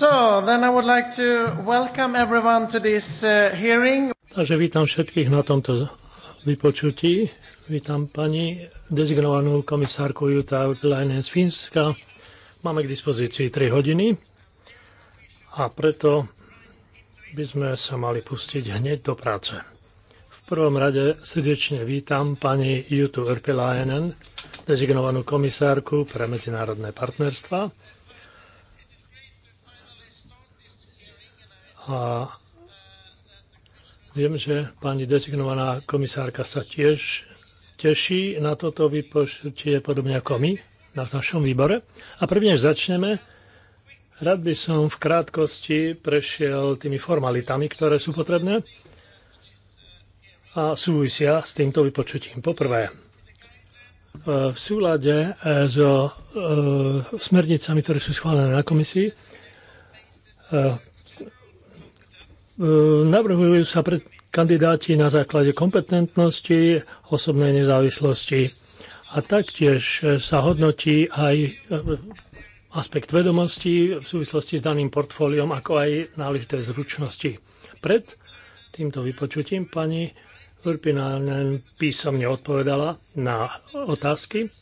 Uh, Takže vítam všetkých na tomto vypočutí. Vítam pani dezignovanú komisárku Jutta Leinen z Fínska. Máme k dispozícii 3 hodiny a preto by sme sa mali pustiť hneď do práce. V prvom rade srdečne vítam pani Jutu Erpilainen, dezignovanú komisárku pre medzinárodné partnerstva A viem, že pani dezignovaná komisárka sa tiež teší na toto vypočutie, podobne ako my, na našom výbore. A prvne začneme. Rád by som v krátkosti prešiel tými formalitami, ktoré sú potrebné a súvisia s týmto vypočutím. Poprvé, e, v súlade e, so e, smernicami, ktoré sú schválené na komisii, E, navrhujú sa pred kandidáti na základe kompetentnosti, osobnej nezávislosti a taktiež e, sa hodnotí aj e, aspekt vedomostí v súvislosti s daným portfóliom, ako aj náležité zručnosti. Pred týmto vypočutím pani Urpina písomne odpovedala na otázky,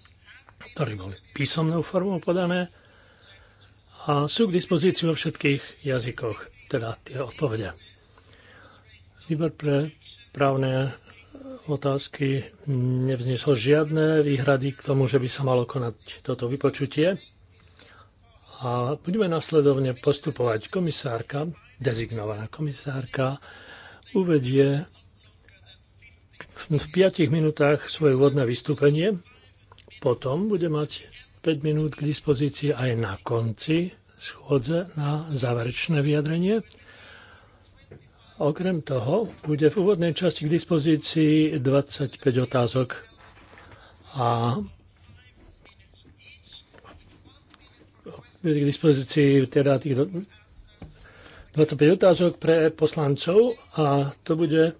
ktoré boli písomnou formou podané a sú k dispozícii vo všetkých jazykoch, teda tie odpovede. Výbor pre právne otázky nevznesol žiadne výhrady k tomu, že by sa malo konať toto vypočutie. A budeme následovne postupovať. Komisárka, dezignovaná komisárka, uvedie v 5 minútach svoje úvodné vystúpenie. Potom bude mať 5 minút k dispozícii aj na konci schôdze na záverečné vyjadrenie Okrem toho bude v úvodnej časti k dispozícii 25 otázok a bude k dispozícii teda tých 25 otázok pre poslancov a to bude e,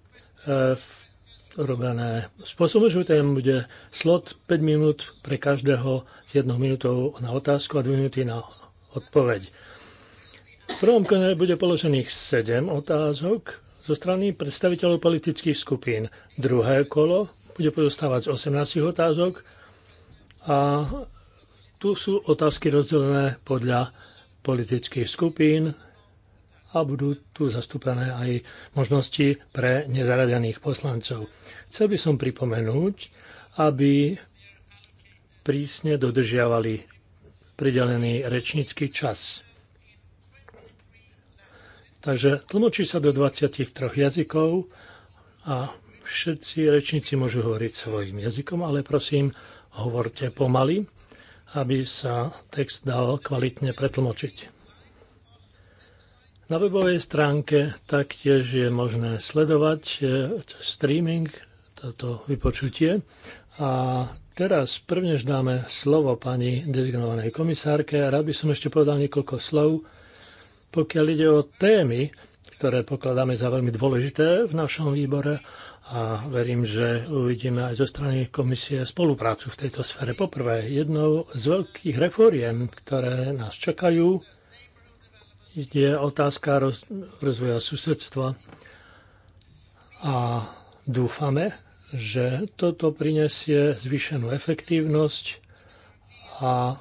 robené spôsobom, že tam bude slot 5 minút pre každého s jednou minútou na otázku a 2 minúty na odpoveď. V prvom kone bude položených 7 otázok zo strany predstaviteľov politických skupín. Druhé kolo bude pozostávať z 18 otázok a tu sú otázky rozdelené podľa politických skupín a budú tu zastúpené aj možnosti pre nezaradených poslancov. Chcel by som pripomenúť, aby prísne dodržiavali pridelený rečnícky čas. Takže tlmočí sa do 23 jazykov a všetci rečníci môžu hovoriť svojim jazykom, ale prosím, hovorte pomaly, aby sa text dal kvalitne pretlmočiť. Na webovej stránke taktiež je možné sledovať e, streaming, toto vypočutie. A teraz, prvnež dáme slovo pani dezignovanej komisárke, rád by som ešte povedal niekoľko slov pokiaľ ide o témy, ktoré pokladáme za veľmi dôležité v našom výbore a verím, že uvidíme aj zo strany komisie spoluprácu v tejto sfere. Poprvé, jednou z veľkých reforiem, ktoré nás čakajú, je otázka roz, rozvoja susedstva a dúfame, že toto prinesie zvýšenú efektívnosť a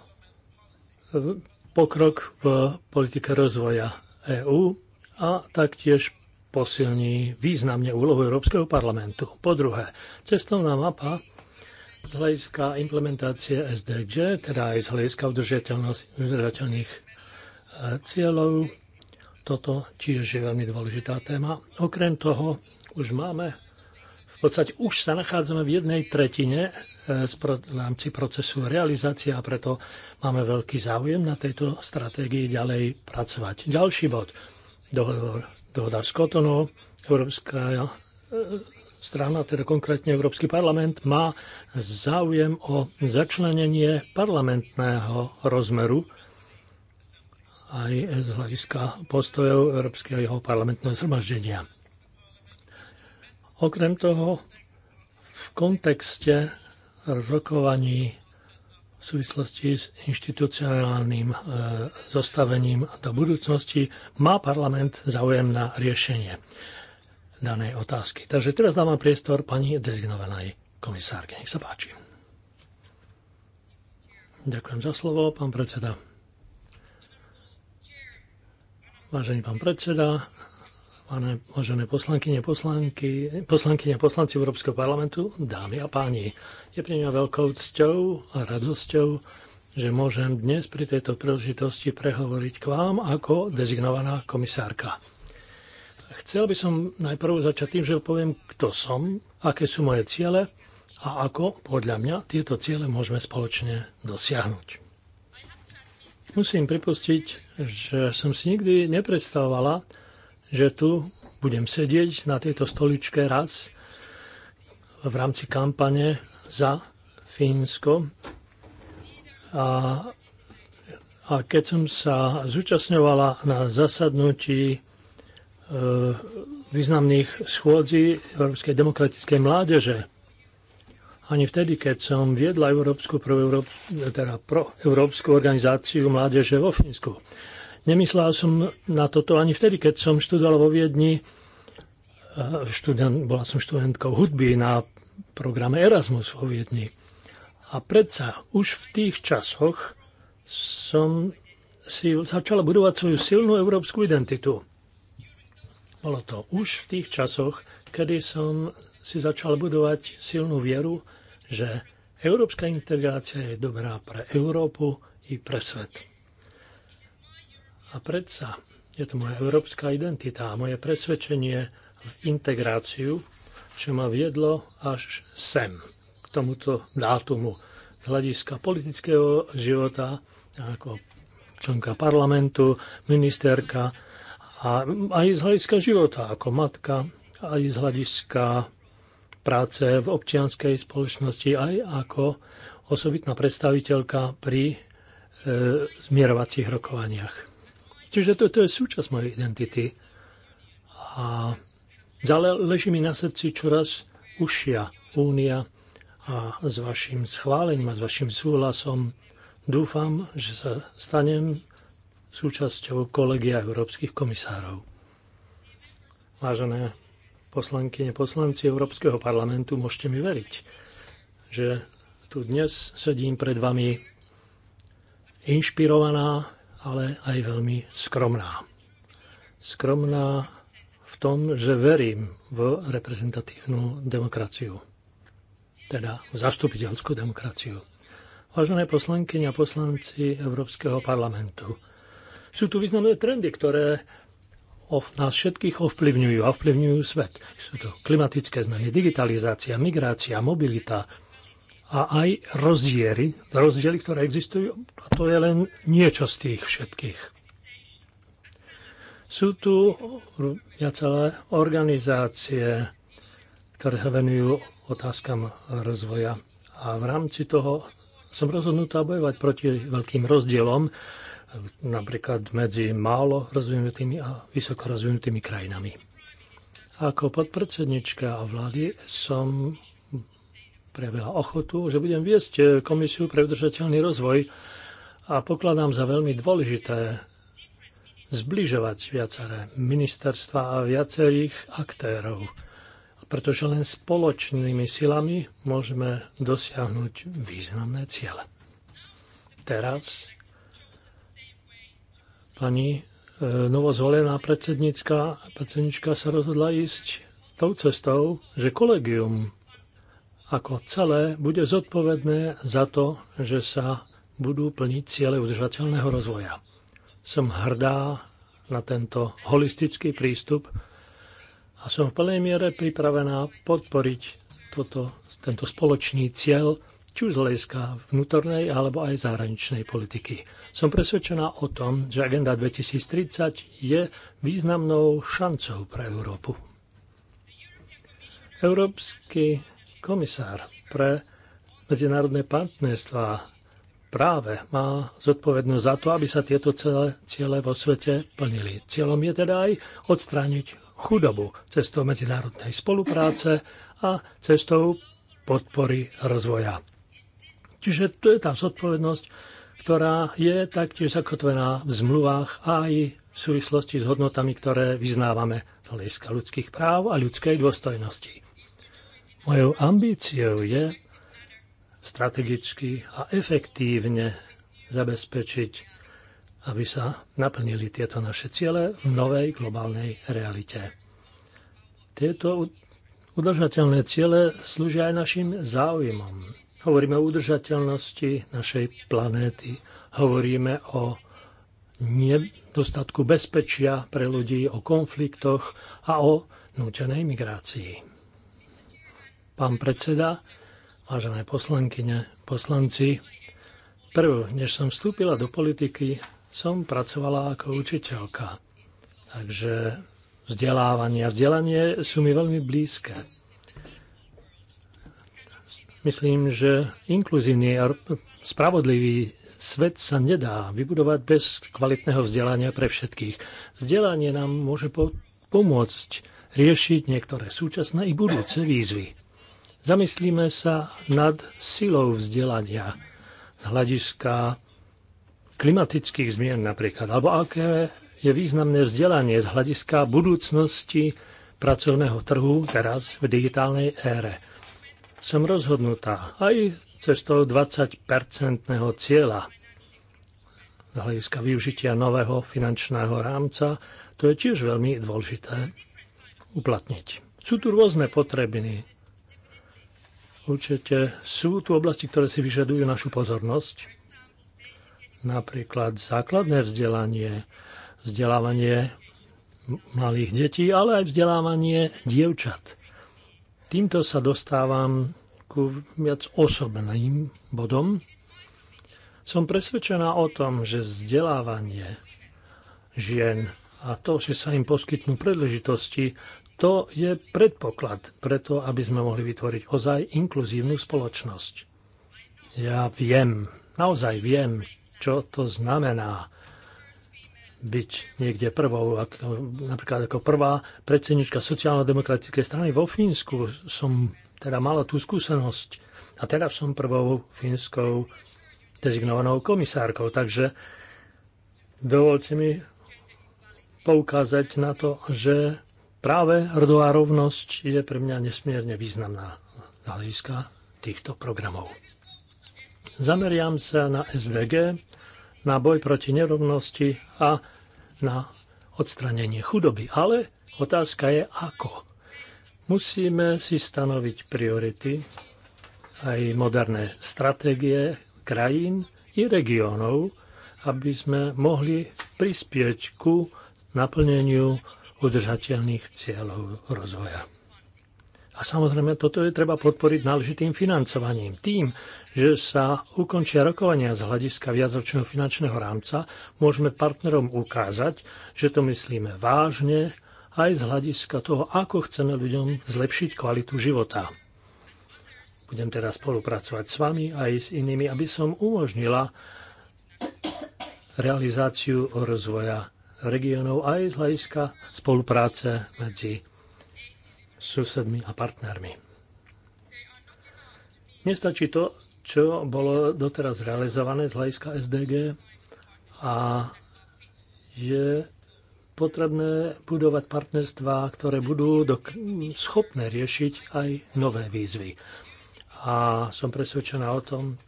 pokrok v politike rozvoja EÚ a taktiež posilní významne úlohu Európskeho parlamentu. Po druhé, cestovná mapa z hľadiska implementácie SDG, teda aj z hľadiska udržateľných e, cieľov, toto tiež je veľmi dôležitá téma. Okrem toho už máme v podstate už sa nachádzame v jednej tretine e, v rámci procesu realizácie a preto máme veľký záujem na tejto stratégii ďalej pracovať. Ďalší bod. Dohovor, dohoda s Kotonou, Európska e, strana, teda konkrétne Európsky parlament, má záujem o začlenenie parlamentného rozmeru aj z hľadiska postojov Európskeho parlamentného zhromaždenia. Okrem toho, v kontexte rokovaní v súvislosti s inštitucionálnym e, zostavením do budúcnosti má parlament záujem na riešenie danej otázky. Takže teraz dávam priestor pani dezignovanej komisárke. Nech sa páči. Ďakujem za slovo, pán predseda. Vážený pán predseda, Pane, vážené poslankyne, poslanky, poslankyne, poslanci Európskeho parlamentu, dámy a páni, je pre mňa veľkou cťou a radosťou, že môžem dnes pri tejto príležitosti prehovoriť k vám ako dezignovaná komisárka. Chcel by som najprv začať tým, že poviem, kto som, aké sú moje ciele a ako, podľa mňa, tieto ciele môžeme spoločne dosiahnuť. Musím pripustiť, že som si nikdy nepredstavovala, že tu budem sedieť na tejto stoličke raz v rámci kampane za Fínsko. A, a keď som sa zúčastňovala na zasadnutí e, významných schôdzí Európskej demokratickej mládeže, ani vtedy, keď som viedla Európsku, pro, Euró, teda pro Európsku organizáciu mládeže vo Fínsku, Nemyslel som na toto ani vtedy, keď som študoval vo Viedni. E, študent, bola som študentkou hudby na programe Erasmus vo Viedni. A predsa už v tých časoch som si začala budovať svoju silnú európsku identitu. Bolo to už v tých časoch, kedy som si začal budovať silnú vieru, že európska integrácia je dobrá pre Európu i pre svet. A predsa je to moja európska identita a moje presvedčenie v integráciu, čo ma viedlo až sem, k tomuto dátumu z hľadiska politického života, ako členka parlamentu, ministerka a aj z hľadiska života ako matka, aj z hľadiska práce v občianskej spoločnosti, aj ako osobitná predstaviteľka pri e, zmierovacích rokovaniach. Čiže to, to je súčasť mojej identity. A záleží leží mi na srdci čoraz ušia únia a s vašim schválením a s vašim súhlasom dúfam, že sa stanem súčasťou kolegia európskych komisárov. Vážené poslankyne, poslanci Európskeho parlamentu, môžete mi veriť, že tu dnes sedím pred vami inšpirovaná ale aj veľmi skromná. Skromná v tom, že verím v reprezentatívnu demokraciu, teda v zastupiteľskú demokraciu. Vážené poslanky a poslanci Európskeho parlamentu, sú tu významné trendy, ktoré nás všetkých ovplyvňujú a ovplyvňujú svet. Sú to klimatické zmeny, digitalizácia, migrácia, mobilita, a aj rozdiery, rozdiely, ktoré existujú, a to je len niečo z tých všetkých. Sú tu viacelé organizácie, ktoré sa venujú otázkam rozvoja. A v rámci toho som rozhodnutá bojovať proti veľkým rozdielom, napríklad medzi málo rozvinutými a vysoko rozvinutými krajinami. Ako podpredsednička vlády som prejavila ochotu, že budem viesť e, Komisiu pre udržateľný rozvoj a pokladám za veľmi dôležité zbližovať viaceré ministerstva a viacerých aktérov, pretože len spoločnými silami môžeme dosiahnuť významné ciele. Teraz pani e, novozvolená predsednička, predsednička sa rozhodla ísť tou cestou, že kolegium ako celé bude zodpovedné za to, že sa budú plniť ciele udržateľného rozvoja. Som hrdá na tento holistický prístup a som v plnej miere pripravená podporiť toto, tento spoločný cieľ, či už z hľadiska vnútornej alebo aj zahraničnej politiky. Som presvedčená o tom, že Agenda 2030 je významnou šancou pre Európu. Európsky komisár pre medzinárodné partnerstva práve má zodpovednosť za to, aby sa tieto celé ciele vo svete plnili. Cieľom je teda aj odstrániť chudobu cestou medzinárodnej spolupráce a cestou podpory rozvoja. Čiže to je tá zodpovednosť, ktorá je taktiež zakotvená v zmluvách a aj v súvislosti s hodnotami, ktoré vyznávame z hľadiska ľudských práv a ľudskej dôstojnosti. Mojou ambíciou je strategicky a efektívne zabezpečiť, aby sa naplnili tieto naše ciele v novej globálnej realite. Tieto udržateľné ciele slúžia aj našim záujmom. Hovoríme o udržateľnosti našej planéty, hovoríme o nedostatku bezpečia pre ľudí, o konfliktoch a o nútenej migrácii pán predseda, vážené poslankyne, poslanci. Prv, než som vstúpila do politiky, som pracovala ako učiteľka. Takže vzdelávanie a vzdelanie sú mi veľmi blízke. Myslím, že inkluzívny a spravodlivý svet sa nedá vybudovať bez kvalitného vzdelania pre všetkých. Vzdelanie nám môže pomôcť riešiť niektoré súčasné i budúce výzvy. Zamyslíme sa nad silou vzdelania z hľadiska klimatických zmien napríklad, alebo aké je významné vzdelanie z hľadiska budúcnosti pracovného trhu teraz v digitálnej ére. Som rozhodnutá aj cestou 20-percentného cieľa z hľadiska využitia nového finančného rámca, to je tiež veľmi dôležité uplatniť. Sú tu rôzne potreby Určite sú tu oblasti, ktoré si vyžadujú našu pozornosť. Napríklad základné vzdelanie, vzdelávanie malých detí, ale aj vzdelávanie dievčat. Týmto sa dostávam ku viac osobným bodom. Som presvedčená o tom, že vzdelávanie žien a to, že sa im poskytnú príležitosti, to je predpoklad preto, aby sme mohli vytvoriť ozaj inkluzívnu spoločnosť. Ja viem, naozaj viem, čo to znamená byť niekde prvou, ako, napríklad ako prvá predsednička sociálno-demokratickej strany vo Fínsku. Som teda mala tú skúsenosť a teraz som prvou fínskou dezignovanou komisárkou. Takže dovolte mi poukázať na to, že práve rodová rovnosť je pre mňa nesmierne významná z hľadiska týchto programov. Zameriam sa na SDG, na boj proti nerovnosti a na odstranenie chudoby. Ale otázka je ako. Musíme si stanoviť priority aj moderné stratégie krajín i regiónov, aby sme mohli prispieť ku naplneniu udržateľných cieľov rozvoja. A samozrejme, toto je treba podporiť náležitým financovaním. Tým, že sa ukončia rokovania z hľadiska viacročného finančného rámca, môžeme partnerom ukázať, že to myslíme vážne aj z hľadiska toho, ako chceme ľuďom zlepšiť kvalitu života. Budem teraz spolupracovať s vami aj s inými, aby som umožnila realizáciu rozvoja regiónov aj z hľadiska spolupráce medzi susedmi a partnermi. Nestačí to, čo bolo doteraz realizované z hľadiska SDG a je potrebné budovať partnerstvá, ktoré budú schopné riešiť aj nové výzvy. A som presvedčená o tom,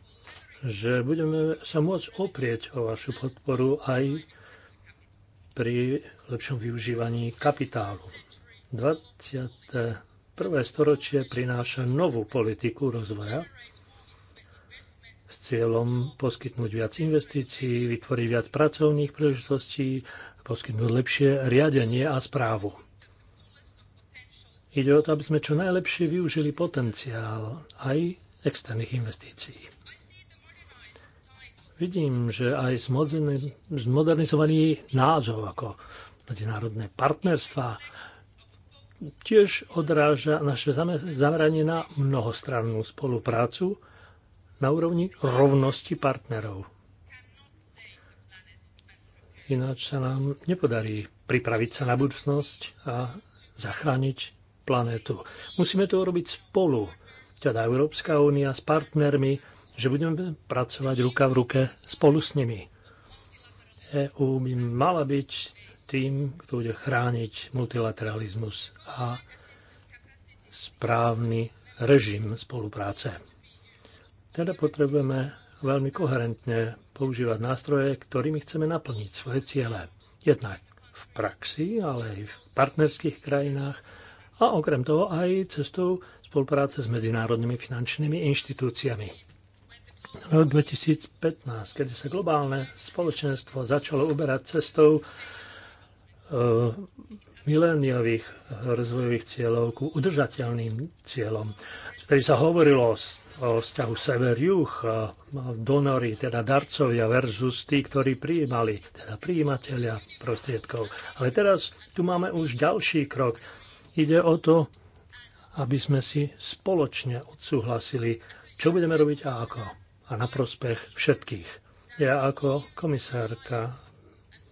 že budeme sa môcť oprieť o vašu podporu aj pri lepšom využívaní kapitálu. 21. storočie prináša novú politiku rozvoja s cieľom poskytnúť viac investícií, vytvoriť viac pracovných príležitostí, poskytnúť lepšie riadenie a správu. Ide o to, aby sme čo najlepšie využili potenciál aj externých investícií. Vidím, že aj zmodernizovaný názov ako medzinárodné partnerstva tiež odráža naše zameranie na mnohostrannú spoluprácu na úrovni rovnosti partnerov. Ináč sa nám nepodarí pripraviť sa na budúcnosť a zachrániť planetu. Musíme to urobiť spolu, teda Európska únia s partnermi, že budeme pracovať ruka v ruke spolu s nimi. EU by mala byť tým, kto bude chrániť multilateralizmus a správny režim spolupráce. Teda potrebujeme veľmi koherentne používať nástroje, ktorými chceme naplniť svoje ciele. Jednak v praxi, ale aj v partnerských krajinách a okrem toho aj cestou spolupráce s medzinárodnými finančnými inštitúciami rok 2015, kedy sa globálne spoločenstvo začalo uberať cestou e, miléniových rozvojových cieľov ku udržateľným cieľom. Vtedy sa hovorilo o vzťahu sever-juh, donory, teda darcovia versus tí, ktorí prijímali, teda prijímateľia prostriedkov. Ale teraz tu máme už ďalší krok. Ide o to, aby sme si spoločne odsúhlasili, čo budeme robiť a ako a na prospech všetkých. Ja ako komisárka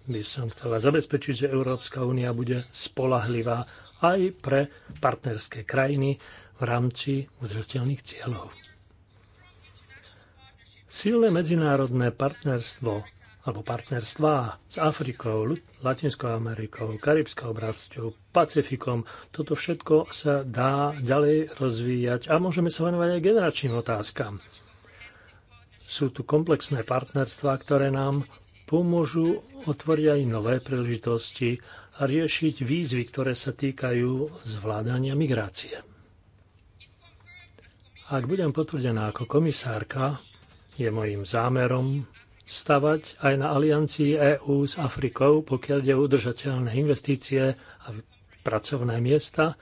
by som chcela zabezpečiť, že Európska únia bude spolahlivá aj pre partnerské krajiny v rámci udržateľných cieľov. Silné medzinárodné partnerstvo alebo partnerstvá s Afrikou, Latinskou Amerikou, Karibskou oblasťou, Pacifikom, toto všetko sa dá ďalej rozvíjať a môžeme sa venovať aj generačným otázkam. Sú tu komplexné partnerstvá, ktoré nám pomôžu otvoriť aj nové príležitosti a riešiť výzvy, ktoré sa týkajú zvládania migrácie. Ak budem potvrdená ako komisárka, je mojím zámerom stavať aj na aliancii EÚ s Afrikou, pokiaľ ide udržateľné investície a pracovné miesta,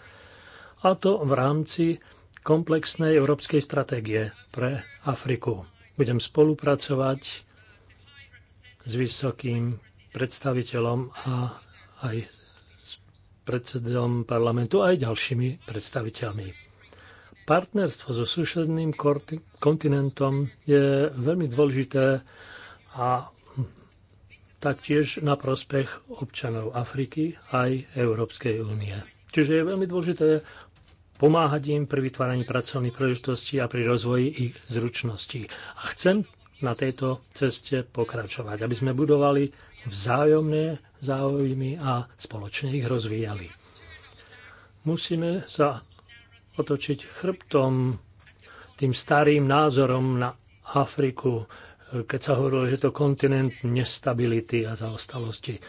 a to v rámci komplexnej európskej stratégie pre Afriku. Budem spolupracovať s vysokým predstaviteľom a aj s predsedom parlamentu a aj ďalšími predstaviteľmi. Partnerstvo so susedným kontinentom je veľmi dôležité a taktiež na prospech občanov Afriky aj Európskej únie. Čiže je veľmi dôležité pomáhať im pri vytváraní pracovných príležitostí a pri rozvoji ich zručností. A chcem na tejto ceste pokračovať, aby sme budovali vzájomné záujmy a spoločne ich rozvíjali. Musíme sa otočiť chrbtom tým starým názorom na Afriku, keď sa hovorilo, že to kontinent nestability a zaostalosti.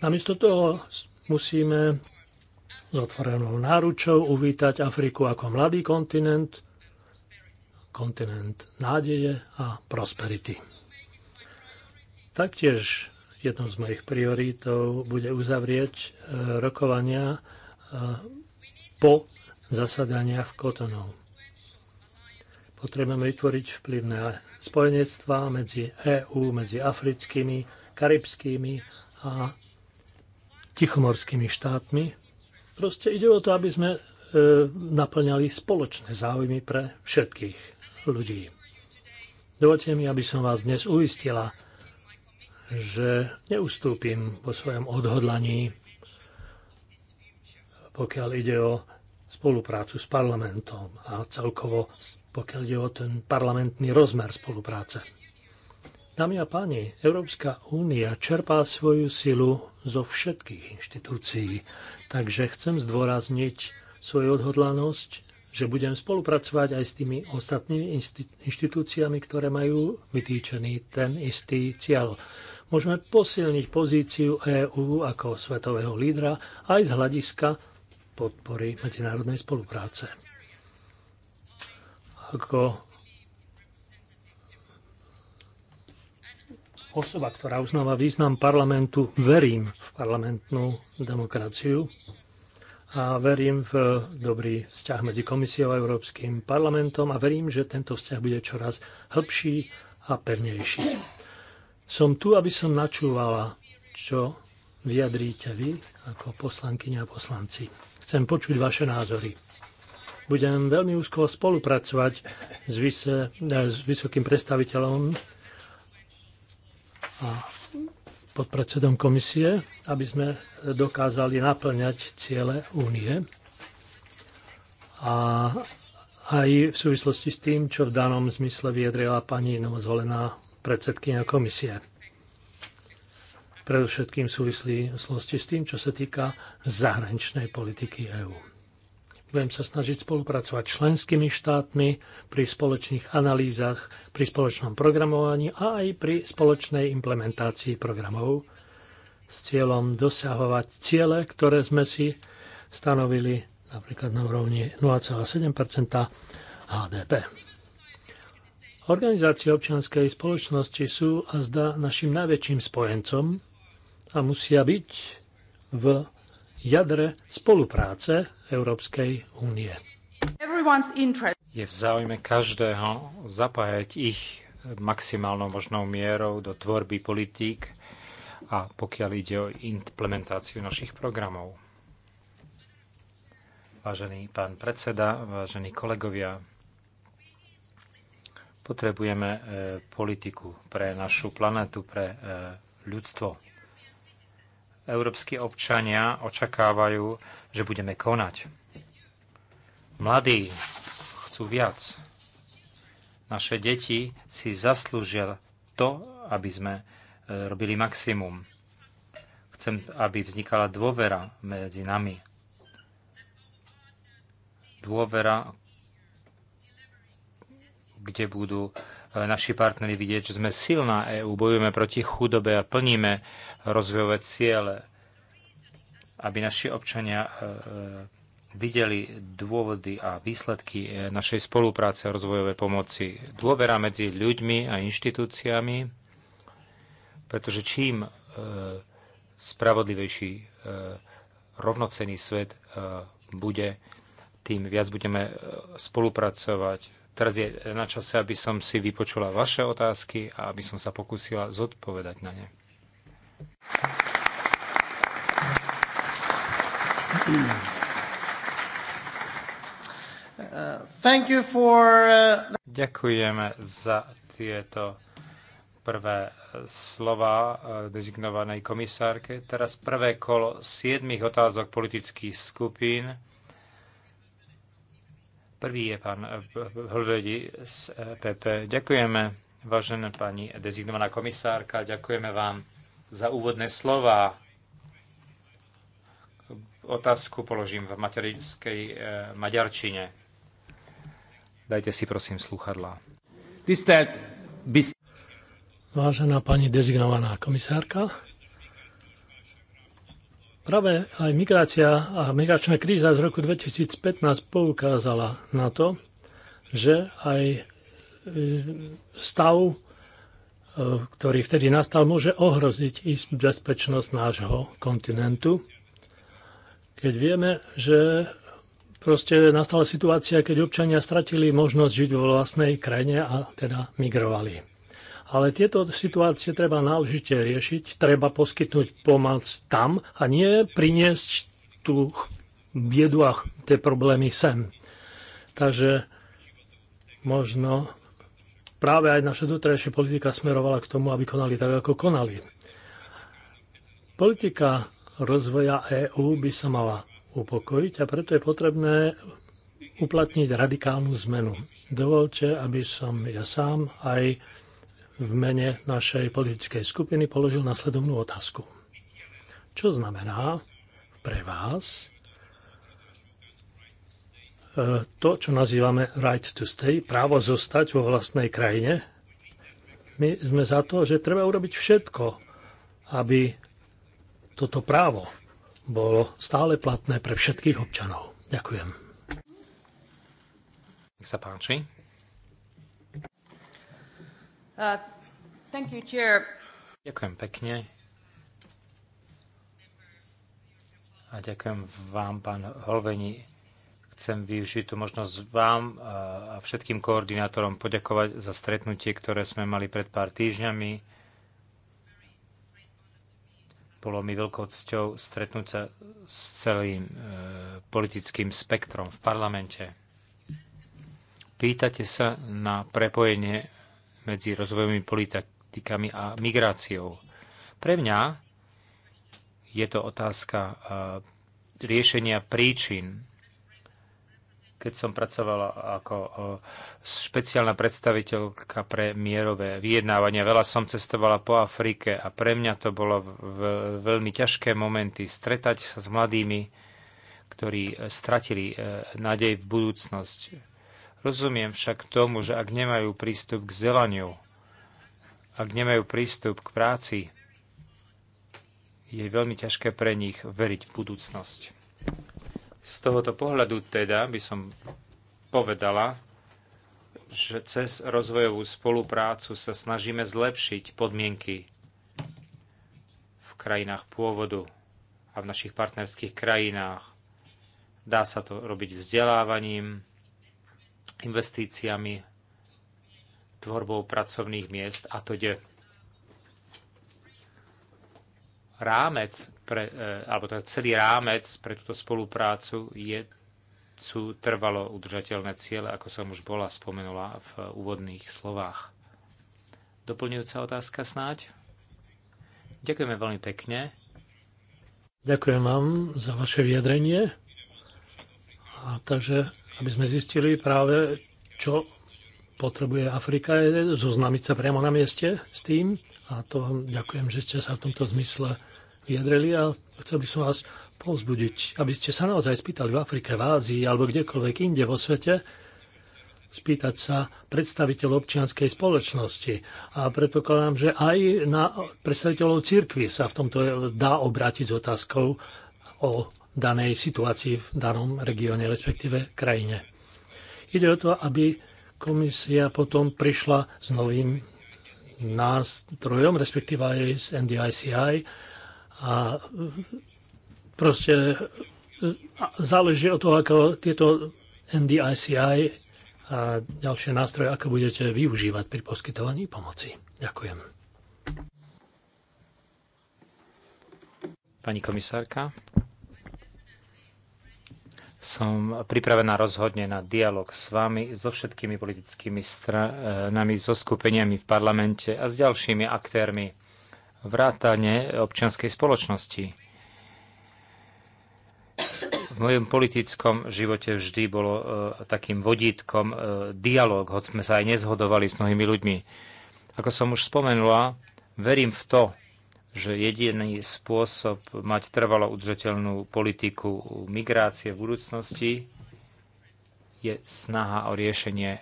Namiesto toho musíme s otvorenou náručou uvítať Afriku ako mladý kontinent, kontinent nádeje a prosperity. Taktiež jednou z mojich prioritov bude uzavrieť e, rokovania e, po zasadaniach kotonov. Potrebujeme vytvoriť vplyvné spojenectvá medzi EÚ, medzi africkými, karibskými a tichomorskými štátmi, Proste ide o to, aby sme e, naplňali spoločné záujmy pre všetkých ľudí. Dovolte mi, aby som vás dnes uistila, že neustúpim vo svojom odhodlaní, pokiaľ ide o spoluprácu s parlamentom a celkovo pokiaľ ide o ten parlamentný rozmer spolupráce. Dámy a páni, Európska únia čerpá svoju silu zo všetkých inštitúcií. Takže chcem zdôrazniť svoju odhodlanosť, že budem spolupracovať aj s tými ostatnými inštitúciami, ktoré majú vytýčený ten istý cieľ. Môžeme posilniť pozíciu EÚ ako svetového lídra aj z hľadiska podpory medzinárodnej spolupráce. Ako osoba, ktorá uznáva význam parlamentu, verím v parlamentnú demokraciu a verím v dobrý vzťah medzi komisiou a Európskym parlamentom a verím, že tento vzťah bude čoraz hĺbší a pevnejší. Som tu, aby som načúvala, čo vyjadríte vy ako poslankyňa a poslanci. Chcem počuť vaše názory. Budem veľmi úzko spolupracovať s, vys- s vysokým predstaviteľom a podpredsedom komisie, aby sme dokázali naplňať ciele únie. A aj v súvislosti s tým, čo v danom zmysle vyjadrila pani novozvolená predsedkynia komisie. Predovšetkým v súvislosti s tým, čo sa týka zahraničnej politiky EÚ. Budem sa snažiť spolupracovať s členskými štátmi pri spoločných analýzach, pri spoločnom programovaní a aj pri spoločnej implementácii programov s cieľom dosahovať ciele, ktoré sme si stanovili napríklad na úrovni 0,7 HDP. Organizácie občianskej spoločnosti sú a zdá našim najväčším spojencom a musia byť v jadre spolupráce Európskej únie. Je v záujme každého zapájať ich maximálnou možnou mierou do tvorby politík a pokiaľ ide o implementáciu našich programov. Vážený pán predseda, vážení kolegovia, potrebujeme eh, politiku pre našu planetu, pre eh, ľudstvo. Európsky občania očakávajú, že budeme konať. Mladí chcú viac. Naše deti si zaslúžia to, aby sme e, robili maximum. Chcem, aby vznikala dôvera medzi nami. Dôvera, kde budú E, naši partneri vidieť, že sme silná EÚ, bojujeme proti chudobe a plníme rozvojové ciele, aby naši občania e, e, videli dôvody a výsledky našej spolupráce a rozvojovej pomoci. Dôvera medzi ľuďmi a inštitúciami, pretože čím spravodlivejší, rovnocený svet bude, tým viac budeme spolupracovať Teraz je na čase, aby som si vypočula vaše otázky a aby som sa pokúsila zodpovedať na ne. Uh, for... Ďakujeme za tieto prvé uh, slova uh, dezignovanej komisárke. Teraz prvé kolo siedmých otázok politických skupín. Prvý je pán eh, Hlvedi z PP. E ďakujeme, vážená pani dezignovaná komisárka, ďakujeme vám za úvodné slova. Otázku položím v materinskej eh, maďarčine. Dajte si prosím sluchadla. Vážená pani dezignovaná komisárka, Práve aj migrácia a migračná kríza z roku 2015 poukázala na to, že aj e, stav, e, ktorý vtedy nastal, môže ohroziť i bezpečnosť nášho kontinentu. Keď vieme, že proste nastala situácia, keď občania stratili možnosť žiť vo vlastnej krajine a teda migrovali. Ale tieto situácie treba náležite riešiť, treba poskytnúť pomoc tam a nie priniesť tú biedu a tie problémy sem. Takže možno práve aj naša doterajšia politika smerovala k tomu, aby konali tak, ako konali. Politika rozvoja EÚ by sa mala upokojiť a preto je potrebné uplatniť radikálnu zmenu. Dovolte, aby som ja sám aj v mene našej politickej skupiny položil nasledovnú otázku. Čo znamená pre vás e, to, čo nazývame right to stay, právo zostať vo vlastnej krajine? My sme za to, že treba urobiť všetko, aby toto právo bolo stále platné pre všetkých občanov. Ďakujem. Nech sa páči. Ďakujem pekne. A ďakujem vám, pán Holveni. Chcem využiť tú možnosť vám a všetkým koordinátorom poďakovať za stretnutie, ktoré sme mali pred pár týždňami. Bolo mi veľkou cťou stretnúť sa s celým e, politickým spektrom v parlamente. Pýtate sa na prepojenie medzi rozvojovými politikami a migráciou. Pre mňa je to otázka riešenia príčin. Keď som pracovala ako špeciálna predstaviteľka pre mierové vyjednávania, veľa som cestovala po Afrike a pre mňa to bolo veľmi ťažké momenty stretať sa s mladými, ktorí stratili e, nádej v budúcnosť Rozumiem však tomu, že ak nemajú prístup k zelaniu, ak nemajú prístup k práci, je veľmi ťažké pre nich veriť v budúcnosť. Z tohoto pohľadu teda by som povedala, že cez rozvojovú spoluprácu sa snažíme zlepšiť podmienky v krajinách pôvodu a v našich partnerských krajinách. Dá sa to robiť vzdelávaním, investíciami, tvorbou pracovných miest a to je rámec, pre, e, alebo teda celý rámec pre túto spoluprácu je, sú trvalo udržateľné ciele, ako som už bola spomenula v úvodných slovách. Doplňujúca otázka snáď? Ďakujeme veľmi pekne. Ďakujem vám za vaše vyjadrenie. A takže aby sme zistili práve, čo potrebuje Afrika, je zoznamiť sa priamo na mieste s tým. A to vám ďakujem, že ste sa v tomto zmysle vyjadrili a chcel by som vás povzbudiť, aby ste sa naozaj spýtali v Afrike, v Ázii alebo kdekoľvek inde vo svete, spýtať sa predstaviteľov občianskej spoločnosti. A predpokladám, že aj na predstaviteľov cirkvy sa v tomto dá obrátiť s otázkou o danej situácii v danom regióne, respektíve krajine. Ide o to, aby komisia potom prišla s novým nástrojom, respektíve aj s NDICI a proste záleží od toho, ako tieto NDICI a ďalšie nástroje, ako budete využívať pri poskytovaní pomoci. Ďakujem. Pani komisárka som pripravená rozhodne na dialog s vami, so všetkými politickými stranami, so skupeniami v parlamente a s ďalšími aktérmi vrátane občianskej spoločnosti. V mojom politickom živote vždy bolo e, takým vodítkom e, dialog, hoď sme sa aj nezhodovali s mnohými ľuďmi. Ako som už spomenula, verím v to, že jediný spôsob mať trvalo udržateľnú politiku migrácie v budúcnosti je snaha o riešenie e,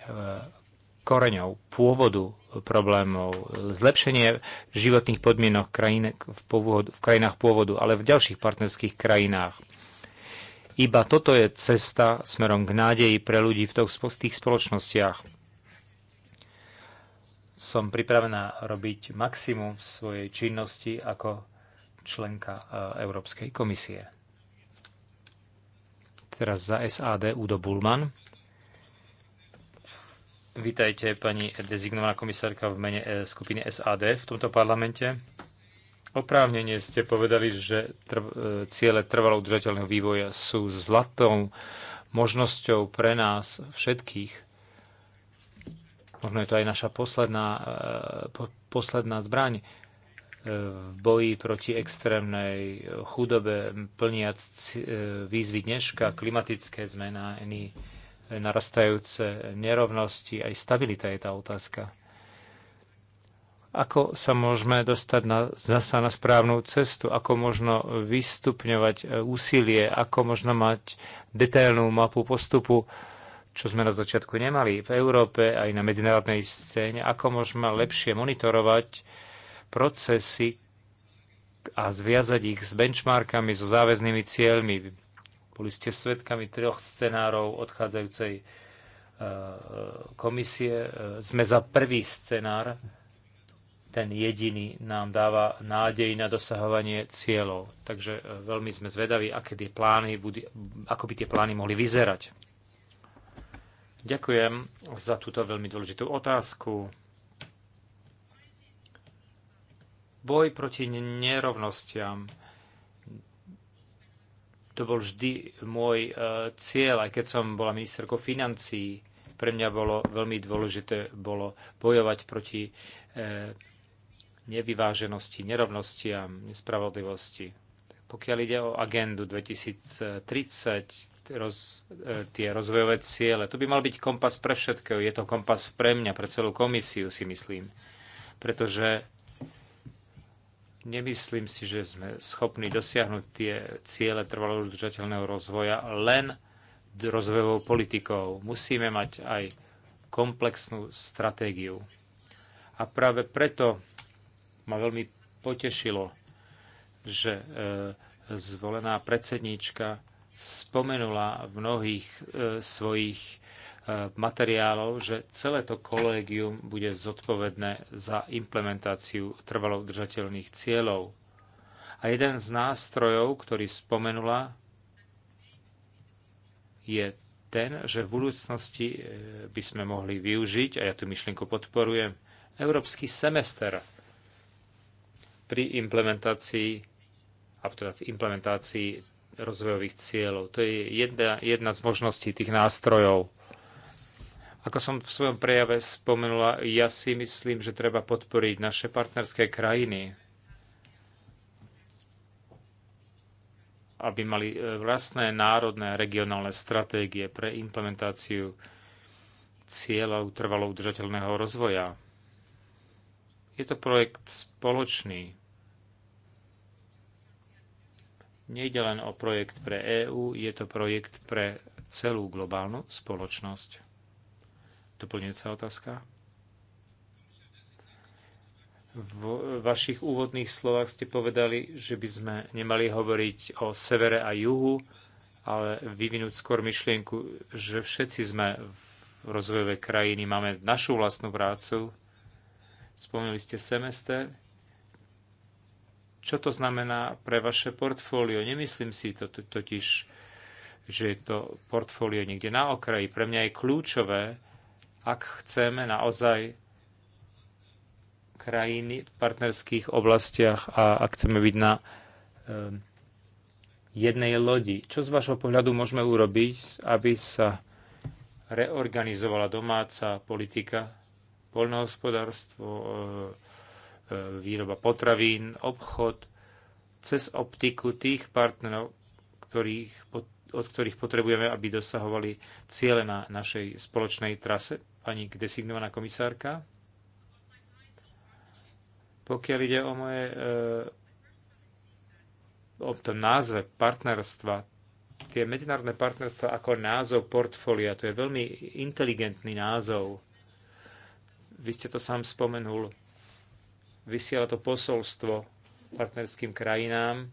koreňov, pôvodu problémov, zlepšenie životných podmienok krajín, v, pôvod, v krajinách pôvodu, ale v ďalších partnerských krajinách. Iba toto je cesta smerom k nádeji pre ľudí v tých spoločnostiach som pripravená robiť maximum v svojej činnosti ako členka e, Európskej komisie. Teraz za SAD Udo Bulman. Vítajte, pani dezignovaná komisárka v mene e, skupiny SAD v tomto parlamente. Oprávnenie ste povedali, že trv, e, ciele trvalo udržateľného vývoja sú zlatou možnosťou pre nás všetkých – Možno je to aj naša posledná, eh, posledná zbraň eh, v boji proti extrémnej chudobe, plniac eh, výzvy dneška, klimatické zmeny, narastajúce nerovnosti, aj stabilita je tá otázka. Ako sa môžeme dostať na, zasa na správnu cestu? Ako možno vystupňovať úsilie? Ako možno mať detailnú mapu postupu? čo sme na začiatku nemali v Európe aj na medzinárodnej scéne, ako môžeme lepšie monitorovať procesy a zviazať ich s benchmarkami, so záväznými cieľmi. Boli ste svedkami troch scenárov odchádzajúcej e, komisie. E, sme za prvý scenár, ten jediný nám dáva nádej na dosahovanie cieľov. Takže e, veľmi sme zvedaví, aké tie plány, ako by tie plány mohli vyzerať. Ďakujem za túto veľmi dôležitú otázku. Boj proti nerovnostiam. To bol vždy môj e, cieľ, aj keď som bola ministerkou financií. Pre mňa bolo veľmi dôležité bolo bojovať proti e, nevyváženosti, nerovnostiam, nespravodlivosti. Pokiaľ ide o agendu 2030, roz, e, tie rozvojové ciele. To by mal byť kompas pre všetkého. Je to kompas pre mňa, pre celú komisiu, si myslím. Pretože nemyslím si, že sme schopní dosiahnuť tie ciele trvalo udržateľného rozvoja len rozvojovou politikou. Musíme mať aj komplexnú stratégiu. A práve preto ma veľmi potešilo, že e, zvolená predsedníčka spomenula v mnohých e, svojich e, materiálov, že celé to kolégium bude zodpovedné za implementáciu trvalo udržateľných cieľov. A jeden z nástrojov, ktorý spomenula, je ten, že v budúcnosti e, by sme mohli využiť, a ja tú myšlienku podporujem, európsky semester pri implementácii, a teda v implementácii rozvojových cieľov. To je jedna, jedna z možností tých nástrojov. Ako som v svojom prejave spomenula, ja si myslím, že treba podporiť naše partnerské krajiny, aby mali e, vlastné národné a regionálne stratégie pre implementáciu cieľov trvalo udržateľného rozvoja. Je to projekt spoločný. Nejde len o projekt pre EÚ, je to projekt pre celú globálnu spoločnosť. Doplňujúca otázka? V vašich úvodných slovách ste povedali, že by sme nemali hovoriť o severe a juhu, ale vyvinúť skôr myšlienku, že všetci sme v rozvojovej krajiny, máme našu vlastnú prácu. Spomínali ste semester, čo to znamená pre vaše portfólio? Nemyslím si to totiž, že je to portfólio niekde na okraji. Pre mňa je kľúčové, ak chceme naozaj krajiny v partnerských oblastiach a ak chceme byť na ehm, jednej lodi. Čo z vašho pohľadu môžeme urobiť, aby sa reorganizovala domáca politika, poľnohospodárstvo, E, výroba potravín, obchod, cez optiku tých partnerov, ktorých, od ktorých potrebujeme, aby dosahovali ciele na našej spoločnej trase, pani designovaná komisárka. Pokiaľ ide o moje e, o tom názve partnerstva, tie medzinárodné partnerstva ako názov portfólia, to je veľmi inteligentný názov. Vy ste to sám spomenul Vysiela to posolstvo partnerským krajinám,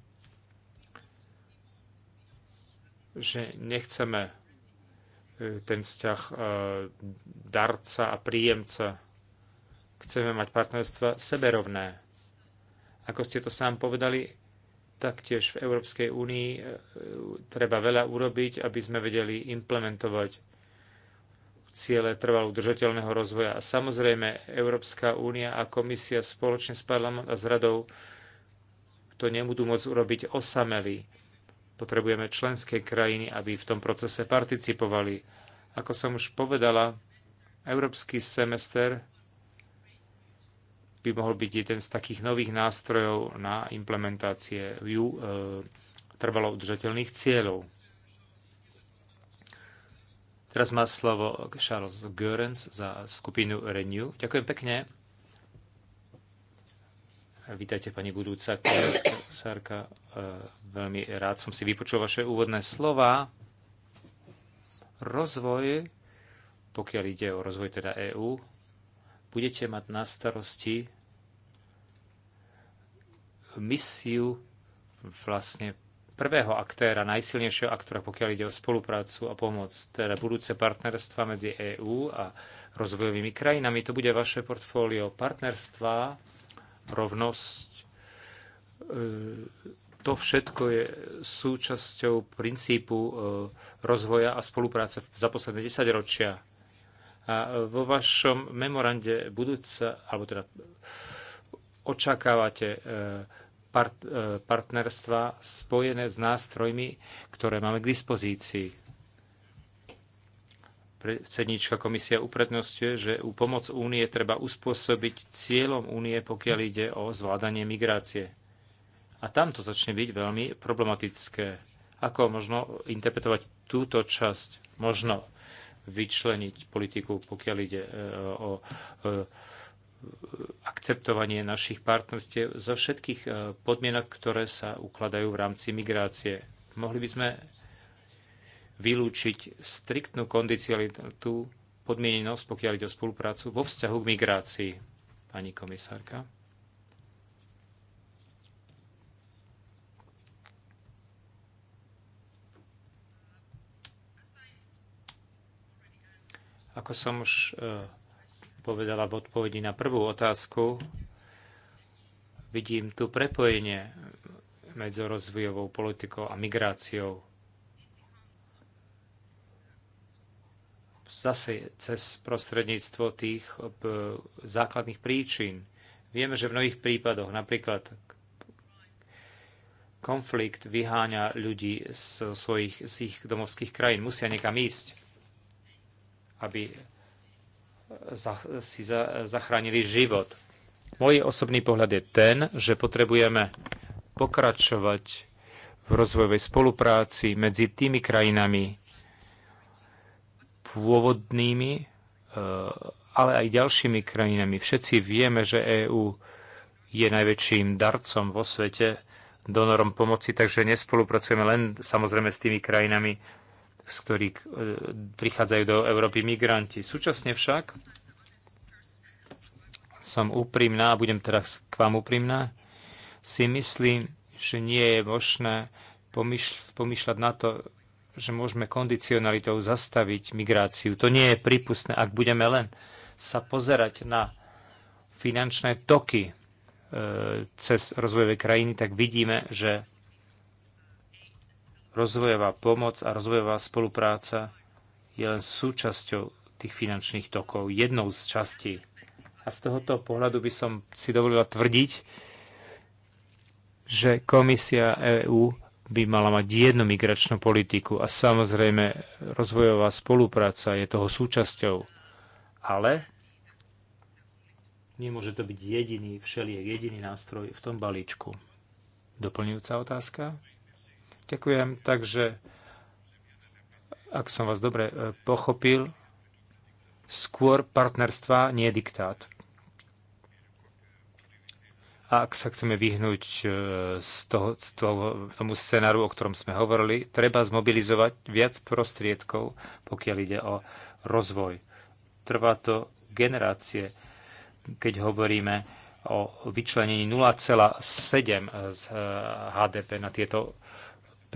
že nechceme e, ten vzťah e, darca a príjemca. Chceme mať partnerstva seberovné. Ako ste to sám povedali, taktiež v Európskej únii e, treba veľa urobiť, aby sme vedeli implementovať ciele trvalo udržateľného rozvoja. A samozrejme, Európska únia a komisia spoločne s parlamentom a s radou to nebudú môcť urobiť osamelí. Potrebujeme členské krajiny, aby v tom procese participovali. Ako som už povedala, európsky semester by mohol byť jeden z takých nových nástrojov na implementácie e, trvalo udržateľných cieľov. Teraz má slovo Charles Görens za skupinu Renew. Ďakujem pekne. Vítajte, pani budúca komisárka. E, veľmi rád som si vypočul vaše úvodné slova. Rozvoj, pokiaľ ide o rozvoj teda EÚ, budete mať na starosti misiu vlastne prvého aktéra, najsilnejšieho aktora, pokiaľ ide o spoluprácu a pomoc, teda budúce partnerstva medzi EÚ a rozvojovými krajinami. To bude vaše portfólio partnerstva, rovnosť. E, to všetko je súčasťou princípu e, rozvoja a spolupráce za posledné 10 ročia. A e, vo vašom memorande budúce, alebo teda očakávate part, e, partnerstva spojené s nástrojmi, ktoré máme k dispozícii. Predsedníčka komisia uprednostňuje, že u pomoc únie treba uspôsobiť cieľom únie, pokiaľ ide o zvládanie migrácie. A tam to začne byť veľmi problematické. Ako možno interpretovať túto časť? Možno vyčleniť politiku, pokiaľ ide e, o, o e, akceptovanie našich partnerstiev za všetkých e, podmienok, ktoré sa ukladajú v rámci migrácie. Mohli by sme vylúčiť striktnú kondicionalitu podmienenosť, pokiaľ ide o spoluprácu vo vzťahu k migrácii, pani komisárka. Ako som už e, povedala v odpovedi na prvú otázku, vidím tu prepojenie medzi rozvojovou politikou a migráciou. Zase cez prostredníctvo tých eh, základných príčin. Vieme, že v mnohých prípadoch napríklad konflikt vyháňa ľudí z, svojich, z ich domovských krajín. Musia niekam ísť, aby za, si za, zachránili život. Môj osobný pohľad je ten, že potrebujeme pokračovať v rozvojovej spolupráci medzi tými krajinami pôvodnými, e, ale aj ďalšími krajinami. Všetci vieme, že EÚ je najväčším darcom vo svete, donorom pomoci, takže nespolupracujeme len samozrejme s tými krajinami, z ktorých e, prichádzajú do Európy migranti. Súčasne však som úprimná, a budem teraz k vám úprimná, si myslím, že nie je možné pomýšľať na to, že môžeme kondicionalitou zastaviť migráciu. To nie je prípustné, ak budeme len sa pozerať na finančné toky e, cez rozvojové krajiny, tak vidíme, že Rozvojová pomoc a rozvojová spolupráca je len súčasťou tých finančných tokov, jednou z častí. A z tohoto pohľadu by som si dovolila tvrdiť, že komisia EÚ by mala mať jednu migračnú politiku a samozrejme rozvojová spolupráca je toho súčasťou. Ale nemôže to byť jediný, všeliek jediný nástroj v tom balíčku. Doplňujúca otázka? Ďakujem. Takže, ak som vás dobre e, pochopil, skôr partnerstva, nie diktát. A ak sa chceme vyhnúť e, z toho, z toho, tomu scenáru, o ktorom sme hovorili, treba zmobilizovať viac prostriedkov, pokiaľ ide o rozvoj. Trvá to generácie, keď hovoríme o vyčlenení 0,7 z e, HDP na tieto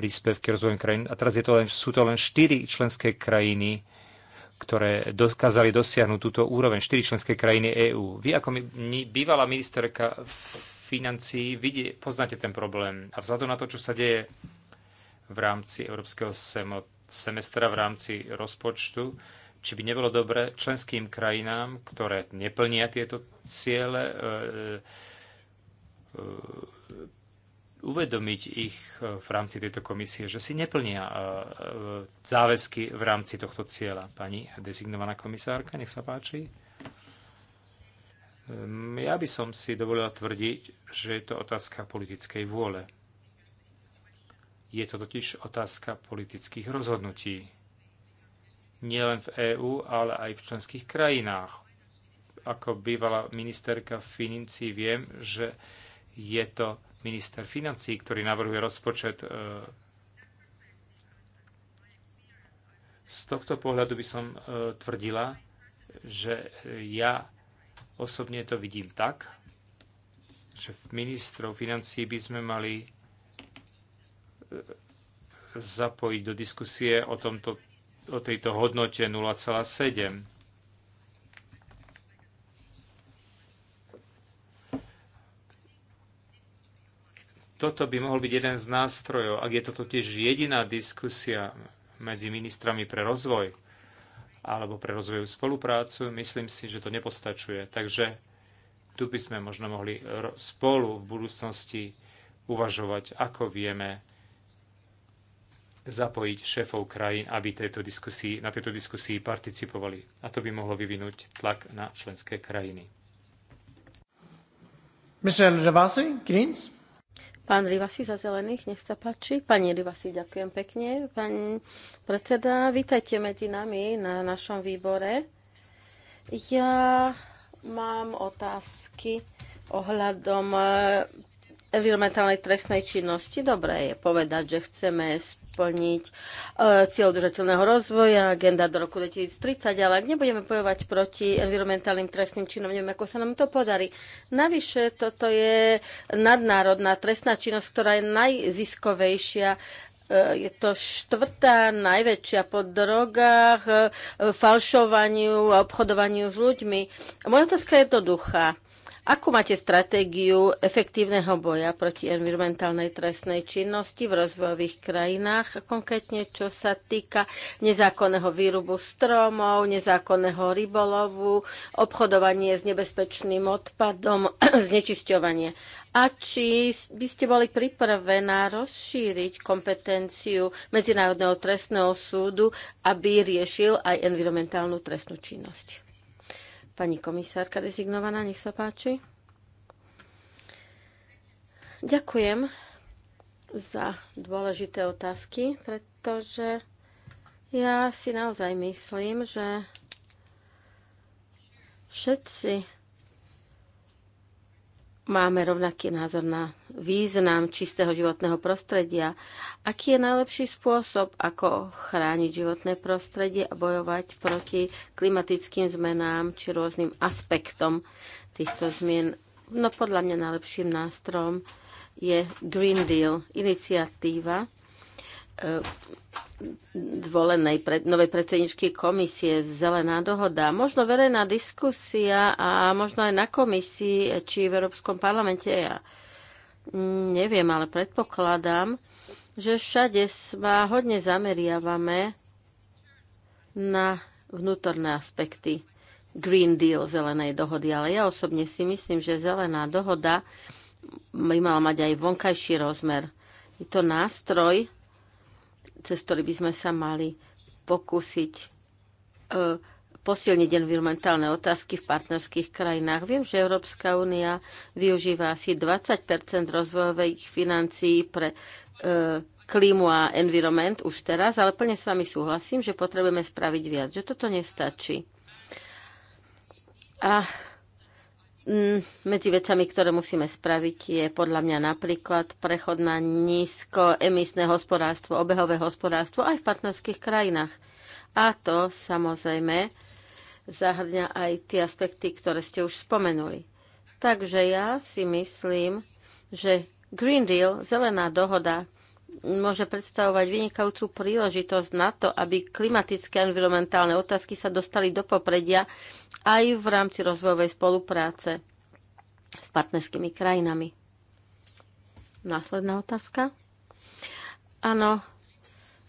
príspevky rozvojom krajín. A teraz je to len, sú to len 4 členské krajiny, ktoré dokázali dosiahnuť túto úroveň, 4 členské krajiny EÚ. Vy ako mi, bývalá ministerka financí vidie, poznáte ten problém a vzhľadom na to, čo sa deje v rámci európskeho semestra, v rámci rozpočtu, či by nebolo dobre členským krajinám, ktoré neplnia tieto ciele, e, e, uvedomiť ich e, v rámci tejto komisie, že si neplnia e, e, záväzky v rámci tohto cieľa. Pani dezignovaná komisárka, nech sa páči. Ja by som si dovolila tvrdiť, že je to otázka politickej vôle. Je to totiž otázka politických rozhodnutí. Nielen v EÚ, ale aj v členských krajinách. Ako bývala ministerka financí viem, že je to minister financí, ktorý navrhuje rozpočet. E, z tohto pohľadu by som e, tvrdila, že ja osobne to vidím tak, že ministrov financí by sme mali e, zapojiť do diskusie o, tomto, o tejto hodnote 0,7 Toto by mohol byť jeden z nástrojov, ak je to totiž jediná diskusia medzi ministrami pre rozvoj alebo pre rozvoju spoluprácu, myslím si, že to nepostačuje. Takže tu by sme možno mohli spolu v budúcnosti uvažovať, ako vieme zapojiť šéfov krajín, aby tejto diskusii, na tejto diskusii participovali. A to by mohlo vyvinúť tlak na členské krajiny. Michel Javasi, Greens. Pán Rivasi za zelených, nech sa páči. Pani Rivasi, ďakujem pekne. Pán predseda, vítajte medzi nami na našom výbore. Ja mám otázky ohľadom eh, environmentálnej trestnej činnosti. Dobre je povedať, že chceme splniť e, cieľ udržateľného rozvoja, agenda do roku 2030, ale ak nebudeme bojovať proti environmentálnym trestným činom, neviem, ako sa nám to podarí. Navyše, toto je nadnárodná trestná činnosť, ktorá je najziskovejšia e, je to štvrtá najväčšia po drogách, e, falšovaniu a obchodovaniu s ľuďmi. Moja otázka je jednoduchá. Akú máte stratégiu efektívneho boja proti environmentálnej trestnej činnosti v rozvojových krajinách, konkrétne čo sa týka nezákonného výrubu stromov, nezákonného rybolovu, obchodovanie s nebezpečným odpadom, znečisťovanie? A či by ste boli pripravená rozšíriť kompetenciu Medzinárodného trestného súdu, aby riešil aj environmentálnu trestnú činnosť? Pani komisárka dezignovaná, nech sa páči. Ďakujem za dôležité otázky, pretože ja si naozaj myslím, že všetci Máme rovnaký názor na význam čistého životného prostredia. Aký je najlepší spôsob, ako chrániť životné prostredie a bojovať proti klimatickým zmenám či rôznym aspektom týchto zmien? No podľa mňa najlepším nástrojom je Green Deal, iniciatíva, zvolenej e, pred, novej predsedničky komisie Zelená dohoda. Možno verejná diskusia a možno aj na komisii či v Európskom parlamente. Ja neviem, ale predpokladám, že všade sa hodne zameriavame na vnútorné aspekty Green Deal zelenej dohody, ale ja osobne si myslím, že zelená dohoda by mala mať aj vonkajší rozmer. Je to nástroj, cez ktorý by sme sa mali pokúsiť e, posilniť environmentálne otázky v partnerských krajinách. Viem, že Európska únia využíva asi 20 rozvojových financií pre e, klímu a environment už teraz, ale plne s vami súhlasím, že potrebujeme spraviť viac, že toto nestačí. A Mm, medzi vecami, ktoré musíme spraviť, je podľa mňa napríklad prechod na nízkoemisné hospodárstvo, obehové hospodárstvo aj v partnerských krajinách. A to samozrejme zahrňa aj tie aspekty, ktoré ste už spomenuli. Takže ja si myslím, že Green Deal, zelená dohoda, môže predstavovať vynikajúcu príležitosť na to, aby klimatické a environmentálne otázky sa dostali do popredia aj v rámci rozvojovej spolupráce s partnerskými krajinami. Následná otázka. Áno,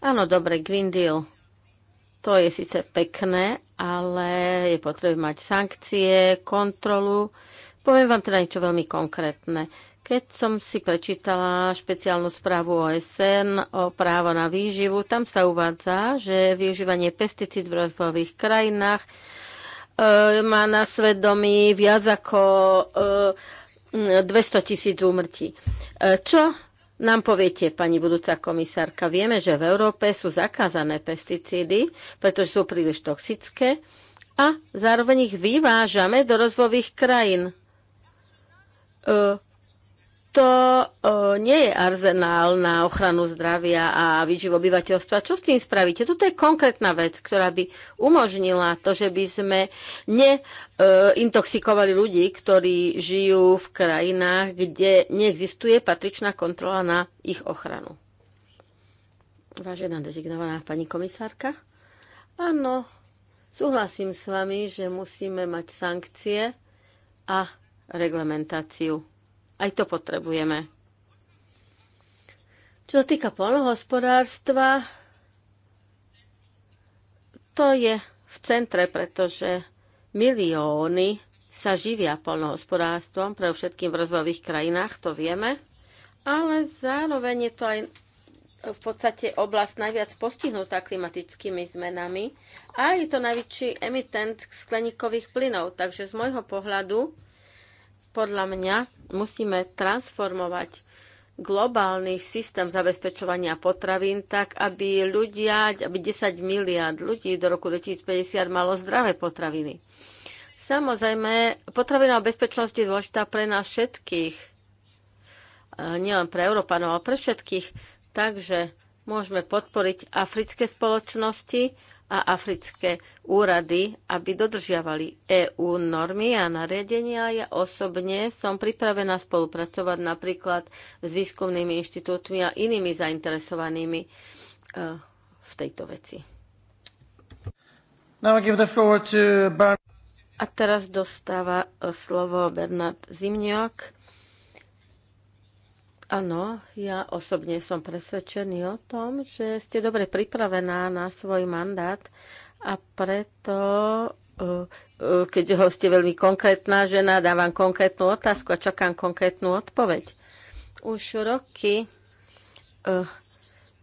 áno, dobre, Green Deal. To je síce pekné, ale je potrebné mať sankcie, kontrolu. Poviem vám teda niečo veľmi konkrétne keď som si prečítala špeciálnu správu OSN o právo na výživu, tam sa uvádza, že využívanie pesticíd v rozvojových krajinách e, má na svedomí viac ako e, 200 tisíc úmrtí. E, čo nám poviete, pani budúca komisárka? Vieme, že v Európe sú zakázané pesticídy, pretože sú príliš toxické a zároveň ich vyvážame do rozvojových krajín. E, to nie je arzenál na ochranu zdravia a výživ obyvateľstva. Čo s tým spravíte? Toto je konkrétna vec, ktorá by umožnila to, že by sme neintoxikovali e, ľudí, ktorí žijú v krajinách, kde neexistuje patričná kontrola na ich ochranu. Vážená dezignovaná pani komisárka? Áno, súhlasím s vami, že musíme mať sankcie a reglementáciu aj to potrebujeme. Čo sa týka polnohospodárstva, to je v centre, pretože milióny sa živia polnohospodárstvom, pre všetkým v rozvojových krajinách, to vieme, ale zároveň je to aj v podstate oblasť najviac postihnutá klimatickými zmenami a je to najväčší emitent skleníkových plynov. Takže z môjho pohľadu podľa mňa musíme transformovať globálny systém zabezpečovania potravín tak, aby ľudia, aby 10 miliard ľudí do roku 2050 malo zdravé potraviny. Samozrejme, potravinová bezpečnosť je dôležitá pre nás všetkých. Eh, nielen pre Európanov, ale pre všetkých. Takže môžeme podporiť africké spoločnosti, a africké úrady, aby dodržiavali EÚ normy a nariadenia. Ja osobne som pripravená spolupracovať napríklad s výskumnými inštitútmi a inými zainteresovanými e, v tejto veci. A teraz dostáva slovo Bernard Zimňák Áno, ja osobne som presvedčený o tom, že ste dobre pripravená na svoj mandát a preto, e, e, keď ho ste veľmi konkrétna žena, dávam konkrétnu otázku a čakám konkrétnu odpoveď. Už roky e,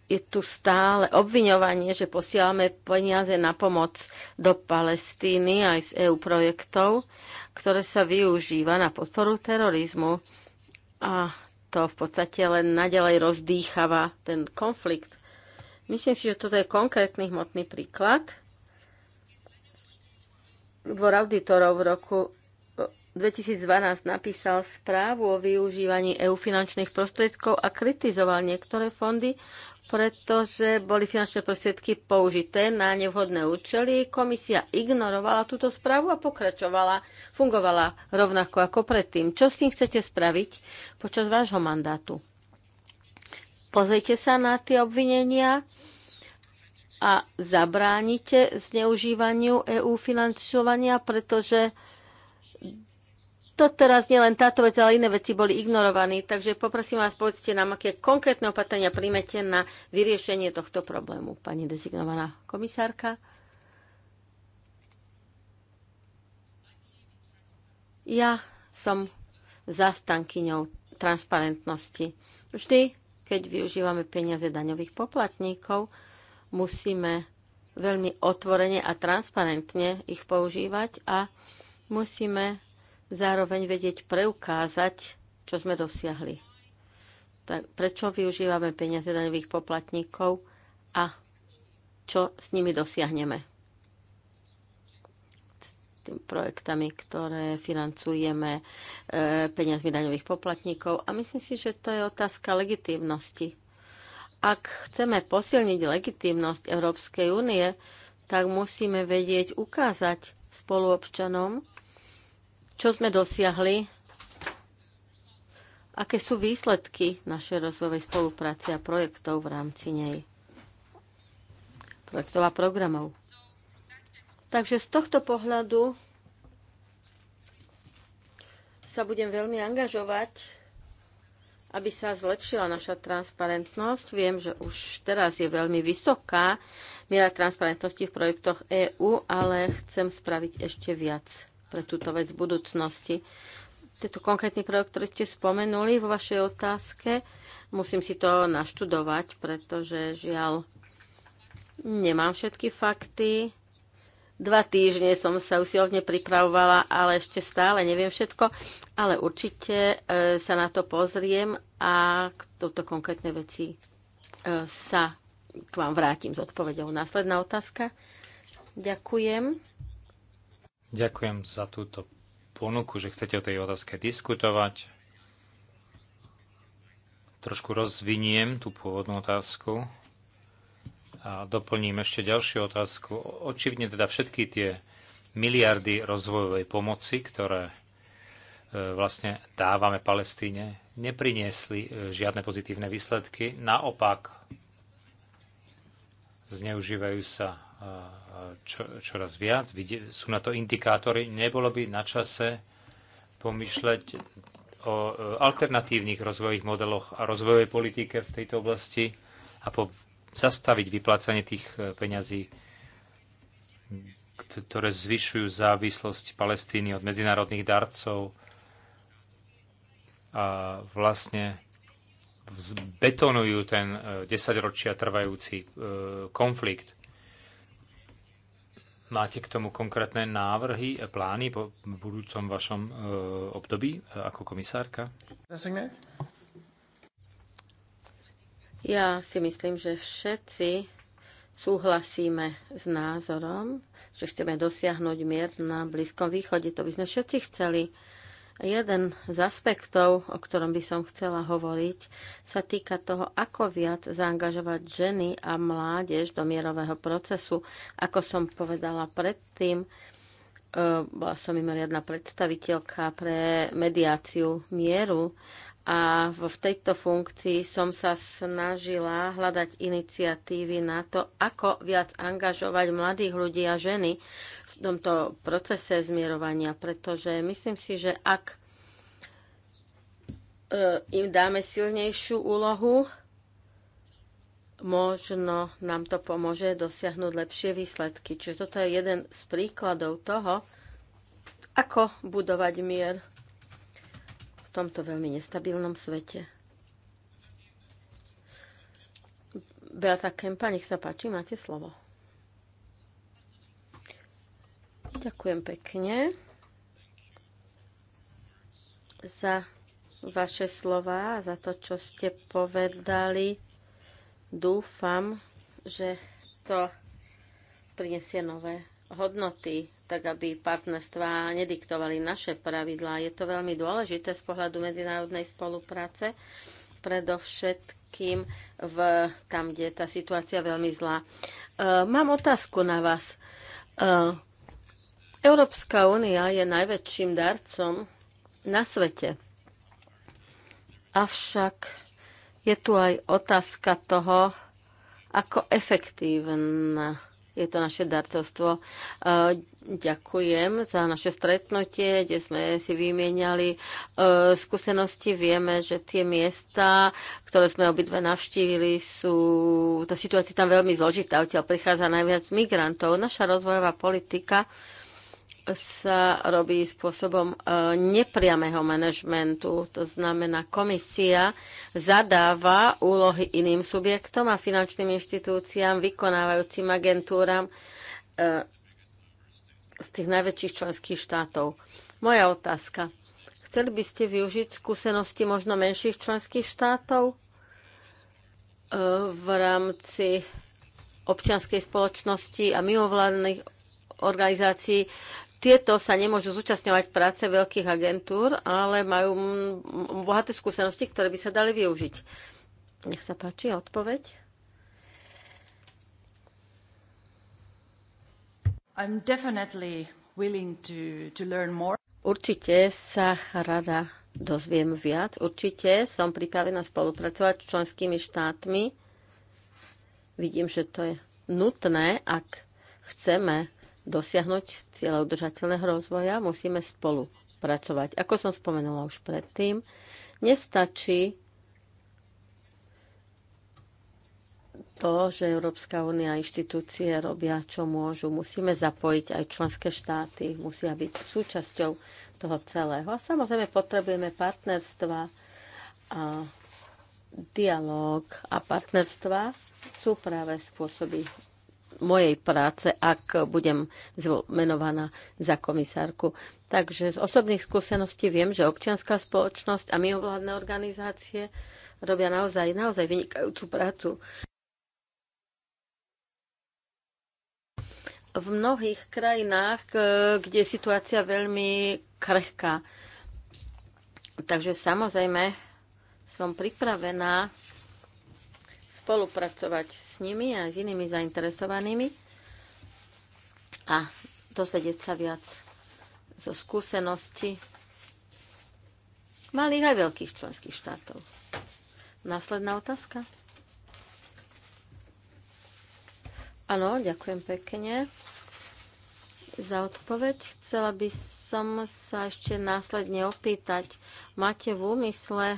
je tu stále obviňovanie, že posielame peniaze na pomoc do Palestíny aj z EU projektov, ktoré sa využíva na podporu terorizmu. A to v podstate len naďalej rozdýchava ten konflikt. Myslím si, že toto je konkrétny hmotný príklad. Dvor auditorov v roku 2012 napísal správu o využívaní EU finančných prostriedkov a kritizoval niektoré fondy, pretože boli finančné prostriedky použité na nevhodné účely. Komisia ignorovala túto správu a pokračovala, fungovala rovnako ako predtým. Čo s tým chcete spraviť počas vášho mandátu? Pozrite sa na tie obvinenia a zabránite zneužívaniu EU financovania, pretože to teraz nie len táto vec, ale iné veci boli ignorovaní. Takže poprosím vás, povedzte nám, aké konkrétne opatrenia príjmete na vyriešenie tohto problému, pani dezignovaná komisárka. Ja som zastankyňou transparentnosti. Vždy, keď využívame peniaze daňových poplatníkov, musíme veľmi otvorene a transparentne ich používať a musíme zároveň vedieť preukázať, čo sme dosiahli. Tak prečo využívame peniaze daňových poplatníkov a čo s nimi dosiahneme. S tým projektami, ktoré financujeme e, peniazmi daňových poplatníkov. A myslím si, že to je otázka legitímnosti. Ak chceme posilniť legitímnosť Európskej únie, tak musíme vedieť ukázať spoluobčanom, čo sme dosiahli, aké sú výsledky našej rozvojovej spolupráce a projektov v rámci nej. Projektov a programov. Takže z tohto pohľadu sa budem veľmi angažovať, aby sa zlepšila naša transparentnosť. Viem, že už teraz je veľmi vysoká miera transparentnosti v projektoch EÚ, ale chcem spraviť ešte viac pre túto vec v budúcnosti. Tento konkrétny projekt, ktorý ste spomenuli vo vašej otázke, musím si to naštudovať, pretože žiaľ nemám všetky fakty. Dva týždne som sa usilovne pripravovala, ale ešte stále neviem všetko, ale určite e, sa na to pozriem a k toto konkrétnej veci e, sa k vám vrátim s odpovedou. Následná otázka. Ďakujem. Ďakujem za túto ponuku, že chcete o tej otázke diskutovať. Trošku rozviniem tú pôvodnú otázku a doplním ešte ďalšiu otázku. Očividne teda všetky tie miliardy rozvojovej pomoci, ktoré e, vlastne dávame Palestíne, nepriniesli e, žiadne pozitívne výsledky. Naopak, zneužívajú sa čo, čoraz viac. Sú na to indikátory. Nebolo by na čase pomyšľať o e, alternatívnych rozvojových modeloch a rozvojovej politike v tejto oblasti a po, zastaviť vyplácanie tých e, peňazí, ktoré zvyšujú závislosť Palestíny od medzinárodných darcov a vlastne betonujú ten e, desaťročia trvajúci konflikt. Máte k tomu konkrétne návrhy, e, plány po budúcom vašom e, období e, ako komisárka? Ja si myslím, že všetci súhlasíme s názorom, že chceme dosiahnuť mier na Blízkom východe. To by sme všetci chceli. Jeden z aspektov, o ktorom by som chcela hovoriť, sa týka toho, ako viac zaangažovať ženy a mládež do mierového procesu. Ako som povedala predtým, e, bola som mimoriadná predstaviteľka pre mediáciu mieru a v tejto funkcii som sa snažila hľadať iniciatívy na to, ako viac angažovať mladých ľudí a ženy v tomto procese zmierovania, pretože myslím si, že ak e, im dáme silnejšiu úlohu, možno nám to pomôže dosiahnuť lepšie výsledky. Čiže toto je jeden z príkladov toho, ako budovať mier v tomto veľmi nestabilnom svete. Beata Kempa, nech sa páči, máte slovo. Ďakujem pekne za vaše slova, za to, čo ste povedali. Dúfam, že to prinesie nové hodnoty tak aby partnerstva nediktovali naše pravidlá. Je to veľmi dôležité z pohľadu medzinárodnej spolupráce, predovšetkým v, tam, kde je tá situácia veľmi zlá. E, mám otázku na vás. E, Európska únia je najväčším darcom na svete. Avšak je tu aj otázka toho, ako efektívna je to naše darcovstvo. E, ďakujem za naše stretnutie, kde sme si vymieniali e, skúsenosti. Vieme, že tie miesta, ktoré sme obidve navštívili, sú... Tá situácia tam veľmi zložitá, odtiaľ prichádza najviac migrantov. Naša rozvojová politika sa robí spôsobom e, nepriameho manažmentu. To znamená, komisia zadáva úlohy iným subjektom a finančným inštitúciám, vykonávajúcim agentúram e, z tých najväčších členských štátov. Moja otázka. Chceli by ste využiť skúsenosti možno menších členských štátov e, v rámci občianskej spoločnosti a mimovládnych organizácií tieto sa nemôžu zúčastňovať práce veľkých agentúr, ale majú bohaté skúsenosti, ktoré by sa dali využiť. Nech sa páči, odpoveď. I'm definitely willing to, to learn more. Určite sa rada dozviem viac. Určite som pripravená spolupracovať s členskými štátmi. Vidím, že to je nutné, ak chceme dosiahnuť cieľa udržateľného rozvoja, musíme spolu pracovať. Ako som spomenula už predtým, nestačí to, že Európska únia a inštitúcie robia, čo môžu. Musíme zapojiť aj členské štáty, musia byť súčasťou toho celého. A samozrejme potrebujeme partnerstva a dialog a partnerstva sú práve spôsoby mojej práce, ak budem zmenovaná za komisárku. Takže z osobných skúseností viem, že občianská spoločnosť a mimovládne organizácie robia naozaj, naozaj vynikajúcu prácu. V mnohých krajinách, eh, kde je situácia veľmi krehká. Takže samozrejme som pripravená spolupracovať s nimi a s inými zainteresovanými a dozvedieť sa viac zo skúsenosti malých aj veľkých členských štátov. Následná otázka. Áno, ďakujem pekne za odpoveď. Chcela by som sa ešte následne opýtať, máte v úmysle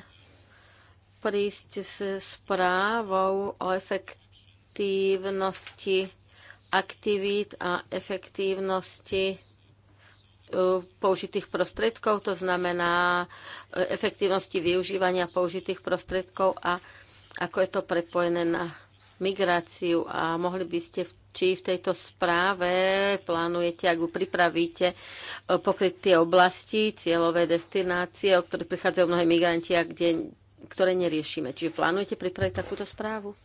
prísť s správou o efektívnosti aktivít a efektívnosti e, použitých prostriedkov, to znamená e, efektívnosti využívania použitých prostriedkov a ako je to prepojené na migráciu a mohli by ste, či v tejto správe plánujete, ak ju pripravíte, e, pokryť tie oblasti, cieľové destinácie, o ktorých prichádzajú mnohé migranti a kde ktoré neriešime. Čiže plánujete pripraviť takúto správu?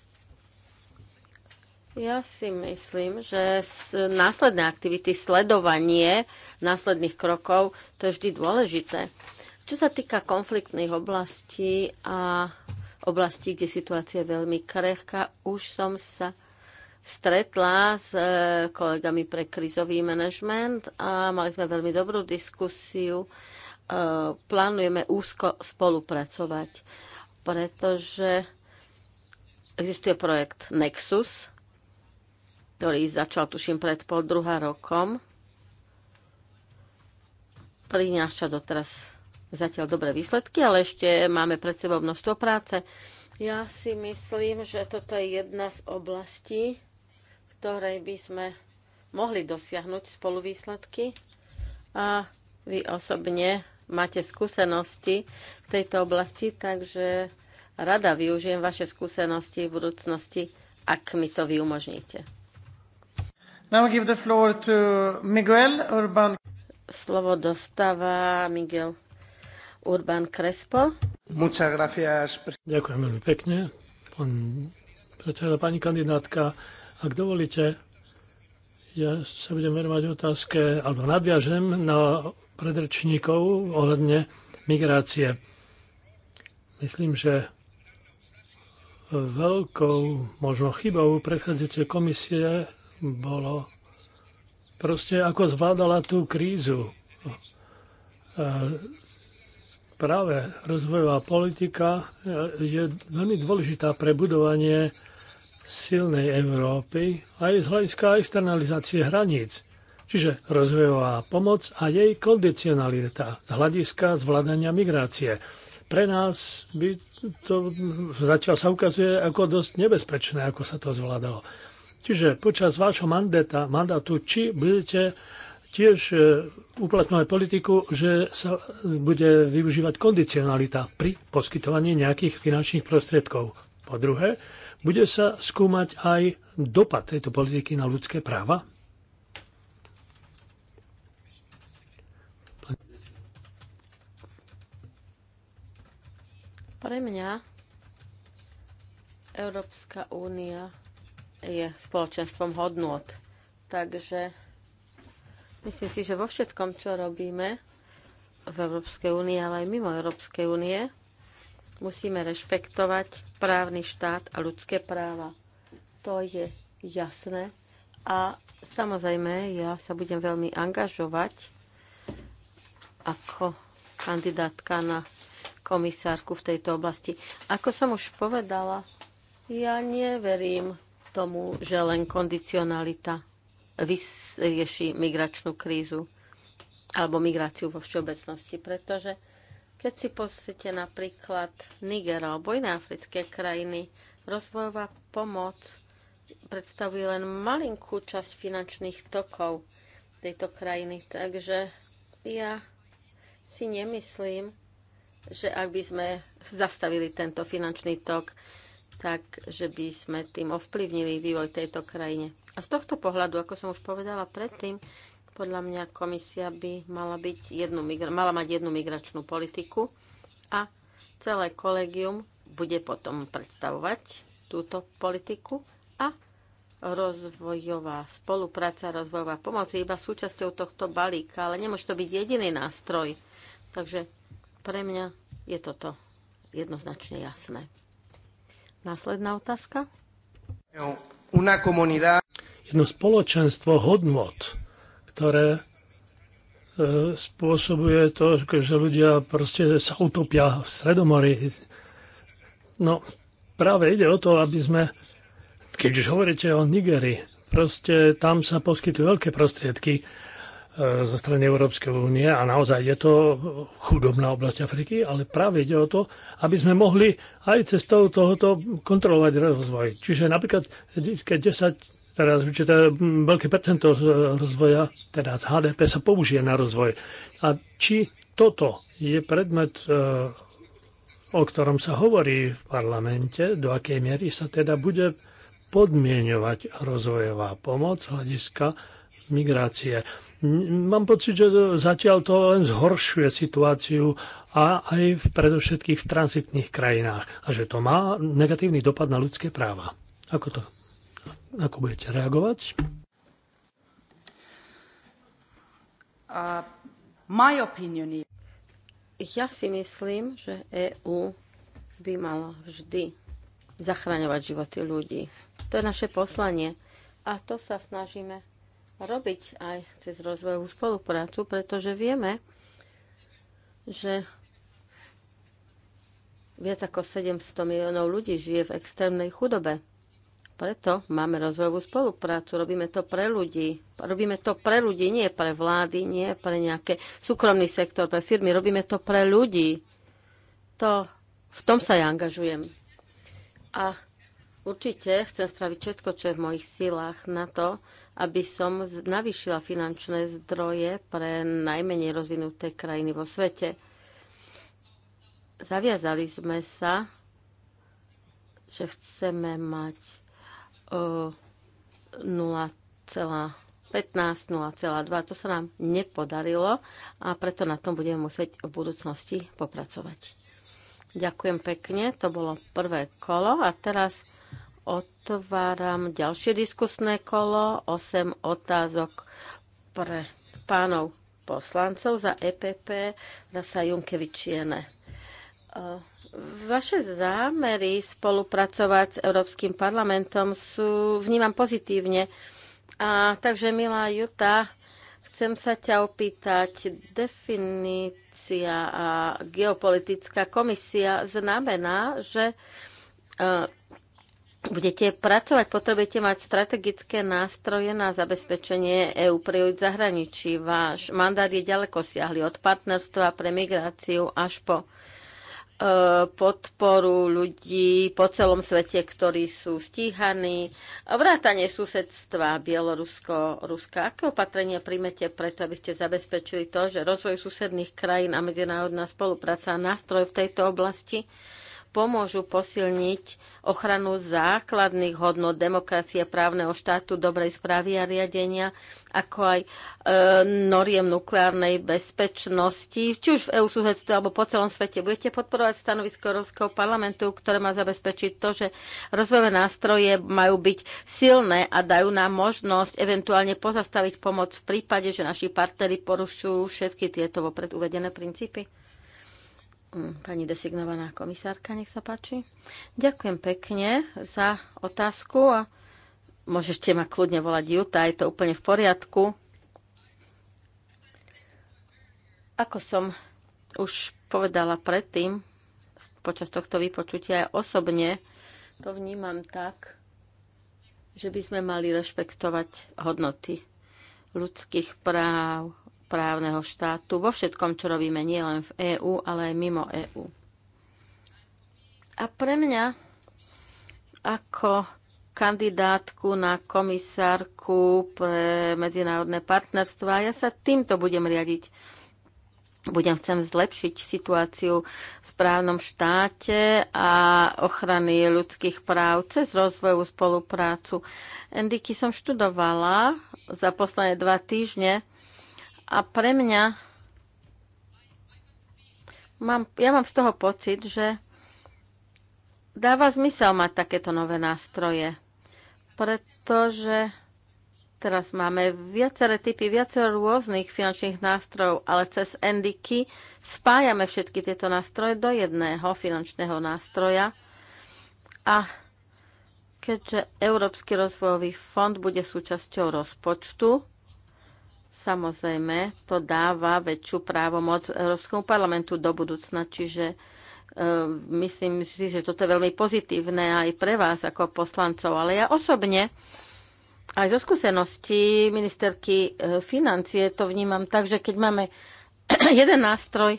Ja si myslím, že následné aktivity, sledovanie následných krokov, to je vždy dôležité. Čo sa týka konfliktných oblastí a oblastí, kde situácia je veľmi krehká, už som sa stretla s e, kolegami pre krizový manažment a mali sme veľmi dobrú diskusiu. E, plánujeme úzko spolupracovať pretože existuje projekt Nexus, ktorý začal, tuším, pred pol druhá rokom. Prináša doteraz zatiaľ dobré výsledky, ale ešte máme pred sebou množstvo práce. Ja si myslím, že toto je jedna z oblastí, v ktorej by sme mohli dosiahnuť spoluvýsledky A vy osobne máte skúsenosti v tejto oblasti, takže rada využijem vaše skúsenosti v budúcnosti, ak mi to vy umožníte. Now give the floor to Miguel Urban. Slovo dostáva Miguel Urban Crespo. Muchas gracias. Ďakujem veľmi pekne, pán predseda, pani kandidátka. Ak dovolíte, ja sa budem venovať otázke, alebo nadviažem na predrečníkov ohľadne migrácie. Myslím, že veľkou možno chybou predchádzajúcej komisie bolo proste ako zvládala tú krízu. E, práve rozvojová politika e, je veľmi dôležitá pre budovanie silnej Európy aj z hľadiska externalizácie hraníc. Čiže rozvojová pomoc a jej kondicionalita z hľadiska zvládania migrácie. Pre nás by to zatiaľ sa ukazuje ako dosť nebezpečné, ako sa to zvládalo. Čiže počas vášho mandata, mandátu, či budete tiež e, uplatňovať politiku, že sa bude využívať kondicionalita pri poskytovaní nejakých finančných prostriedkov. Po druhé, bude sa skúmať aj dopad tejto politiky na ľudské práva? Pre mňa Európska únia je spoločenstvom hodnot, Takže myslím si, že vo všetkom, čo robíme v Európskej únie, ale aj mimo Európskej únie, musíme rešpektovať právny štát a ľudské práva. To je jasné. A samozrejme, ja sa budem veľmi angažovať ako kandidátka na komisárku v tejto oblasti. Ako som už povedala, ja neverím tomu, že len kondicionalita vyrieši migračnú krízu alebo migráciu vo všeobecnosti, pretože keď si pozrite napríklad Niger alebo iné africké krajiny, rozvojová pomoc predstavuje len malinkú časť finančných tokov tejto krajiny. Takže ja si nemyslím, že ak by sme zastavili tento finančný tok, tak, že by sme tým ovplyvnili vývoj tejto krajine. A z tohto pohľadu, ako som už povedala predtým, podľa mňa komisia by mala, byť jednu, mala mať jednu migračnú politiku a celé kolegium bude potom predstavovať túto politiku a rozvojová spolupráca, rozvojová pomoc je iba súčasťou tohto balíka, ale nemôže to byť jediný nástroj. Takže pre mňa je toto jednoznačne jasné. Následná otázka. Jedno spoločenstvo hodnot, ktoré e, spôsobuje to, že ľudia proste sa utopia v Stredomori. No, práve ide o to, aby sme, keď už hovoríte o Nigeri, proste tam sa poskytli veľké prostriedky E, zo strany Európskej únie a naozaj je to chudobná oblasť Afriky, ale práve ide o to, aby sme mohli aj cestou tohoto kontrolovať rozvoj. Čiže napríklad, keď 10, teraz určite veľké percento rozvoja, teraz HDP sa použije na rozvoj. A či toto je predmet, e, o ktorom sa hovorí v parlamente, do akej miery sa teda bude podmienovať rozvojová pomoc hľadiska migrácie. Mám pocit, že zatiaľ to len zhoršuje situáciu a aj v, predovšetkých v transitných krajinách a že to má negatívny dopad na ľudské práva. Ako to? Ako budete reagovať? Uh, my opinion is... Ja si myslím, že EÚ by mala vždy zachraňovať životy ľudí. To je naše poslanie a to sa snažíme robiť aj cez rozvojovú spoluprácu, pretože vieme, že viac ako 700 miliónov ľudí žije v extrémnej chudobe. Preto máme rozvojovú spoluprácu, robíme to pre ľudí. Robíme to pre ľudí, nie pre vlády, nie pre nejaké súkromný sektor, pre firmy. Robíme to pre ľudí. To, v tom sa ja angažujem. A určite chcem spraviť všetko, čo je v mojich silách na to, aby som navýšila finančné zdroje pre najmenej rozvinuté krajiny vo svete. Zaviazali sme sa, že chceme mať 0,15, 0,2. To sa nám nepodarilo a preto na tom budeme musieť v budúcnosti popracovať. Ďakujem pekne, to bolo prvé kolo a teraz Otváram ďalšie diskusné kolo, 8 otázok pre pánov poslancov za EPP Rasa Sajunkevičiene. E, vaše zámery spolupracovať s Európskym parlamentom sú, vnímam pozitívne. A takže, milá Juta, chcem sa ťa opýtať, definícia a geopolitická komisia znamená, že e, budete pracovať, potrebujete mať strategické nástroje na zabezpečenie EU priorit zahraničí. Váš mandát je ďaleko siahly od partnerstva pre migráciu až po e, podporu ľudí po celom svete, ktorí sú stíhaní. Vrátanie susedstva Bielorusko, Ruska. Aké opatrenia príjmete preto, aby ste zabezpečili to, že rozvoj susedných krajín a medzinárodná spolupráca a nástroj v tejto oblasti pomôžu posilniť ochranu základných hodnot demokracie, právneho štátu, dobrej správy a riadenia, ako aj e, noriem nukleárnej bezpečnosti, či už v EU súhedstve alebo po celom svete. Budete podporovať stanovisko Európskeho parlamentu, ktoré má zabezpečiť to, že rozvojové nástroje majú byť silné a dajú nám možnosť eventuálne pozastaviť pomoc v prípade, že naši partnery porušujú všetky tieto vopred uvedené princípy? Mm, pani designovaná komisárka, nech sa páči. Ďakujem pekne za otázku a môžete ma kľudne volať Juta, je to úplne v poriadku. Ako som už povedala predtým, počas tohto vypočutia, aj osobne to vnímam tak, že by sme mali rešpektovať hodnoty ľudských práv, právneho štátu vo všetkom, čo robíme nielen v EÚ, ale aj mimo EÚ. A pre mňa ako kandidátku na komisárku pre medzinárodné partnerstva. Ja sa týmto budem riadiť. Budem chcem zlepšiť situáciu v správnom štáte a ochrany ľudských práv cez rozvojovú spoluprácu. Endiky som študovala za posledné dva týždne a pre mňa, mám, ja mám z toho pocit, že dáva zmysel mať takéto nové nástroje, pretože teraz máme viaceré typy, viacero rôznych finančných nástrojov, ale cez NDK spájame všetky tieto nástroje do jedného finančného nástroja. A keďže Európsky rozvojový fond bude súčasťou rozpočtu, Samozrejme, to dáva väčšiu právomoc Európskemu parlamentu do budúcna, čiže e, myslím si, že toto je veľmi pozitívne aj pre vás ako poslancov, ale ja osobne aj zo skúseností ministerky e, financie to vnímam tak, že keď máme jeden nástroj,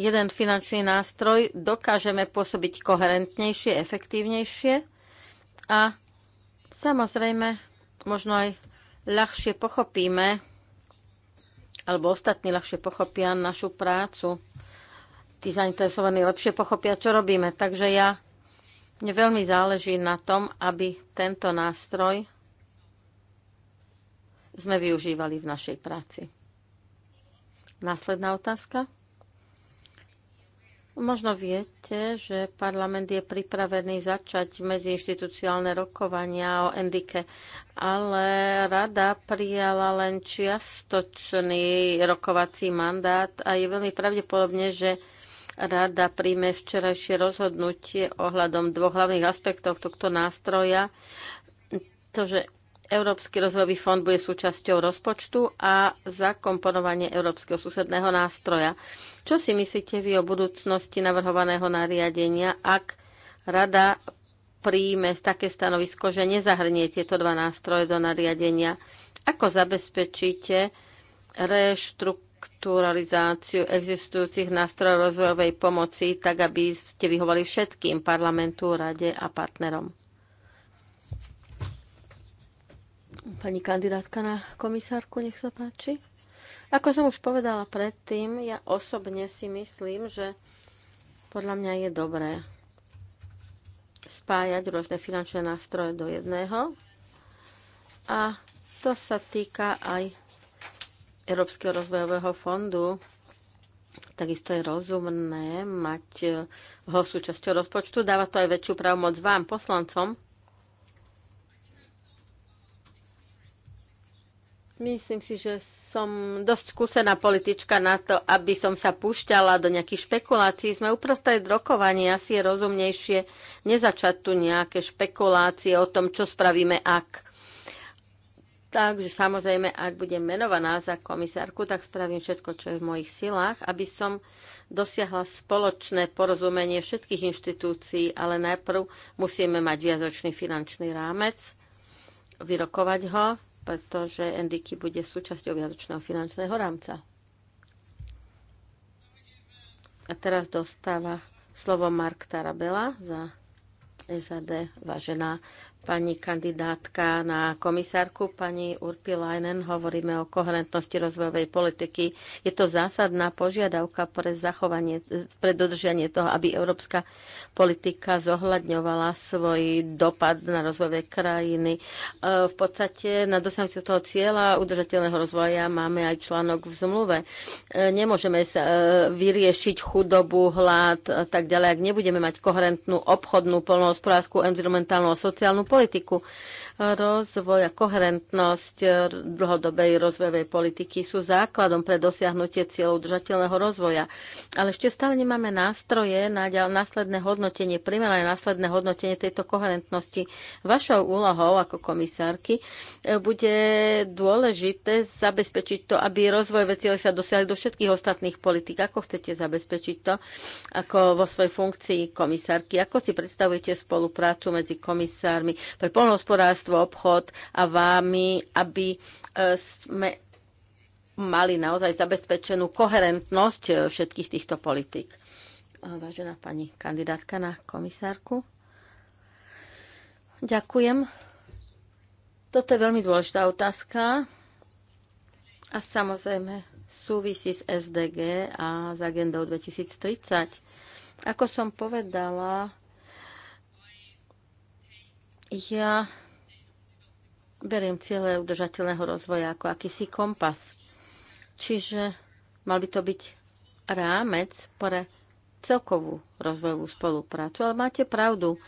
jeden finančný nástroj, dokážeme pôsobiť koherentnejšie, efektívnejšie a samozrejme možno aj ľahšie pochopíme alebo ostatní ľahšie pochopia našu prácu. Tí zainteresovaní lepšie pochopia, čo robíme. Takže ja, mne veľmi záleží na tom, aby tento nástroj sme využívali v našej práci. Následná otázka. Možno viete, že parlament je pripravený začať medziinstitucionálne rokovania o Endike, ale rada prijala len čiastočný rokovací mandát a je veľmi pravdepodobne, že rada príjme včerajšie rozhodnutie ohľadom dvoch hlavných aspektov tohto nástroja. To, že Európsky rozvojový fond bude súčasťou rozpočtu a zakomponovanie Európskeho susedného nástroja. Čo si myslíte vy o budúcnosti navrhovaného nariadenia, ak rada príjme také stanovisko, že nezahrnie tieto dva nástroje do nariadenia? Ako zabezpečíte reštrukturalizáciu existujúcich nástrojov rozvojovej pomoci, tak aby ste vyhovali všetkým parlamentu, rade a partnerom? Pani kandidátka na komisárku, nech sa páči. Ako som už povedala predtým, ja osobne si myslím, že podľa mňa je dobré spájať rôzne finančné nástroje do jedného. A to sa týka aj Európskeho rozvojového fondu. Takisto je rozumné mať ho súčasťou rozpočtu. Dáva to aj väčšiu právomoc vám, poslancom, Myslím si, že som dosť skúsená politička na to, aby som sa púšťala do nejakých špekulácií. Sme uprostred rokovania, asi je rozumnejšie nezačať tu nejaké špekulácie o tom, čo spravíme ak. Takže samozrejme, ak budem menovaná za komisárku, tak spravím všetko, čo je v mojich silách, aby som dosiahla spoločné porozumenie všetkých inštitúcií, ale najprv musíme mať viazočný finančný rámec, vyrokovať ho, pretože NDK bude súčasťou vianočného finančného rámca. A teraz dostáva slovo Mark Tarabela za SAD, vážená Pani kandidátka na komisárku, pani Urpilainen, hovoríme o koherentnosti rozvojovej politiky. Je to zásadná požiadavka pre zachovanie, pre dodržanie toho, aby európska politika zohľadňovala svoj dopad na rozvojové krajiny. E, v podstate na dosiahnutie toho cieľa udržateľného rozvoja máme aj článok v zmluve. E, nemôžeme sa e, vyriešiť chudobu, hlad a tak ďalej, ak nebudeme mať koherentnú obchodnú, polnohospodárskú, environmentálnu a sociálnu politiku. Rozvoj a koherentnosť dlhodobej rozvojovej politiky sú základom pre dosiahnutie cieľov udržateľného rozvoja. Ale ešte stále nemáme nástroje na následné hodnotenie, primerané následné hodnotenie tejto koherentnosti. Vašou úlohou ako komisárky e, bude dôležité zabezpečiť to, aby rozvojové cieľe sa dosiahli do všetkých ostatných politik. Ako chcete zabezpečiť to ako vo svojej funkcii komisárky? Ako si predstavujete spoluprácu medzi komisármi pre polnohospodárstvo, poľnohospodárstvo, obchod a vámi, aby e, sme mali naozaj zabezpečenú koherentnosť e, všetkých týchto politík. E, vážená pani kandidátka na komisárku. Ďakujem. Toto je veľmi dôležitá otázka a samozrejme súvisí s SDG a s agendou 2030. Ako som povedala, ja beriem cieľe udržateľného rozvoja ako akýsi kompas. Čiže mal by to byť rámec pre celkovú rozvojovú spoluprácu. Ale máte pravdu.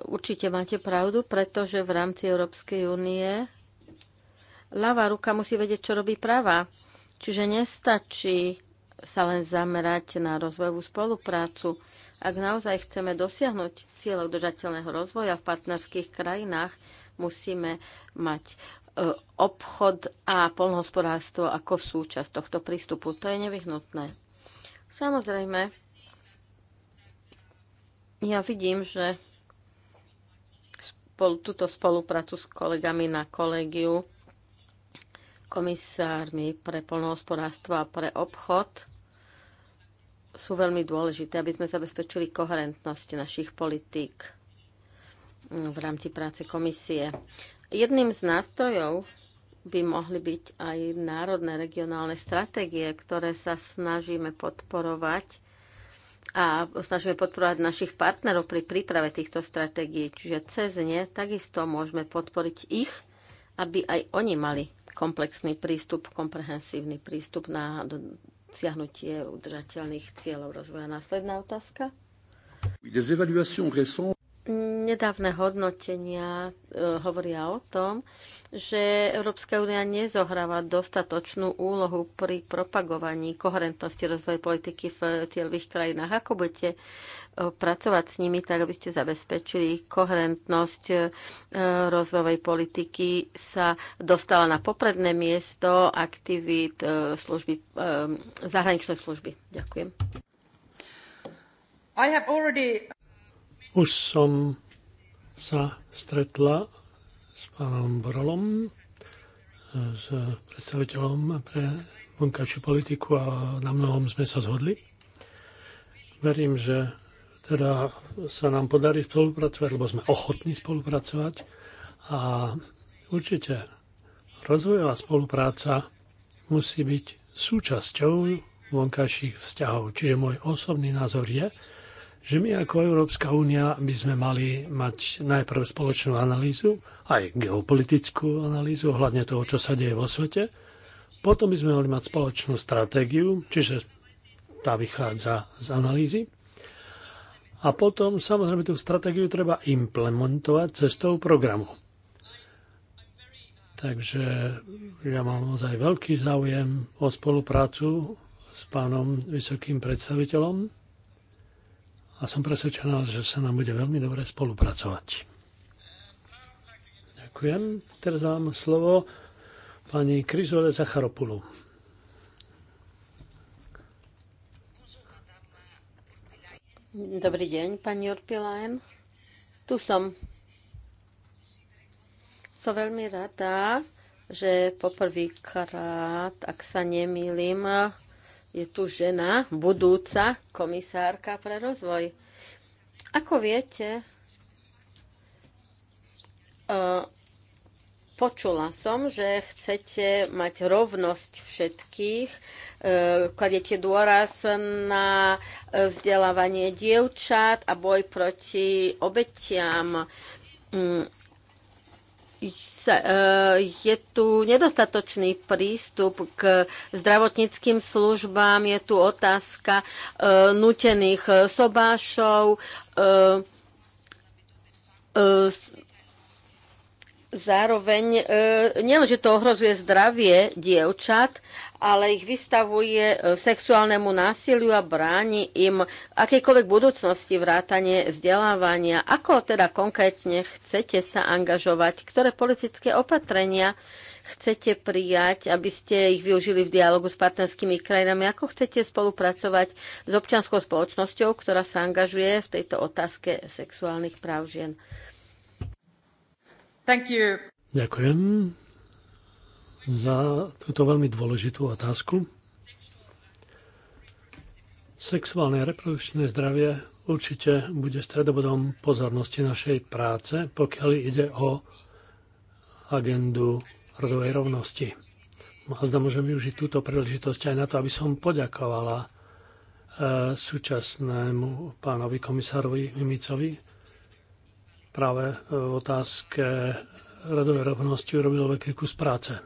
Určite máte pravdu, pretože v rámci Európskej únie ľavá ruka musí vedieť, čo robí práva. Čiže nestačí sa len zamerať na rozvojovú spoluprácu. Ak naozaj chceme dosiahnuť cieľ udržateľného rozvoja v partnerských krajinách, Musíme mať e, obchod a polnohospodárstvo ako súčasť tohto prístupu. To je nevyhnutné. Samozrejme, ja vidím, že spolu, túto spoluprácu s kolegami na kolegiu, komisármi pre polnohospodárstvo a pre obchod sú veľmi dôležité, aby sme zabezpečili koherentnosť našich politík v rámci práce komisie. Jedným z nástrojov by mohli byť aj národné regionálne stratégie, ktoré sa snažíme podporovať a snažíme podporovať našich partnerov pri príprave týchto stratégií. Čiže cez ne takisto môžeme podporiť ich, aby aj oni mali komplexný prístup, komprehensívny prístup na dosiahnutie udržateľných cieľov rozvoja. Následná otázka. Nedávne hodnotenia e, hovoria o tom, že Európska únia nezohráva dostatočnú úlohu pri propagovaní koherentnosti rozvoja politiky v cieľových krajinách. Ako budete e, pracovať s nimi tak, aby ste zabezpečili koherentnosť e, rozvojovej politiky sa dostala na popredné miesto aktivít služby, zahraničnej služby? Ďakujem. I have already už som sa stretla s pánom Borolom, s predstaviteľom pre vonkajšiu politiku a na mnohom sme sa zhodli. Verím, že teda sa nám podarí spolupracovať, lebo sme ochotní spolupracovať a určite rozvojová spolupráca musí byť súčasťou vonkajších vzťahov. Čiže môj osobný názor je, že my ako Európska únia by sme mali mať najprv spoločnú analýzu, aj geopolitickú analýzu ohľadne toho, čo sa deje vo svete. Potom by sme mali mať spoločnú stratégiu, čiže tá vychádza z analýzy. A potom samozrejme tú stratégiu treba implementovať cestou programu. Takže ja mám naozaj veľký záujem o spoluprácu s pánom vysokým predstaviteľom a som presvedčená, že sa nám bude veľmi dobre spolupracovať. Ďakujem. Teraz dám slovo pani Kryzole Zacharopulu. Dobrý deň, pani Urpilajem. Tu som. Som veľmi rada, že poprvýkrát, ak sa nemýlim, je tu žena, budúca komisárka pre rozvoj. Ako viete, eh, Počula som, že chcete mať rovnosť všetkých, eh, kladete dôraz na eh, vzdelávanie dievčat a boj proti obetiam. Mm, E, je tu nedostatočný prístup k zdravotníckým službám, je tu otázka e, nutených e, sobášov, zároveň e, nielen, že to ohrozuje zdravie dievčat, ale ich vystavuje e, sexuálnemu násiliu a bráni im akejkoľvek budúcnosti vrátanie vzdelávania. Ako teda konkrétne chcete sa angažovať? Ktoré politické opatrenia chcete prijať, aby ste ich využili v dialogu s partnerskými krajinami? Ako chcete spolupracovať s občianskou spoločnosťou, ktorá sa angažuje v tejto otázke sexuálnych práv žien? Thank you. Ďakujem za túto veľmi dôležitú otázku. Sexuálne a reprodukčné zdravie určite bude stredobodom pozornosti našej práce, pokiaľ ide o agendu rodovej rovnosti. No a zda môžem využiť túto príležitosť aj na to, aby som poďakovala eh, súčasnému pánovi komisárovi Mimicovi práve e, v otázke radovej rovnosti urobil veľký kus práce.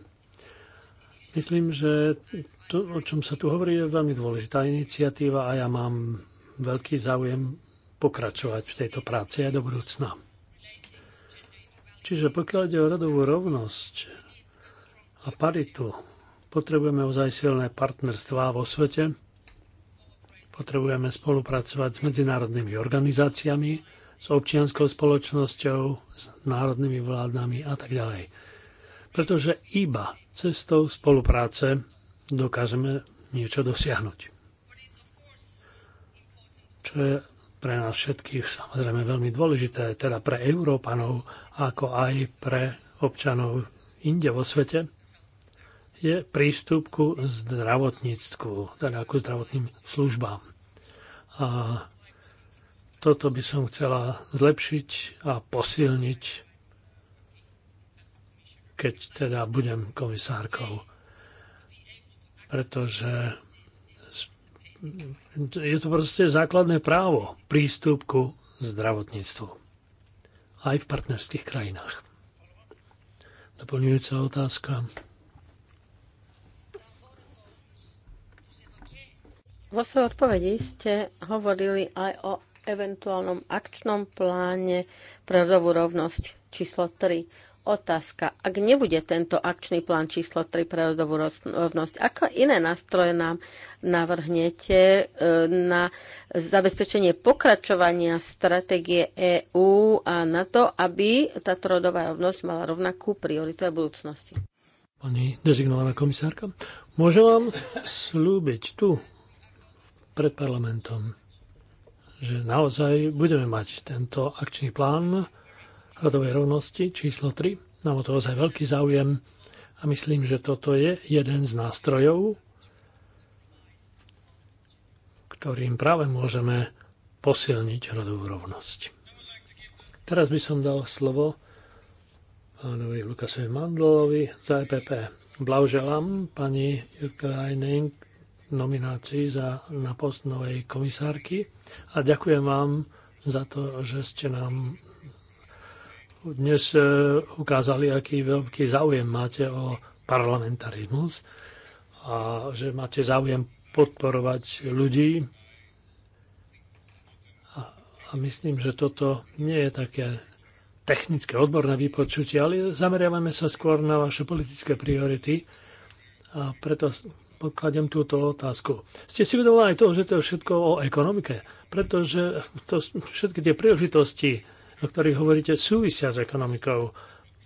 Myslím, že to, o čom sa tu hovorí, je veľmi dôležitá iniciatíva a ja mám veľký záujem pokračovať v tejto práci aj do budúcna. Čiže pokiaľ ide o radovú rovnosť a paritu, potrebujeme ozaj silné partnerstvá vo svete, potrebujeme spolupracovať s medzinárodnými organizáciami, s občianskou spoločnosťou, s národnými vládami a tak ďalej. Pretože iba cestou spolupráce dokážeme niečo dosiahnuť. Čo je pre nás všetkých samozrejme veľmi dôležité, teda pre Európanov, ako aj pre občanov inde vo svete, je prístup ku zdravotníctvu, teda ku zdravotným službám. A toto by som chcela zlepšiť a posilniť, keď teda budem komisárkou. Pretože je to proste základné právo prístup ku zdravotníctvu. Aj v partnerských krajinách. Doplňujúca otázka. Vo svojej odpovedi ste hovorili aj o eventuálnom akčnom pláne pre rodovú rovnosť číslo 3. Otázka, ak nebude tento akčný plán číslo 3 pre rodovú rovnosť, ako iné nástroje nám navrhnete e, na zabezpečenie pokračovania stratégie EÚ a na to, aby táto rodová rovnosť mala rovnakú prioritu aj budúcnosti? Pani dezignovaná komisárka, môžem vám slúbiť tu pred parlamentom, že naozaj budeme mať tento akčný plán rodovej rovnosti číslo 3. Mám o to ozaj veľký záujem a myslím, že toto je jeden z nástrojov, ktorým práve môžeme posilniť rodovú rovnosť. Teraz by som dal slovo pánovi Lukasovi Mandlovi za EPP. Blahoželám pani Jurka nominácii za, na post novej komisárky a ďakujem vám za to, že ste nám dnes e, ukázali, aký veľký záujem máte o parlamentarizmus a že máte záujem podporovať ľudí. A, a myslím, že toto nie je také technické, odborné vypočutie, ale zameriavame sa skôr na vaše politické priority. A preto pokladem túto otázku. Ste si vedovali aj to, že to je všetko o ekonomike, pretože to, všetky tie príležitosti, o ktorých hovoríte, súvisia s ekonomikou.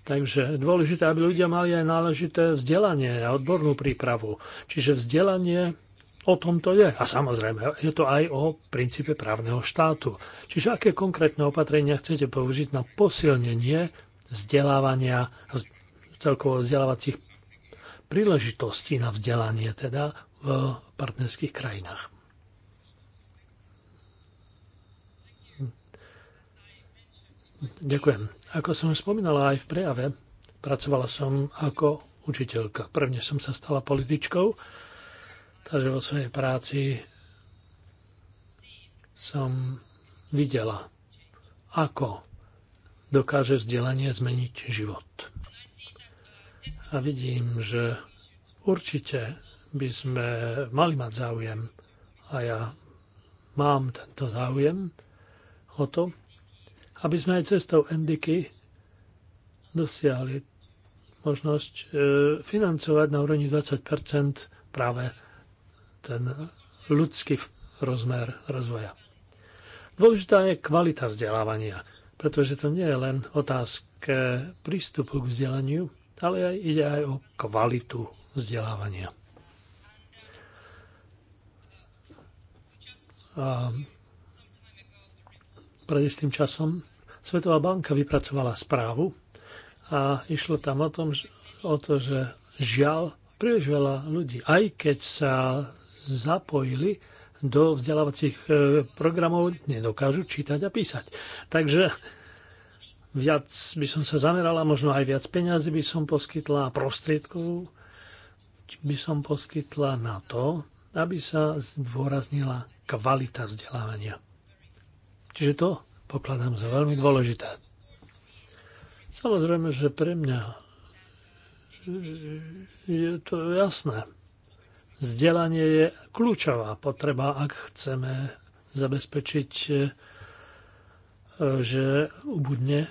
Takže dôležité, aby ľudia mali aj náležité vzdelanie a odbornú prípravu. Čiže vzdelanie o tom to je. A samozrejme, je to aj o princípe právneho štátu. Čiže aké konkrétne opatrenia chcete použiť na posilnenie vzdelávania celkovo vzdelávacích príležitosti na vzdelanie teda v partnerských krajinách. Ďakujem. Ako som spomínala aj v prejave, pracovala som ako učiteľka. Prvne som sa stala političkou, takže vo svojej práci som videla, ako dokáže vzdelanie zmeniť život a vidím, že určite by sme mali mať záujem a ja mám tento záujem o to, aby sme aj cestou Endiky dosiahli možnosť e, financovať na úrovni 20 práve ten ľudský rozmer rozvoja. Dôležitá je kvalita vzdelávania, pretože to nie je len otázka prístupu k vzdelaniu, ale aj ide aj o kvalitu vzdelávania. A pred istým časom Svetová banka vypracovala správu a išlo tam o, tom, o to, že žiaľ príliš veľa ľudí, aj keď sa zapojili do vzdelávacích e, programov, nedokážu čítať a písať. Takže viac by som sa zamerala, možno aj viac peniazy by som poskytla a prostriedkov by som poskytla na to, aby sa zdôraznila kvalita vzdelávania. Čiže to pokladám za veľmi dôležité. Samozrejme, že pre mňa je to jasné. Vzdelanie je kľúčová potreba, ak chceme zabezpečiť, že ubudne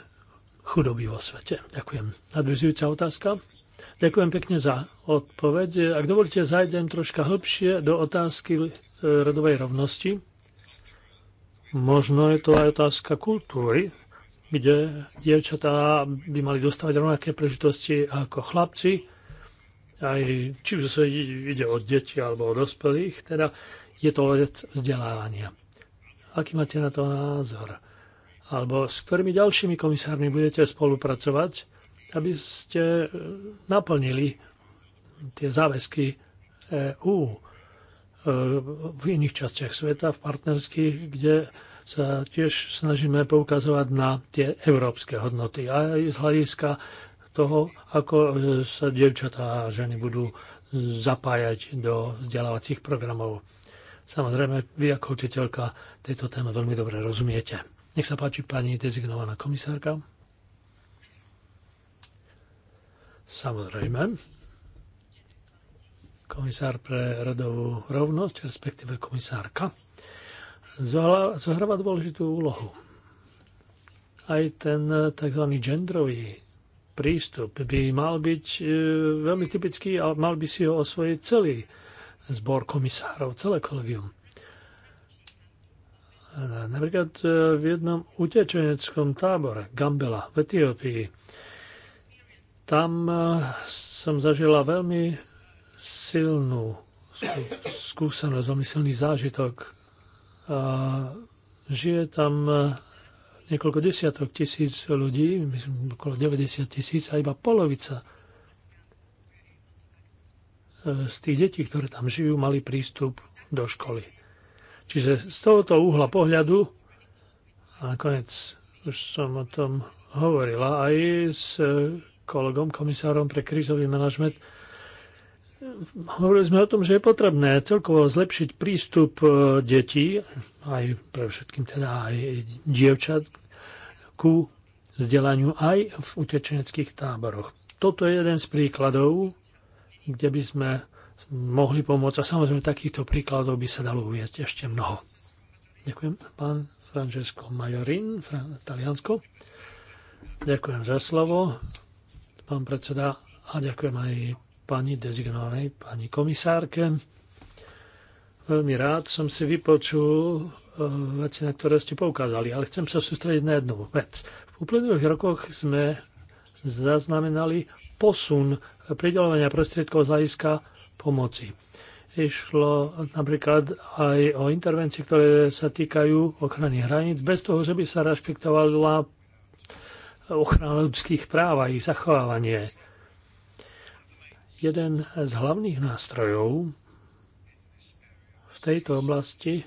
chudoby vo svete. Ďakujem. Nadvizujúca otázka. Ďakujem pekne za odpoveď. Ak dovolíte, zajdem troška hlbšie do otázky e, rodovej rovnosti. Možno je to aj otázka kultúry, kde dievčatá by mali dostávať rovnaké prežitosti ako chlapci, aj či už sa ide o deti alebo o dospelých, teda je to vec vzdelávania. Aký máte na to názor? alebo s ktorými ďalšími komisármi budete spolupracovať, aby ste e, naplnili tie záväzky EU e, v iných častiach sveta, v partnerských, kde sa tiež snažíme poukazovať na tie európske hodnoty. Aj z hľadiska toho, ako e, sa dievčatá a ženy budú zapájať do vzdelávacích programov. Samozrejme, vy ako učiteľka tejto téme veľmi dobre rozumiete. Nech sa páči pani dezignovaná komisárka. Samozrejme. Komisár pre rodovú rovnosť, respektíve komisárka, zohráva dôležitú úlohu. Aj ten tzv. genderový prístup by mal byť e, veľmi typický a mal by si ho osvojiť celý zbor komisárov, celé kolegium. Napríklad e, v jednom utečeneckom tábore Gambela v Etiópii. Tam e, som zažila veľmi silnú skúsenosť, veľmi silný zážitok. A žije tam e, niekoľko desiatok tisíc ľudí, myslím okolo 90 tisíc a iba polovica z tých detí, ktoré tam žijú, mali prístup do školy. Čiže z tohoto uhla pohľadu, a nakoniec už som o tom hovorila aj s e, kolegom, komisárom pre krízový manažment, hovorili sme o tom, že je potrebné celkovo zlepšiť prístup e, detí, aj pre všetkým teda aj dievčat, ku vzdelaniu aj v utečeneckých táboroch. Toto je jeden z príkladov, kde by sme mohli pomôcť. A samozrejme, takýchto príkladov by sa dalo uviezť ešte mnoho. Ďakujem, pán Francesco Majorin, Taliansko. Ďakujem za slovo, pán predseda, a ďakujem aj pani dezignovanej, pani komisárke. Veľmi rád som si vypočul e, veci, na ktoré ste poukázali, ale chcem sa sústrediť na jednu vec. V uplynulých rokoch sme zaznamenali posun pridelovania prostriedkov z hľadiska pomoci. Išlo napríklad aj o intervencie, ktoré sa týkajú ochrany hraníc, bez toho, že by sa rešpektovala ochrana ľudských práv a ich zachovávanie. Jeden z hlavných nástrojov v tejto oblasti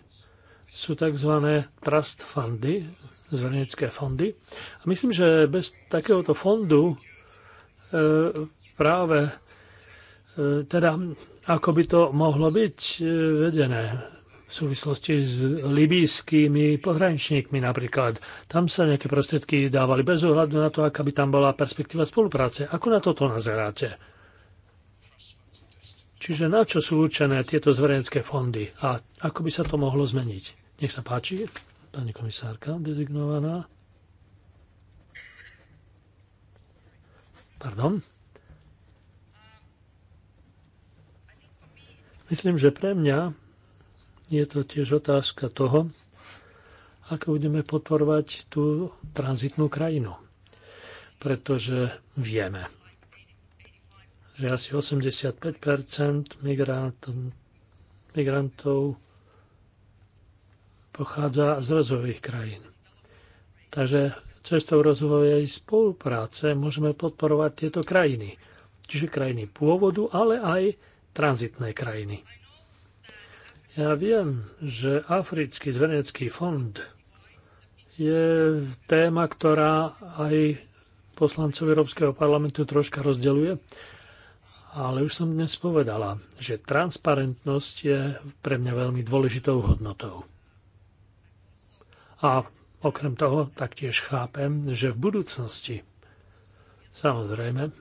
sú tzv. trust fundy, zverejnecké fondy. A myslím, že bez takéhoto fondu e, práve E, teda ako by to mohlo byť e, vedené v súvislosti s libijskými pohraničníkmi napríklad. Tam sa nejaké prostriedky dávali bez ohľadu na to, aká by tam bola perspektíva spolupráce. Ako na toto nazeráte? Čiže na čo sú určené tieto zverejenské fondy a ako by sa to mohlo zmeniť? Nech sa páči, pani komisárka dezignovaná. Pardon. Myslím, že pre mňa je to tiež otázka toho, ako budeme podporovať tú tranzitnú krajinu. Pretože vieme, že asi 85 migrantov pochádza z rozvojových krajín. Takže cestou rozvojovej spolupráce môžeme podporovať tieto krajiny. Čiže krajiny pôvodu, ale aj tranzitné krajiny. Ja viem, že Africký zvenecký fond je téma, ktorá aj poslancov Európskeho parlamentu troška rozdeluje, ale už som dnes povedala, že transparentnosť je pre mňa veľmi dôležitou hodnotou. A okrem toho taktiež chápem, že v budúcnosti, samozrejme,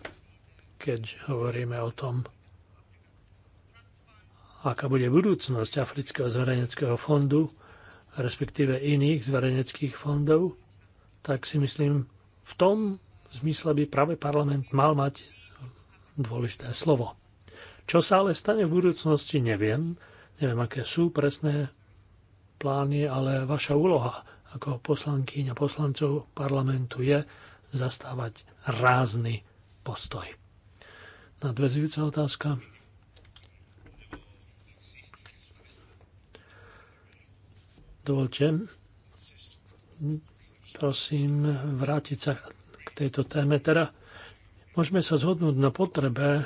keď hovoríme o tom, aká bude budúcnosť Afrického zverejneckého fondu, respektíve iných zverejneckých fondov, tak si myslím, v tom zmysle by práve parlament mal mať dôležité slovo. Čo sa ale stane v budúcnosti, neviem. Neviem, aké sú presné plány, ale vaša úloha ako poslankyňa poslancov parlamentu je zastávať rázny postoj. Nadvezujúca otázka. Dovolte, prosím, vrátiť sa k tejto téme. Teda môžeme sa zhodnúť na potrebe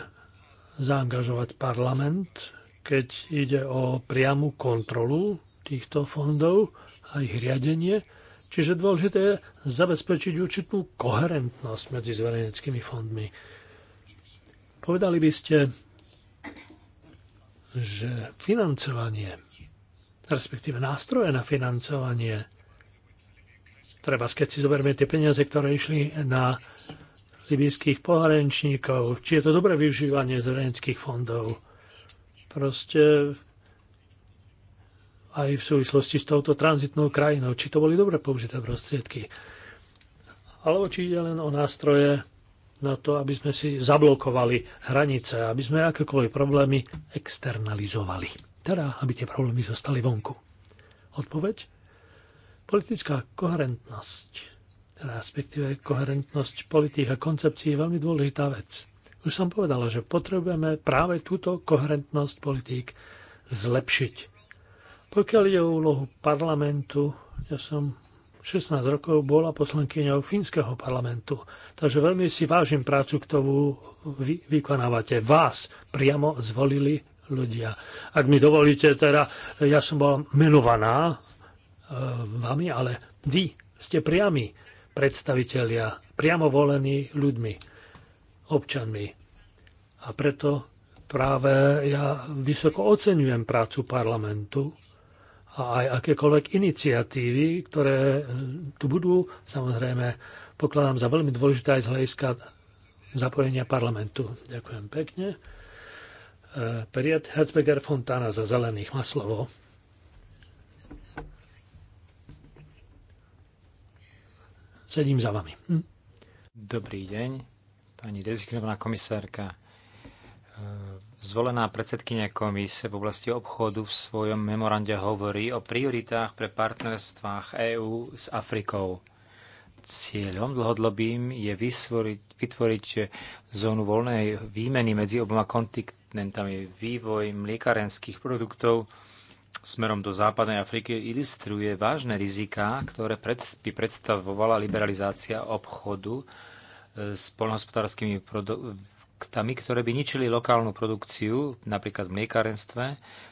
zaangažovať parlament, keď ide o priamu kontrolu týchto fondov a ich riadenie. Čiže dôležité je zabezpečiť určitú koherentnosť medzi zverejneckými fondmi. Povedali by ste, že financovanie respektíve nástroje na financovanie. Treba, keď si zoberme tie peniaze, ktoré išli na libijských pohraničníkov, či je to dobré využívanie zrenských fondov. Proste aj v súvislosti s touto tranzitnou krajinou, či to boli dobre použité prostriedky. Alebo či ide len o nástroje na to, aby sme si zablokovali hranice, aby sme akékoľvek problémy externalizovali teda, aby tie problémy zostali vonku? Odpoveď? Politická koherentnosť, teda respektíve koherentnosť politík a koncepcií je veľmi dôležitá vec. Už som povedala, že potrebujeme práve túto koherentnosť politík zlepšiť. Pokiaľ ide o úlohu parlamentu, ja som 16 rokov bola poslankyňou fínskeho parlamentu, takže veľmi si vážim prácu, ktorú vy vykonávate. Vás priamo zvolili ľudia. Ak mi dovolíte, teda ja som bola menovaná e, vami, ale vy ste priami predstavitelia, priamo volení ľuďmi, občanmi. A preto práve ja vysoko oceňujem prácu parlamentu a aj akékoľvek iniciatívy, ktoré e, tu budú, samozrejme pokladám za veľmi dôležité aj z hľadiska zapojenia parlamentu. Ďakujem pekne. E, Periat Herzberger Fontana za zelených má slovo. Sedím za vami. Hm. Dobrý deň, pani dezignovaná komisárka. E, Zvolená predsedkynia komise v oblasti obchodu v svojom memorande hovorí o prioritách pre partnerstvách EÚ s Afrikou. Cieľom dlhodobým je vytvoriť zónu voľnej výmeny medzi oboma kontik- je Vývoj mliekarenských produktov smerom do západnej Afriky ilustruje vážne rizika, ktoré by predstavovala liberalizácia obchodu e, s polnohospodárskymi produktami, ktoré by ničili lokálnu produkciu, napríklad v mliekarenstve.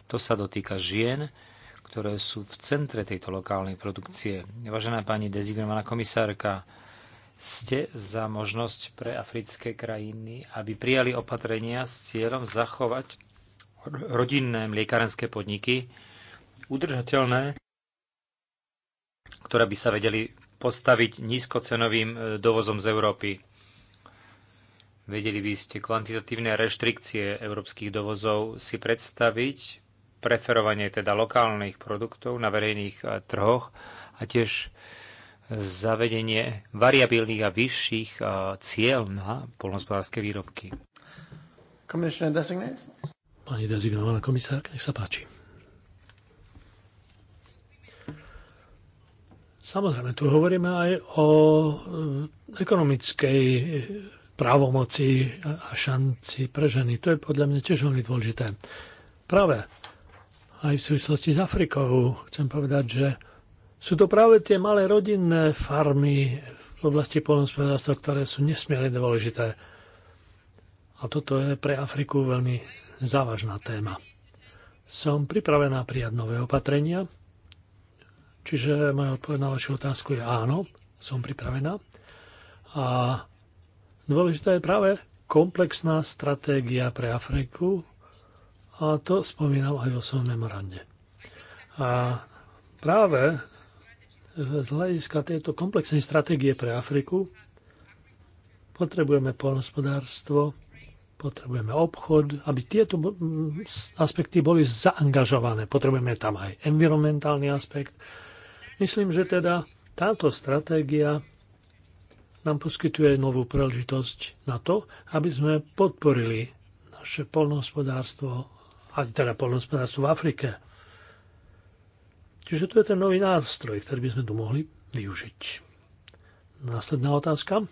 To sa dotýka žien, ktoré sú v centre tejto lokálnej produkcie. Vážená pani dezignovaná komisárka, ste za možnosť pre africké krajiny, aby prijali opatrenia s cieľom zachovať rodinné mliekárenské podniky udržateľné, ktoré by sa vedeli postaviť nízkocenovým e, dovozom z Európy. Vedeli by ste kvantitatívne reštrikcie európskych dovozov si predstaviť, preferovanie teda lokálnych produktov na verejných e, trhoch a tiež zavedenie variabilných a vyšších eh, cieľ na polnospodárske výrobky. Pani dezignovaná komisárka, nech sa páči. Samozrejme, tu hovoríme aj o eh, ekonomickej eh, právomoci a šanci pre ženy. To je podľa mňa tiež veľmi dôležité. Práve aj v súvislosti s Afrikou chcem povedať, že sú to práve tie malé rodinné farmy v oblasti polnospodárstva, ktoré sú nesmierne dôležité. A toto je pre Afriku veľmi závažná téma. Som pripravená prijať nové opatrenia, čiže moja odpoveď na vašu otázku je áno, som pripravená. A dôležitá je práve komplexná stratégia pre Afriku a to spomínam aj vo svojom memorande. A práve z hľadiska tejto komplexnej stratégie pre Afriku potrebujeme polnospodárstvo, potrebujeme obchod, aby tieto aspekty boli zaangažované. Potrebujeme tam aj environmentálny aspekt. Myslím, že teda táto stratégia nám poskytuje novú príležitosť na to, aby sme podporili naše polnohospodárstvo, aj teda polnohospodárstvo v Afrike. Čiže to je ten nový nástroj, ktorý by sme tu mohli využiť. Následná otázka.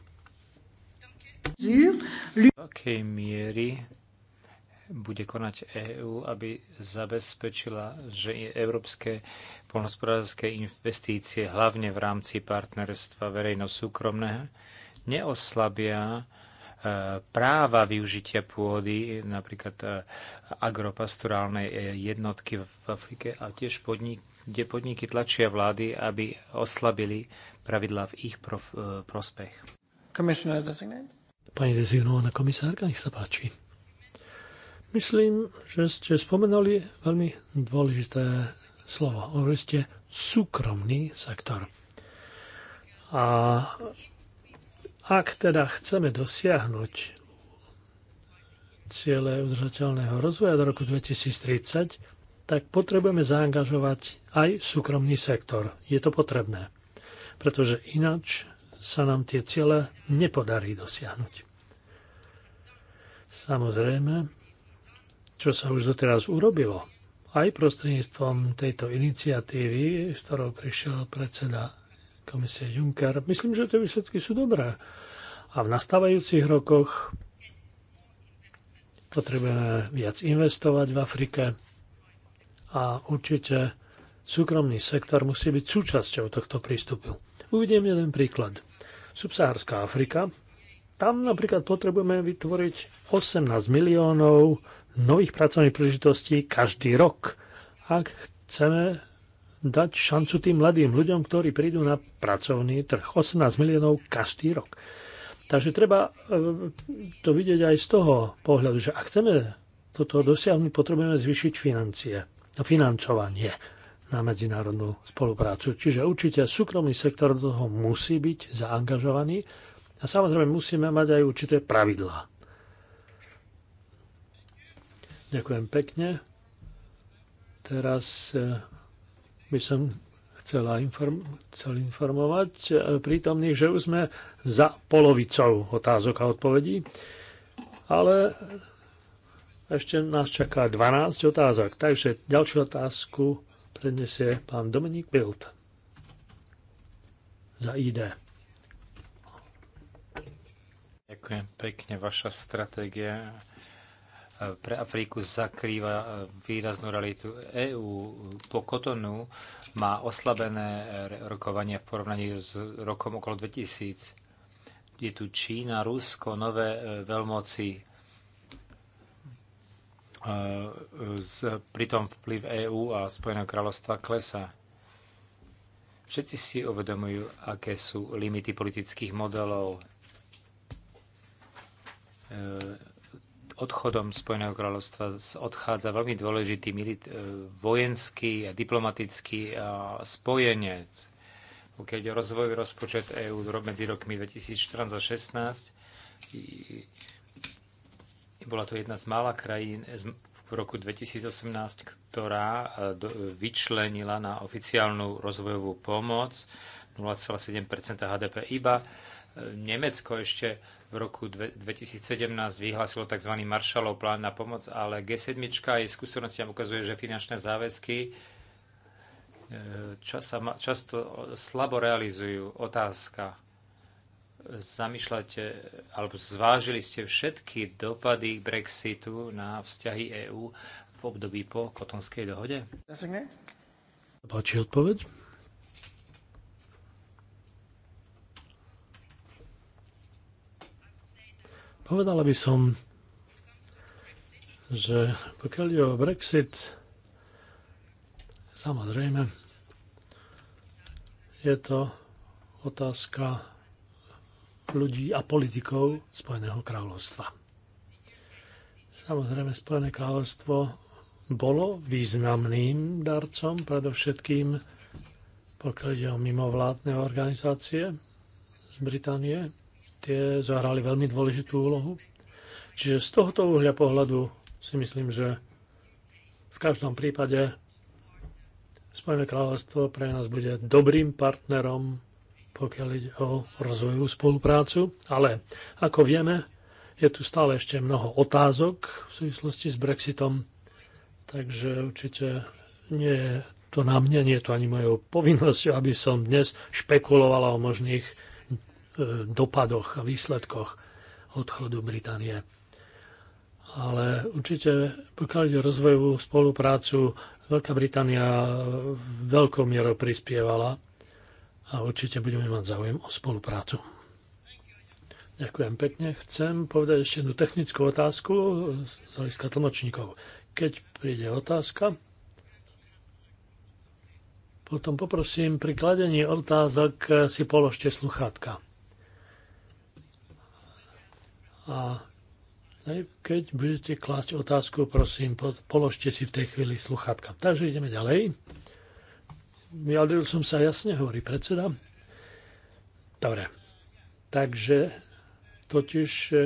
V akej miery bude konať EÚ, aby zabezpečila, že európske polnospodárske investície, hlavne v rámci partnerstva verejno-súkromného, neoslabia e, práva využitia pôdy, napríklad e, agropastorálnej e, jednotky v Afrike a tiež podnik kde podniky tlačia vlády, aby oslabili pravidlá v ich prof, e, prospech. Pani dezignovaná komisárka, nech sa páči. Myslím, že ste spomenuli veľmi dôležité slovo. Hovorili ste súkromný sektor. A ak teda chceme dosiahnuť ciele udržateľného rozvoja do roku 2030, tak potrebujeme zaangažovať aj súkromný sektor. Je to potrebné, pretože ináč sa nám tie ciele nepodarí dosiahnuť. Samozrejme, čo sa už doteraz urobilo, aj prostredníctvom tejto iniciatívy, s ktorou prišiel predseda komisie Juncker, myslím, že tie výsledky sú dobré. A v nastávajúcich rokoch potrebujeme viac investovať v Afrike, a určite súkromný sektor musí byť súčasťou tohto prístupu. Uvidím jeden príklad. Subsahárska Afrika. Tam napríklad potrebujeme vytvoriť 18 miliónov nových pracovných príležitostí každý rok, ak chceme dať šancu tým mladým ľuďom, ktorí prídu na pracovný trh. 18 miliónov každý rok. Takže treba e, to vidieť aj z toho pohľadu, že ak chceme toto dosiahnuť, potrebujeme zvýšiť financie financovanie na medzinárodnú spoluprácu. Čiže určite súkromný sektor do toho musí byť zaangažovaný a samozrejme musíme mať aj určité pravidlá. Ďakujem pekne. Teraz e, by som chcela inform- chcel informovať e, prítomných, že už sme za polovicou otázok a odpovedí, ale ešte nás čaká 12 otázok, takže ďalšiu otázku predniesie pán Dominik Bild za ID. Ďakujem pekne. Vaša stratégia eh, pre Afriku zakrýva eh, výraznú realitu. EÚ po Kotonu má oslabené eh, rokovanie v porovnaní s rokom okolo 2000. Je tu Čína, Rusko, nové veľmoci z, pritom vplyv EÚ a Spojeného kráľovstva klesá. Všetci si uvedomujú, aké sú limity politických modelov. E, odchodom Spojeného kráľovstva odchádza veľmi dôležitý e, vojenský a diplomatický spojenec. Keď rozvoj rozpočet EÚ medzi rokmi 2014 a 2016 bola to jedna z mála krajín v roku 2018, ktorá e, vyčlenila na oficiálnu rozvojovú pomoc 0,7 HDP iba. E, Nemecko ešte v roku 2017 vyhlásilo tzv. Marshallov plán na pomoc, ale G7 je skúsenosti nám ukazuje, že finančné záväzky e, často slabo realizujú. Otázka, zamýšľate alebo zvážili ste všetky dopady Brexitu na vzťahy EÚ v období po Kotonskej dohode? Páči odpoveď. Povedala by som, že pokiaľ je o Brexit, samozrejme, je to otázka ľudí a politikov Spojeného kráľovstva. Samozrejme, Spojené kráľovstvo bolo významným darcom, predovšetkým pokiaľ ide o mimovládne organizácie z Británie. Tie zahrali veľmi dôležitú úlohu. Čiže z tohoto uhľa pohľadu si myslím, že v každom prípade Spojené kráľovstvo pre nás bude dobrým partnerom pokiaľ ide o rozvojovú spoluprácu, ale ako vieme, je tu stále ešte mnoho otázok v súvislosti s Brexitom, takže určite nie je to na mne, nie je to ani mojou povinnosťou, aby som dnes špekulovala o možných e, dopadoch a výsledkoch odchodu Británie. Ale určite, pokiaľ ide o rozvojovú spoluprácu, Veľká Británia veľkou mierou prispievala a určite budeme mať záujem o spoluprácu. Ďakujem pekne. Chcem povedať ešte jednu technickú otázku z hľadiska tlmočníkov. Keď príde otázka, potom poprosím pri kladení otázok si položte sluchátka. A keď budete klásť otázku, prosím, položte si v tej chvíli sluchátka. Takže ideme ďalej vyjadril som sa jasne, hovorí predseda. Dobre. Takže totiž, e,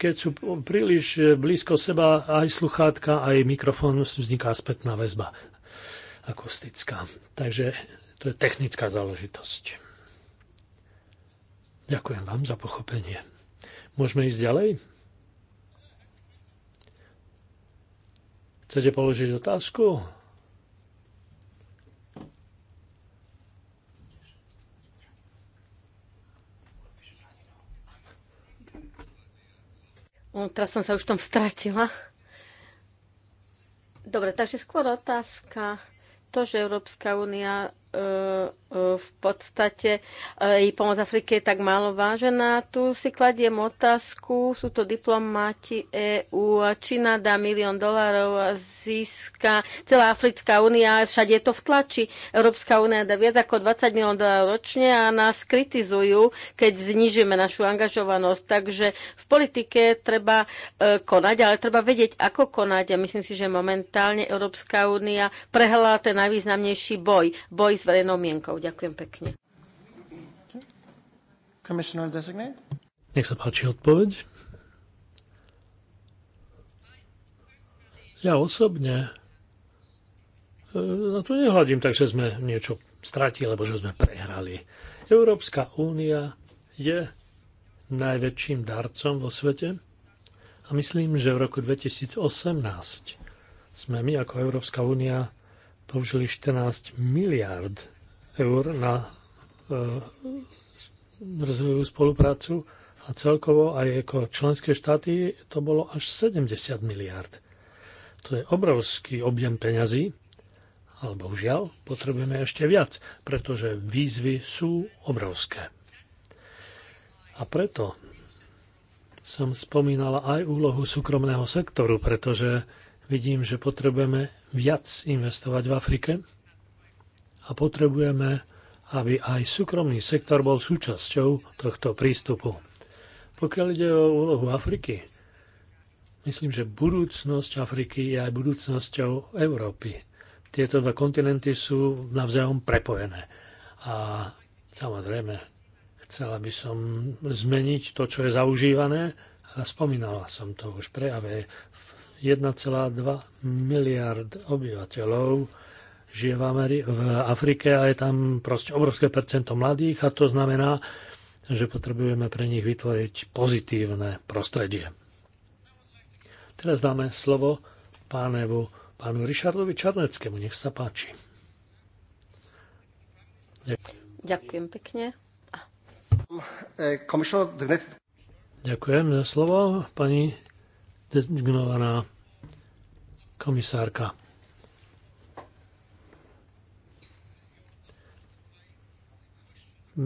keď sú príliš blízko seba aj sluchátka, aj mikrofón, vzniká spätná väzba akustická. Takže to je technická záležitosť. Ďakujem vám za pochopenie. Môžeme ísť ďalej? Chcete položiť otázku? No, teraz som sa už v tom stratila. Dobre, takže skôr otázka to, že Európska únia v podstate e, jej pomoc Afrike je tak málo vážená. Tu si kladiem otázku, sú to diplomáti EÚ, či dá milión dolárov a získa celá Africká únia, všade je to v tlači. Európska únia dá viac ako 20 milión dolárov ročne a nás kritizujú, keď znižíme našu angažovanosť. Takže v politike treba e, konať, ale treba vedieť, ako konať. A myslím si, že momentálne Európska únia prehľadá ten najvýznamnejší boj. Boj s verejnou mienkou. Ďakujem pekne. Nech sa páči odpoveď. Ja osobne e, na to nehľadím tak, že sme niečo stratili, alebo že sme prehrali. Európska únia je najväčším darcom vo svete a myslím, že v roku 2018 sme my ako Európska únia použili 14 miliárd eur na e, rozvojovú spoluprácu a celkovo aj ako členské štáty to bolo až 70 miliárd. To je obrovský objem peňazí, ale bohužiaľ potrebujeme ešte viac, pretože výzvy sú obrovské. A preto som spomínala aj úlohu súkromného sektoru, pretože Vidím, že potrebujeme viac investovať v Afrike a potrebujeme, aby aj súkromný sektor bol súčasťou tohto prístupu. Pokiaľ ide o úlohu Afriky, myslím, že budúcnosť Afriky je aj budúcnosťou Európy. Tieto dva kontinenty sú navzájom prepojené. A samozrejme, chcela by som zmeniť to, čo je zaužívané, a spomínala som to už prejave v 1,2 miliard obyvateľov žije v, Ameri- v Afrike a je tam proste obrovské percento mladých a to znamená, že potrebujeme pre nich vytvoriť pozitívne prostredie. Teraz dáme slovo pánevu, pánu Richardovi Čarneckému. Nech sa páči. Ďakujem, Ďakujem pekne. Ďakujem za slovo, pani dezignovaná komisárka.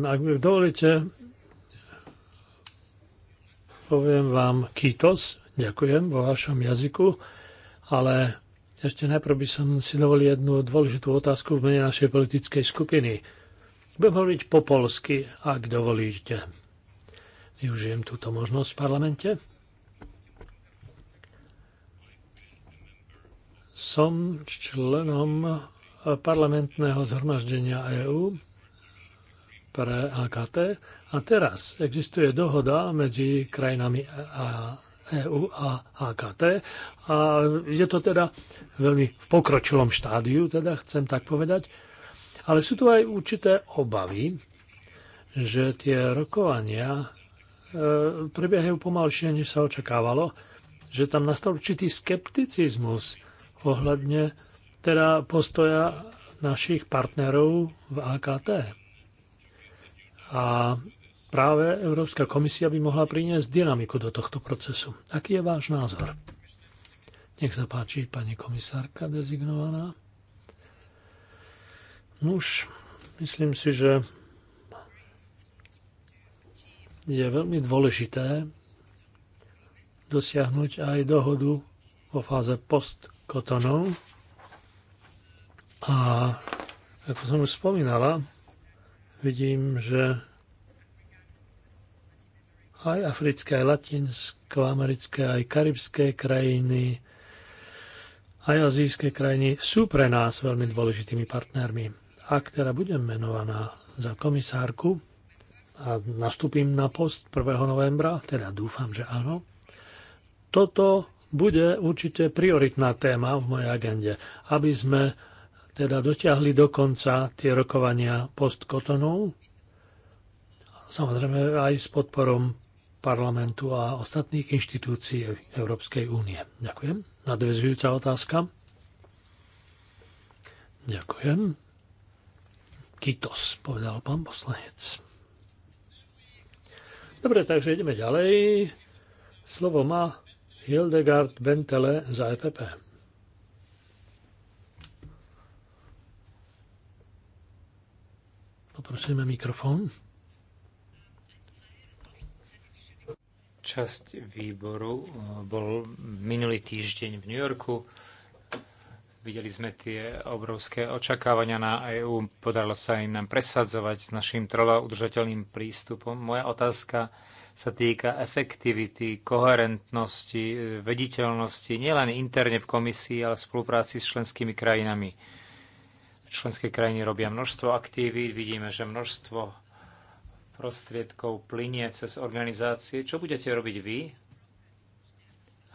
Ak dovolíte, poviem vám kitos, ďakujem vo vašom jazyku, ale ešte najprv by som si dovolil jednu dôležitú otázku v mene našej politickej skupiny. Budem hovoriť po polsky, ak dovolíte. Využijem túto možnosť v parlamente. Som členom parlamentného zhromaždenia EÚ pre AKT a teraz existuje dohoda medzi krajinami EU a e AKT. A je to teda veľmi v pokročilom štádiu, teda chcem tak povedať. Ale sú tu aj určité obavy, že tie rokovania e, prebiehajú pomalšie, než sa očakávalo, že tam nastal určitý skepticizmus ohľadne teda postoja našich partnerov v AKT. A práve Európska komisia by mohla priniesť dynamiku do tohto procesu. Aký je váš názor? Nech sa páči, pani komisárka dezignovaná. Nuž, no myslím si, že je veľmi dôležité dosiahnuť aj dohodu vo fáze post kotonov. A ako som už spomínala, vidím, že aj africké, aj latinsko-americké, aj karibské krajiny, aj azijské krajiny sú pre nás veľmi dôležitými partnermi. Ak teda budem menovaná za komisárku a nastúpim na post 1. novembra, teda dúfam, že áno, toto bude určite prioritná téma v mojej agende, aby sme teda dotiahli do konca tie rokovania postkotonu, samozrejme aj s podporom parlamentu a ostatných inštitúcií Európskej únie. Ďakujem. Nadvezujúca otázka. Ďakujem. Kitos, povedal pán poslanec. Dobre, takže ideme ďalej. Slovo má Hildegard Bentele za EPP. Poprosíme mikrofón. Časť výboru eh, bol minulý týždeň v New Yorku. Videli sme tie obrovské očakávania na EU. podarilo sa im nám presadzovať s našim trvalo udržateľným prístupom. Moja otázka sa týka efektivity, koherentnosti, e, vediteľnosti nielen interne v komisii, ale v spolupráci s členskými krajinami. Členské krajiny robia množstvo aktivít, vidíme, že množstvo prostriedkov plinie cez organizácie. Čo budete robiť vy,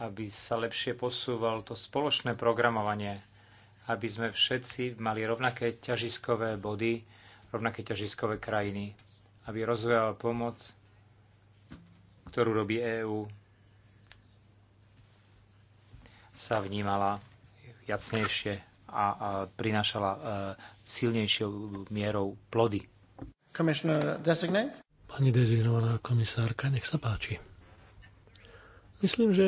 aby sa lepšie posúval to spoločné programovanie, aby sme všetci mali rovnaké ťažiskové body, rovnaké ťažiskové krajiny, aby rozvojová pomoc ktorú robí EÚ, sa vnímala jacnejšie a, a prinášala e, silnejšou mierou plody. Pani dezignovaná komisárka, nech sa páči. Myslím, že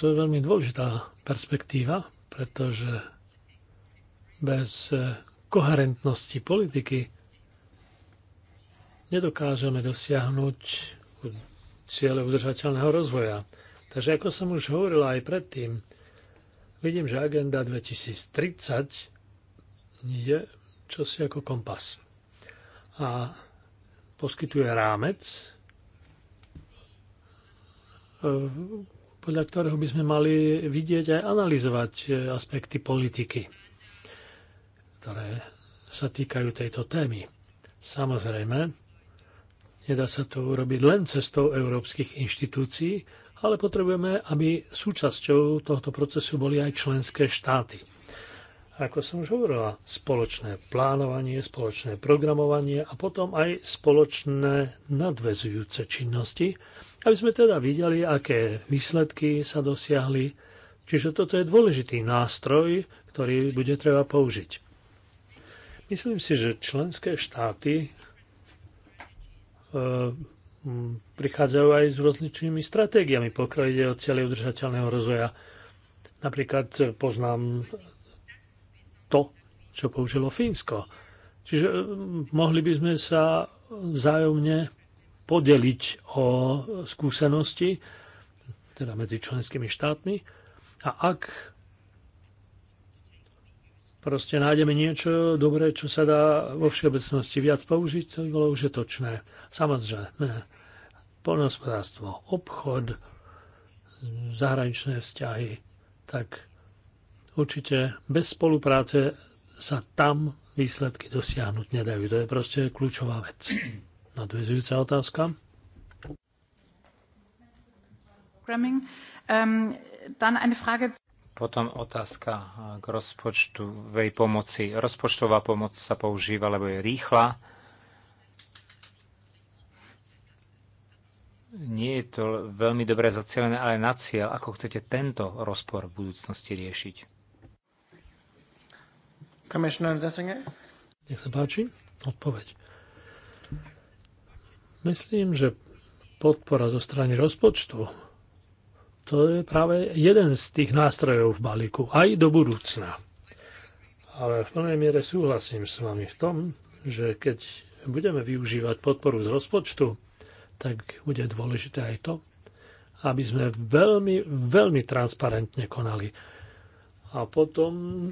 to je veľmi dôležitá perspektíva, pretože bez e, koherentnosti politiky nedokážeme dosiahnuť ciele udržateľného rozvoja. Takže ako som už hovorila aj predtým, vidím, že agenda 2030 je čosi ako kompas. A poskytuje rámec, e, podľa ktorého by sme mali vidieť a analyzovať e, aspekty politiky, ktoré sa týkajú tejto témy. Samozrejme, Nedá sa to urobiť len cestou európskych inštitúcií, ale potrebujeme, aby súčasťou tohto procesu boli aj členské štáty. Ako som už hovorila, spoločné plánovanie, spoločné programovanie a potom aj spoločné nadvezujúce činnosti, aby sme teda videli, aké výsledky sa dosiahli. Čiže toto je dôležitý nástroj, ktorý bude treba použiť. Myslím si, že členské štáty E, prichádzajú aj s rozličnými stratégiami, pokiaľ ide o cieľe udržateľného rozvoja. Napríklad poznám to, čo použilo Fínsko. Čiže e, mohli by sme sa vzájomne podeliť o skúsenosti, teda medzi členskými štátmi. A ak proste nájdeme niečo dobré, čo sa dá vo všeobecnosti viac použiť, to by bolo užitočné. Samozrejme, polnohospodárstvo, obchod, zahraničné vzťahy, tak určite bez spolupráce sa tam výsledky dosiahnuť nedajú. To je proste kľúčová vec. Nadvezujúca otázka. Um, dann eine Frage potom otázka k rozpočtovej pomoci. Rozpočtová pomoc sa používa, lebo je rýchla. Nie je to veľmi dobre zacielené, ale na cieľ, ako chcete tento rozpor v budúcnosti riešiť. Nech sa páči, odpoveď. Myslím, že podpora zo strany rozpočtu to je práve jeden z tých nástrojov v balíku, aj do budúcna. Ale v plnej miere súhlasím s vami v tom, že keď budeme využívať podporu z rozpočtu, tak bude dôležité aj to, aby sme veľmi, veľmi transparentne konali. A potom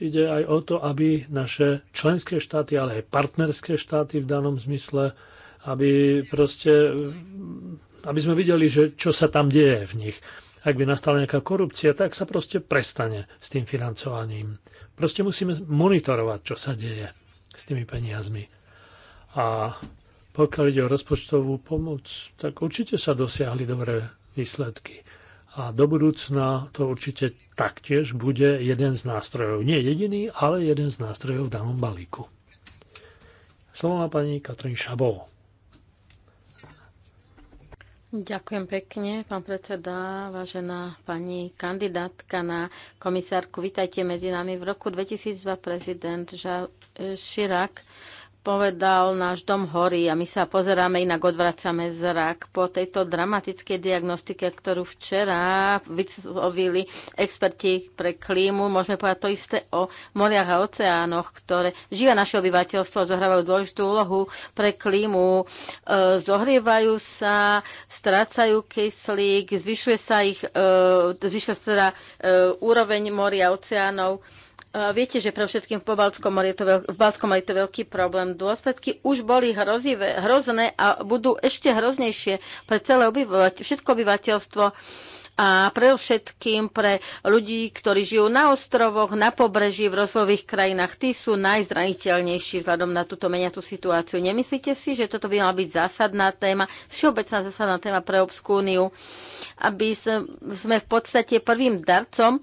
ide aj o to, aby naše členské štáty, ale aj partnerské štáty v danom zmysle, aby proste aby sme videli, že čo sa tam deje v nich. Ak by nastala nejaká korupcia, tak sa proste prestane s tým financovaním. Proste musíme monitorovať, čo sa deje s tými peniazmi. A pokiaľ ide o rozpočtovú pomoc, tak určite sa dosiahli dobré výsledky. A do budúcna to určite taktiež bude jeden z nástrojov. Nie jediný, ale jeden z nástrojov v danom balíku. Slovo má pani Katrin Šabová. Ďakujem pekne, pán predseda, vážená pani kandidátka na komisárku. Vítajte medzi nami. V roku 2002 prezident Žal povedal, náš dom horí a my sa pozeráme, inak odvracame zrak. Po tejto dramatickej diagnostike, ktorú včera vyslovili experti pre klímu, môžeme povedať to isté o moriach a oceánoch, ktoré živia naše obyvateľstvo, zohrávajú dôležitú úlohu pre klímu. E, zohrievajú sa, strácajú kyslík, zvyšuje sa ich, e, zvyšuje sa teda e, úroveň moria a oceánov Eh, viete, že pre všetkým v Baltskom mori je to, v Baltskom mori je to veľký problém. Dôsledky už boli hrozivé, hrozné a budú ešte hroznejšie pre celé obyvateľ, všetko obyvateľstvo a predovšetkým pre ľudí, ktorí žijú na ostrovoch, na pobreží, v rozvojových krajinách. Tí sú najzraniteľnejší vzhľadom na túto meniatú situáciu. Nemyslíte si, že toto by mala byť zásadná téma, všeobecná zásadná téma pre Európsku úniu, aby sme v podstate prvým darcom e,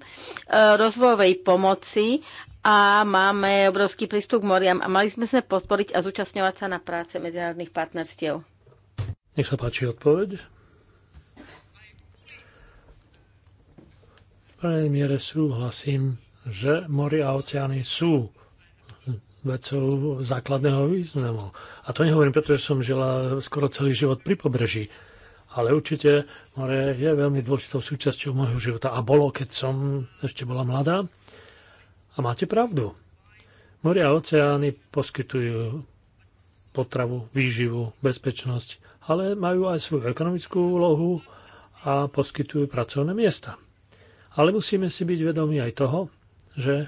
rozvojovej pomoci a máme obrovský prístup k moriam a mali sme sa podporiť a zúčastňovať sa na práce medzinárodných partnerstiev. Nech sa páči odpoveď. plnej miere súhlasím, že mori a oceány sú vecou základného významu. A to nehovorím, pretože som žila skoro celý život pri pobreží. Ale určite more je veľmi dôležitou súčasťou môjho života. A bolo, keď som ešte bola mladá. A máte pravdu. Mori a oceány poskytujú potravu, výživu, bezpečnosť, ale majú aj svoju ekonomickú úlohu a poskytujú pracovné miesta. Ale musíme si byť vedomi aj toho, že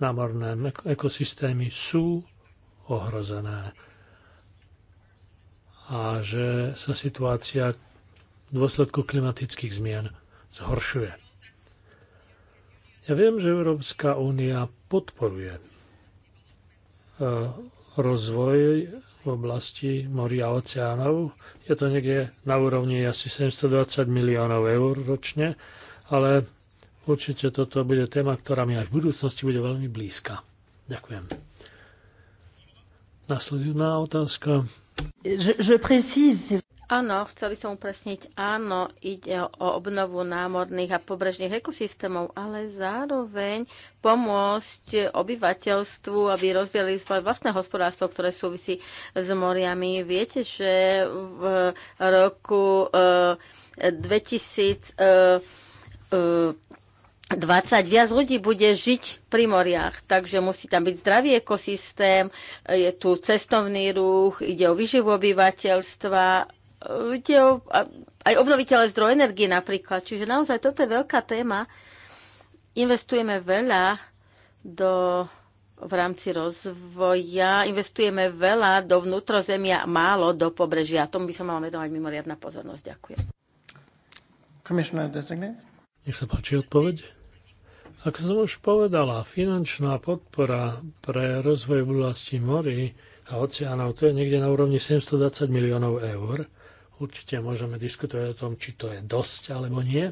námorné ekosystémy sú ohrozené a že sa situácia v dôsledku klimatických zmien zhoršuje. Ja viem, že Európska únia podporuje eh, rozvoj v oblasti moria a oceánov. Je to niekde na úrovni asi 720 miliónov eur ročne ale určite toto bude téma, ktorá mi aj v budúcnosti bude veľmi blízka. Ďakujem. Nasledujúca otázka. Je, je précise. Áno, chceli som upresniť, áno, ide o obnovu námorných a pobrežných ekosystémov, ale zároveň pomôcť obyvateľstvu, aby rozvíjali svoje vlastné hospodárstvo, ktoré súvisí s moriami. Viete, že v roku 2000 eh, 20 e, viac ľudí bude žiť pri moriach, takže musí tam byť zdravý ekosystém, je tu cestovný ruch, ide o vyživu obyvateľstva, e, ide o aj obnoviteľné zdroje energie napríklad. Čiže naozaj toto je veľká téma. Investujeme veľa do v rámci rozvoja. Investujeme veľa do vnútrozemia, málo do pobrežia. Tomu by sa mala venovať mimoriadná pozornosť. Ďakujem. Commissioner designate. Nech sa páči odpoveď. Ako som už povedala, finančná podpora pre rozvoj v oblasti morí a oceánov, to je niekde na úrovni 720 miliónov eur. Určite môžeme diskutovať o tom, či to je dosť alebo nie.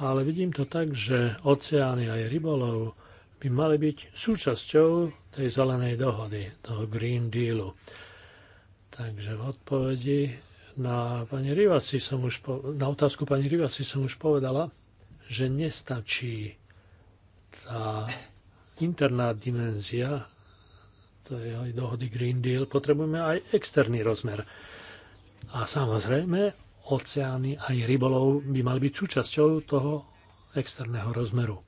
Ale vidím to tak, že oceány aj rybolov by mali byť súčasťou tej zelenej dohody, toho Green Dealu. Takže v odpovedi na, pani Rivasi som už po, na otázku pani Rivasi som už povedala, že nestačí tá interná dimenzia, to je aj dohody Green Deal, potrebujeme aj externý rozmer. A samozrejme, oceány aj rybolov by mali byť súčasťou toho externého rozmeru.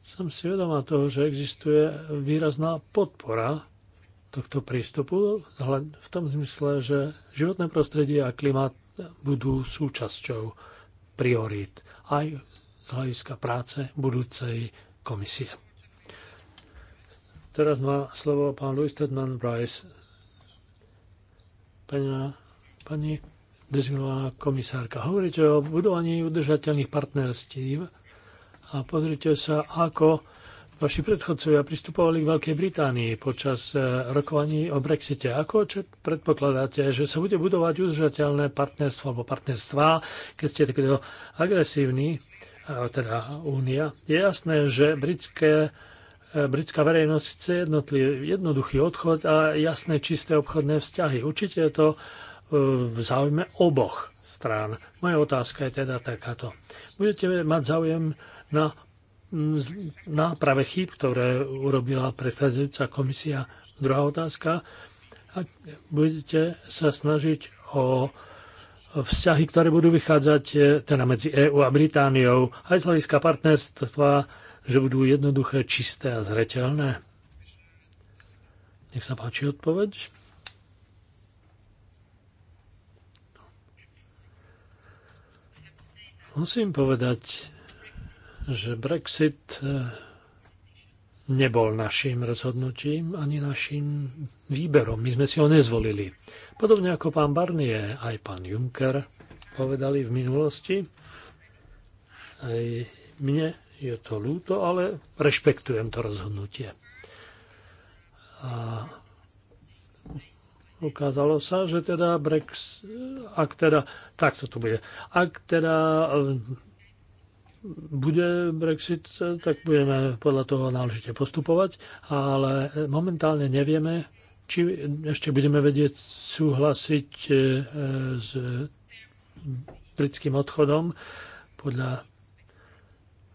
Som si vedomá toho, že existuje výrazná podpora tohto prístupu v tom zmysle, že životné prostredie a klimat budú súčasťou priorít aj z hľadiska práce budúcej komisie. Teraz má slovo pán Louis Tedman Bryce, pani, pani dezignovaná komisárka. Hovoríte o budovaní udržateľných partnerstiev a pozrite sa, ako Vaši predchodcovia pristupovali k Veľkej Británii počas e, rokovaní o Brexite. Ako predpokladáte, že sa bude budovať udržateľné partnerstvo alebo partnerstvá, keď ste takto agresívni, teda Únia? Je jasné, že britské e, britská verejnosť chce jednotlivý, jednoduchý odchod a jasné, čisté obchodné vzťahy. Určite je to e, v záujme oboch strán. Moja otázka je teda takáto. Budete mať záujem na náprave chýb, ktoré urobila predchádzajúca komisia. Druhá otázka. A budete sa snažiť o vzťahy, ktoré budú vychádzať e, teda medzi EÚ a Britániou, aj z hľadiska partnerstva, že budú jednoduché, čisté a zreteľné? Nech sa páči odpoveď. Musím povedať, že Brexit e, nebol našim rozhodnutím ani našim výberom. My sme si ho nezvolili. Podobne ako pán Barnier, aj pán Juncker povedali v minulosti. Aj mne je to ľúto, ale rešpektujem to rozhodnutie. A ukázalo sa, že teda Brexit. ak teda, takto to bude, ak teda e, bude Brexit, tak budeme podľa toho náležite postupovať, ale momentálne nevieme, či ešte budeme vedieť súhlasiť e, s britským odchodom podľa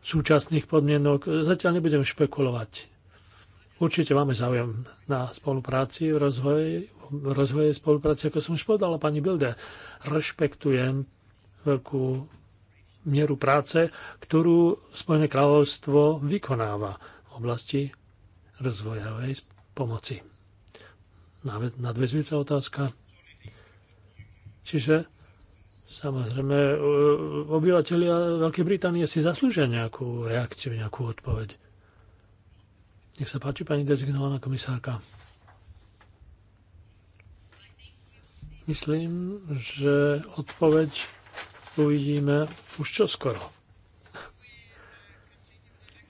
súčasných podmienok. Zatiaľ nebudem špekulovať. Určite máme záujem na spolupráci, v rozvoji, v rozvoji spolupráci, ako som už povedala, pani Bilde. Rešpektujem veľkú mieru práce, ktorú Spojené kráľovstvo vykonáva v oblasti rozvojovej pomoci. Nadvezujúca otázka. Čiže Samozrejme, e, obyvateľia Veľkej Británie si zaslúžia nejakú reakciu, nejakú odpoveď. Nech sa páči, pani dezignovaná komisárka. Myslím, že odpoveď uvidíme už čoskoro.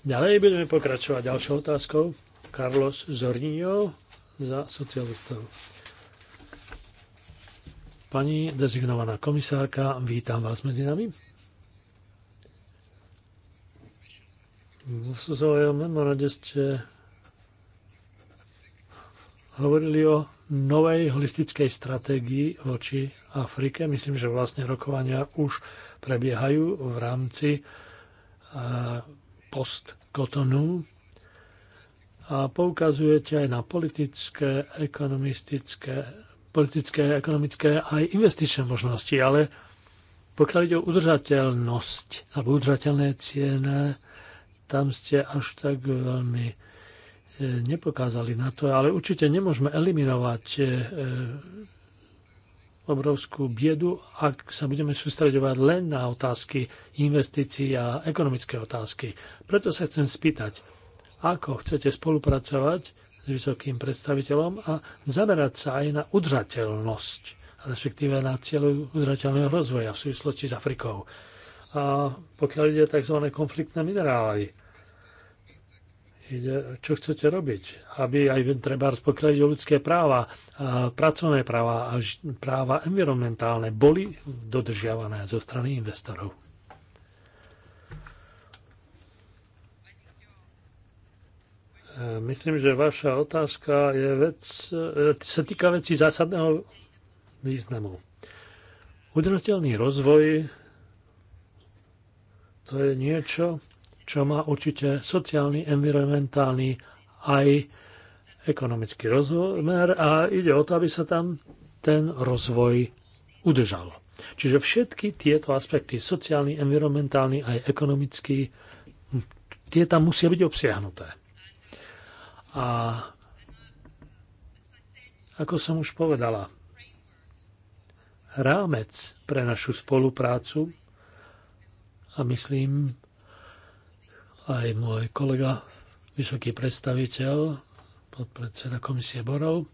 Ďalej budeme pokračovať ďalšou otázkou. Carlos Zornio za socialistov. Pani dezignovaná komisárka, vítam vás medzi nami. V svojom memorade ste hovorili o novej holistickej stratégii voči Afrike. Myslím, že vlastne rokovania už prebiehajú v rámci e, postkotonu a poukazujete aj na politické, ekonomistické, politické, ekonomické aj investičné možnosti, ale pokiaľ ide o udržateľnosť alebo udržateľné ciene, tam ste až tak veľmi e, nepokázali na to, ale určite nemôžeme eliminovať e, obrovskú biedu, ak sa budeme sústredovať len na otázky investícií a ekonomické otázky. Preto sa chcem spýtať, ako chcete spolupracovať s vysokým predstaviteľom a zamerať sa aj na udržateľnosť, respektíve na cieľu udržateľného rozvoja v súvislosti s Afrikou. A pokiaľ ide o tzv. konfliktné minerály, čo chcete robiť, aby aj treba rozpokladiť ľudské práva, pracovné práva a práva environmentálne boli dodržiavané zo strany investorov. E, myslím, že vaša otázka je vec, e, sa týka veci zásadného významu. Udržateľný rozvoj to je niečo, čo má určite sociálny, environmentálny aj ekonomický rozmer a ide o to, aby sa tam ten rozvoj udržal. Čiže všetky tieto aspekty, sociálny, environmentálny aj ekonomický, tie tam musia byť obsiahnuté. A ako som už povedala, rámec pre našu spoluprácu a myslím, aj môj kolega, vysoký predstaviteľ, podpredseda komisie Borov,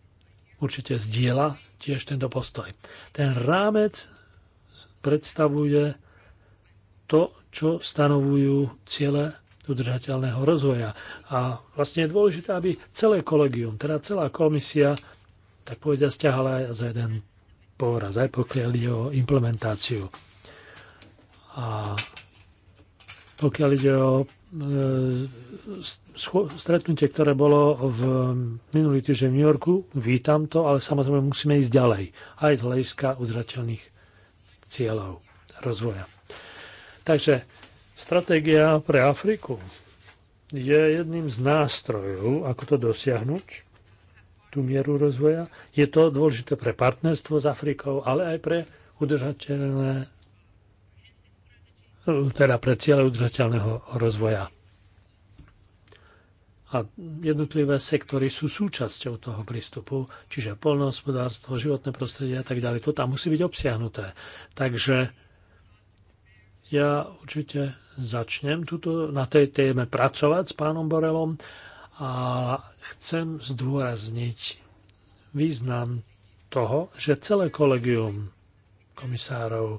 určite zdieľa tiež tento postoj. Ten rámec predstavuje to, čo stanovujú ciele udržateľného rozvoja. A vlastne je dôležité, aby celé kolegium, teda celá komisia, tak povedia, stiahala aj za jeden povraz, aj pokiaľ ide o implementáciu. A pokiaľ ide o E, stretnutie, ktoré bolo v minulý týždeň v New Yorku. Vítam to, ale samozrejme musíme ísť ďalej. Aj z hľadiska udržateľných cieľov rozvoja. Takže stratégia pre Afriku je jedným z nástrojov, ako to dosiahnuť, tú mieru rozvoja. Je to dôležité pre partnerstvo s Afrikou, ale aj pre udržateľné teda pre cieľe udržateľného rozvoja. A jednotlivé sektory sú súčasťou toho prístupu, čiže polnohospodárstvo, životné prostredie a tak ďalej. To tam musí byť obsiahnuté. Takže ja určite začnem tuto, na tej téme pracovať s pánom Borelom a chcem zdôrazniť význam toho, že celé kolegium komisárov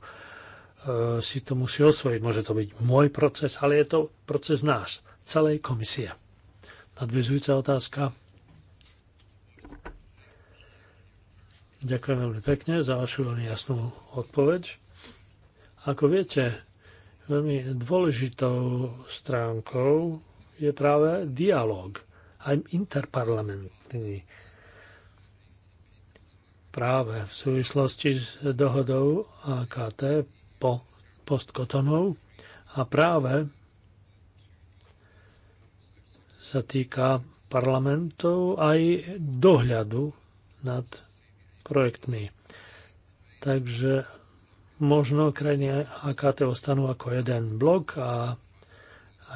E, si to musí osvojiť. Môže to byť môj proces, ale je to proces náš, celej komisie. Nadvizujúca otázka. Ďakujem veľmi pekne za vašu veľmi jasnú odpoveď. Ako viete, veľmi dôležitou stránkou je práve dialog, aj interparlamentný. Práve v súvislosti s dohodou AKT po postkotonov a práve sa týka parlamentov aj dohľadu nad projektmi. Takže možno krajiny AKT ostanú ako jeden blok a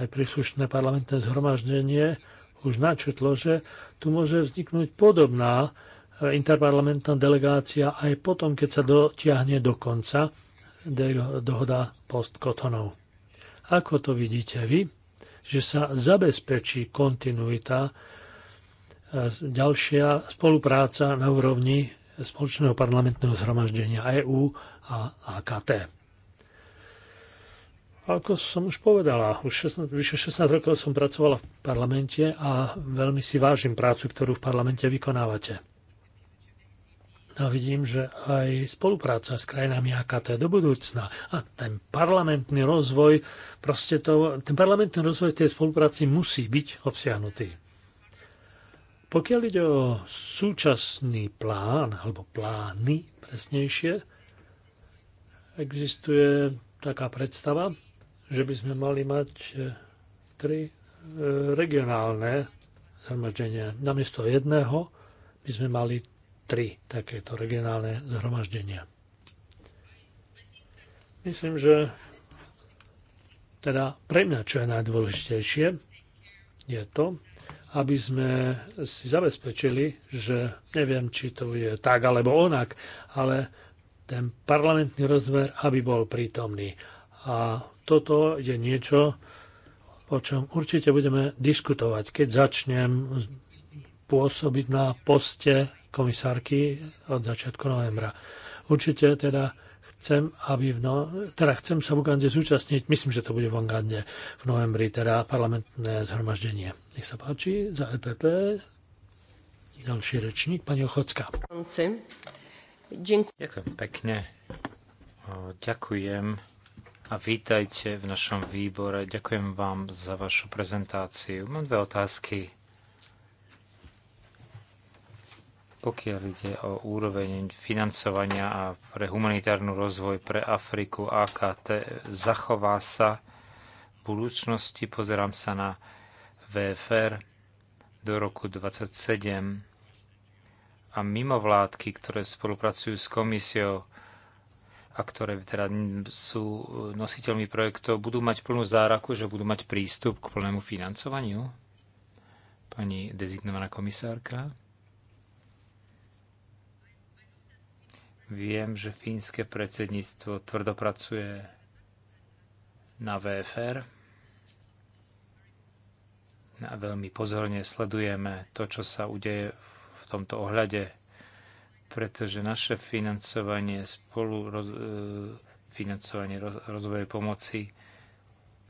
aj príslušné parlamentné zhromaždenie už načetlo, že tu môže vzniknúť podobná interparlamentná delegácia aj potom, keď sa dotiahne do konca dohoda Kotonov. Ako to vidíte vy, že sa zabezpečí kontinuita, e, ďalšia spolupráca na úrovni spoločného parlamentného zhromaždenia EÚ a AKT. Ako som už povedala, už 16, vyše 16 rokov som pracovala v parlamente a veľmi si vážim prácu, ktorú v parlamente vykonávate. A vidím, že aj spolupráca s krajinami AKT do budúcna a ten parlamentný rozvoj, proste to, ten parlamentný rozvoj tej spolupráci musí byť obsiahnutý. Pokiaľ ide o súčasný plán, alebo plány presnejšie, existuje taká predstava, že by sme mali mať e, tri e, regionálne zhromaždenia. Namiesto jedného by sme mali tri takéto regionálne zhromaždenia. Myslím, že teda pre mňa, čo je najdôležitejšie, je to, aby sme si zabezpečili, že neviem, či to je tak alebo onak, ale ten parlamentný rozmer, aby bol prítomný. A toto je niečo, o čom určite budeme diskutovať, keď začnem pôsobiť na poste komisárky od začiatku novembra. Určite teda chcem, aby v no, teda chcem sa v Ugande zúčastniť, myslím, že to bude v Ugande v novembri, teda parlamentné zhromaždenie. Nech sa páči, za EPP ďalší rečník, pani Ochocka. Ďakujem pekne. Ďakujem a vítajte v našom výbore. Ďakujem vám za vašu prezentáciu. Mám dve otázky. pokiaľ ide o úroveň financovania a pre humanitárnu rozvoj pre Afriku AKT, zachová sa v budúcnosti, pozerám sa na VFR do roku 2027, a mimovládky, ktoré spolupracujú s komisiou a ktoré teda sú nositeľmi projektov, budú mať plnú záraku, že budú mať prístup k plnému financovaniu? Pani dezignovaná komisárka. Viem, že fínske predsedníctvo tvrdopracuje na VFR. A veľmi pozorne sledujeme to, čo sa udeje v tomto ohľade, pretože naše financovanie spolu roz, e, financovanie roz, rozvojovej pomoci,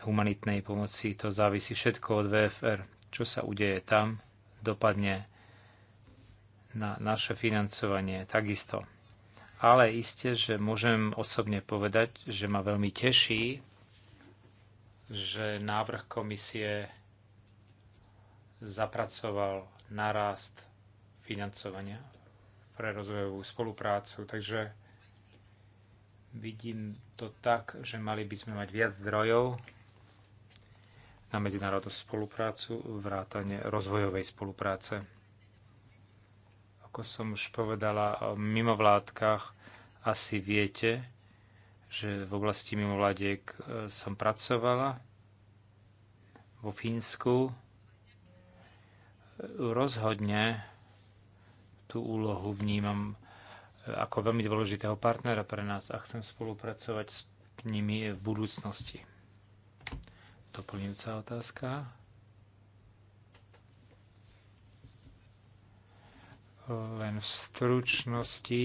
humanitnej pomoci, to závisí všetko od VFR. Čo sa udeje tam, dopadne na naše financovanie takisto ale iste, že môžem osobne povedať, že ma veľmi teší, že návrh komisie zapracoval narast financovania pre rozvojovú spoluprácu. Takže vidím to tak, že mali by sme mať viac zdrojov na medzinárodnú spoluprácu, vrátane rozvojovej spolupráce. Ako som už povedala o mimovládkach, asi viete, že v oblasti mimovládiek e, som pracovala vo Fínsku. Rozhodne tú úlohu vnímam e, ako veľmi dôležitého partnera pre nás a chcem spolupracovať s nimi v budúcnosti. Doplňujúca otázka. len v stručnosti,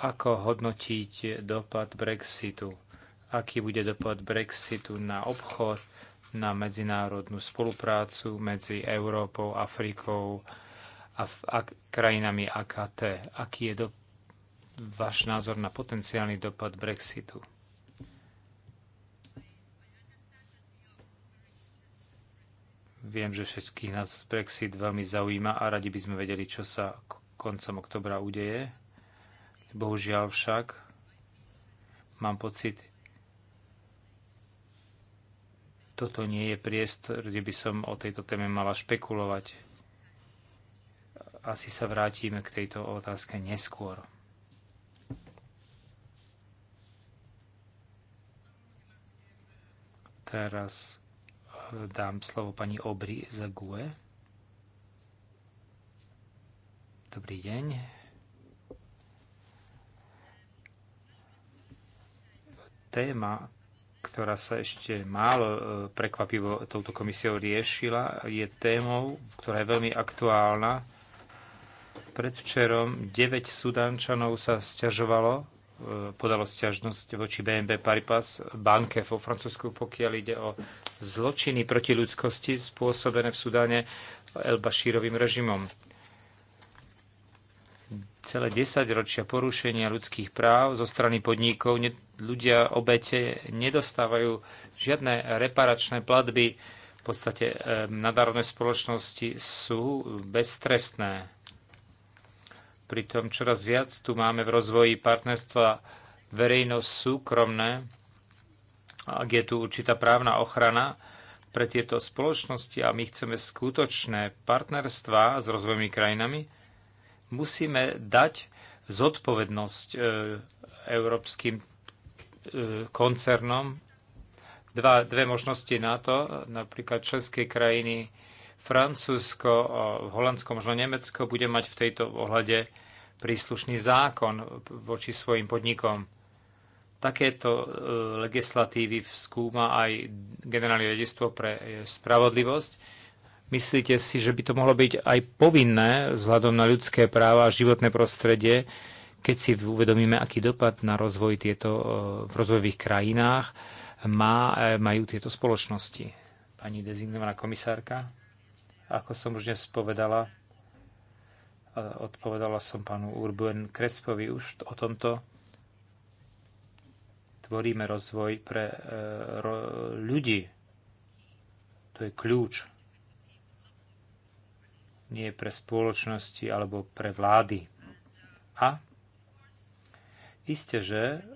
ako hodnotiť dopad Brexitu? Aký bude dopad Brexitu na obchod, na medzinárodnú spoluprácu medzi Európou, Afrikou a, a krajinami AKT? Aký je do, váš názor na potenciálny dopad Brexitu? Viem, že všetkých nás Brexit veľmi zaujíma a radi by sme vedeli, čo sa koncom oktobra udeje. Bohužiaľ však mám pocit, toto nie je priestor, kde by som o tejto téme mala špekulovať. Asi sa vrátime k tejto otázke neskôr. Teraz dám slovo pani Obri za GUE. Dobrý deň. Téma, ktorá sa ešte málo e, prekvapivo touto komisiou riešila, je témou, ktorá je veľmi aktuálna. Predvčerom 9 Sudánčanov sa sťažovalo e, podalo stiažnosť voči BNB Paripas banke vo Francúzsku, pokiaľ ide o zločiny proti ľudskosti spôsobené v Sudáne El-Bashirovým režimom. Celé 10 ročia porušenia ľudských práv zo strany podnikov ne, ľudia obete nedostávajú žiadne reparačné platby. V podstate e, nadárodné spoločnosti sú beztrestné. Pritom čoraz viac tu máme v rozvoji partnerstva verejno-súkromné, ak je tu určitá právna ochrana pre tieto spoločnosti a my chceme skutočné partnerstva s rozvojmi krajinami, musíme dať zodpovednosť e, európskym e, koncernom. Dva, dve možnosti na to, napríklad členské krajiny, Francúzsko, Holandsko, možno Nemecko bude mať v tejto ohľade príslušný zákon voči svojim podnikom Takéto e, legislatívy skúma aj generálne riaditeľstvo pre e, spravodlivosť. Myslíte si, že by to mohlo byť aj povinné vzhľadom na ľudské práva a životné prostredie, keď si uvedomíme, aký dopad na rozvoj tieto e, v rozvojových krajinách má, majú tieto spoločnosti? Pani dezignovaná komisárka, ako som už dnes povedala, odpovedala som pánu Urban Krespovi už o tomto tvoríme rozvoj pre e, ľudí. To je kľúč. Nie pre spoločnosti alebo pre vlády. A isté, že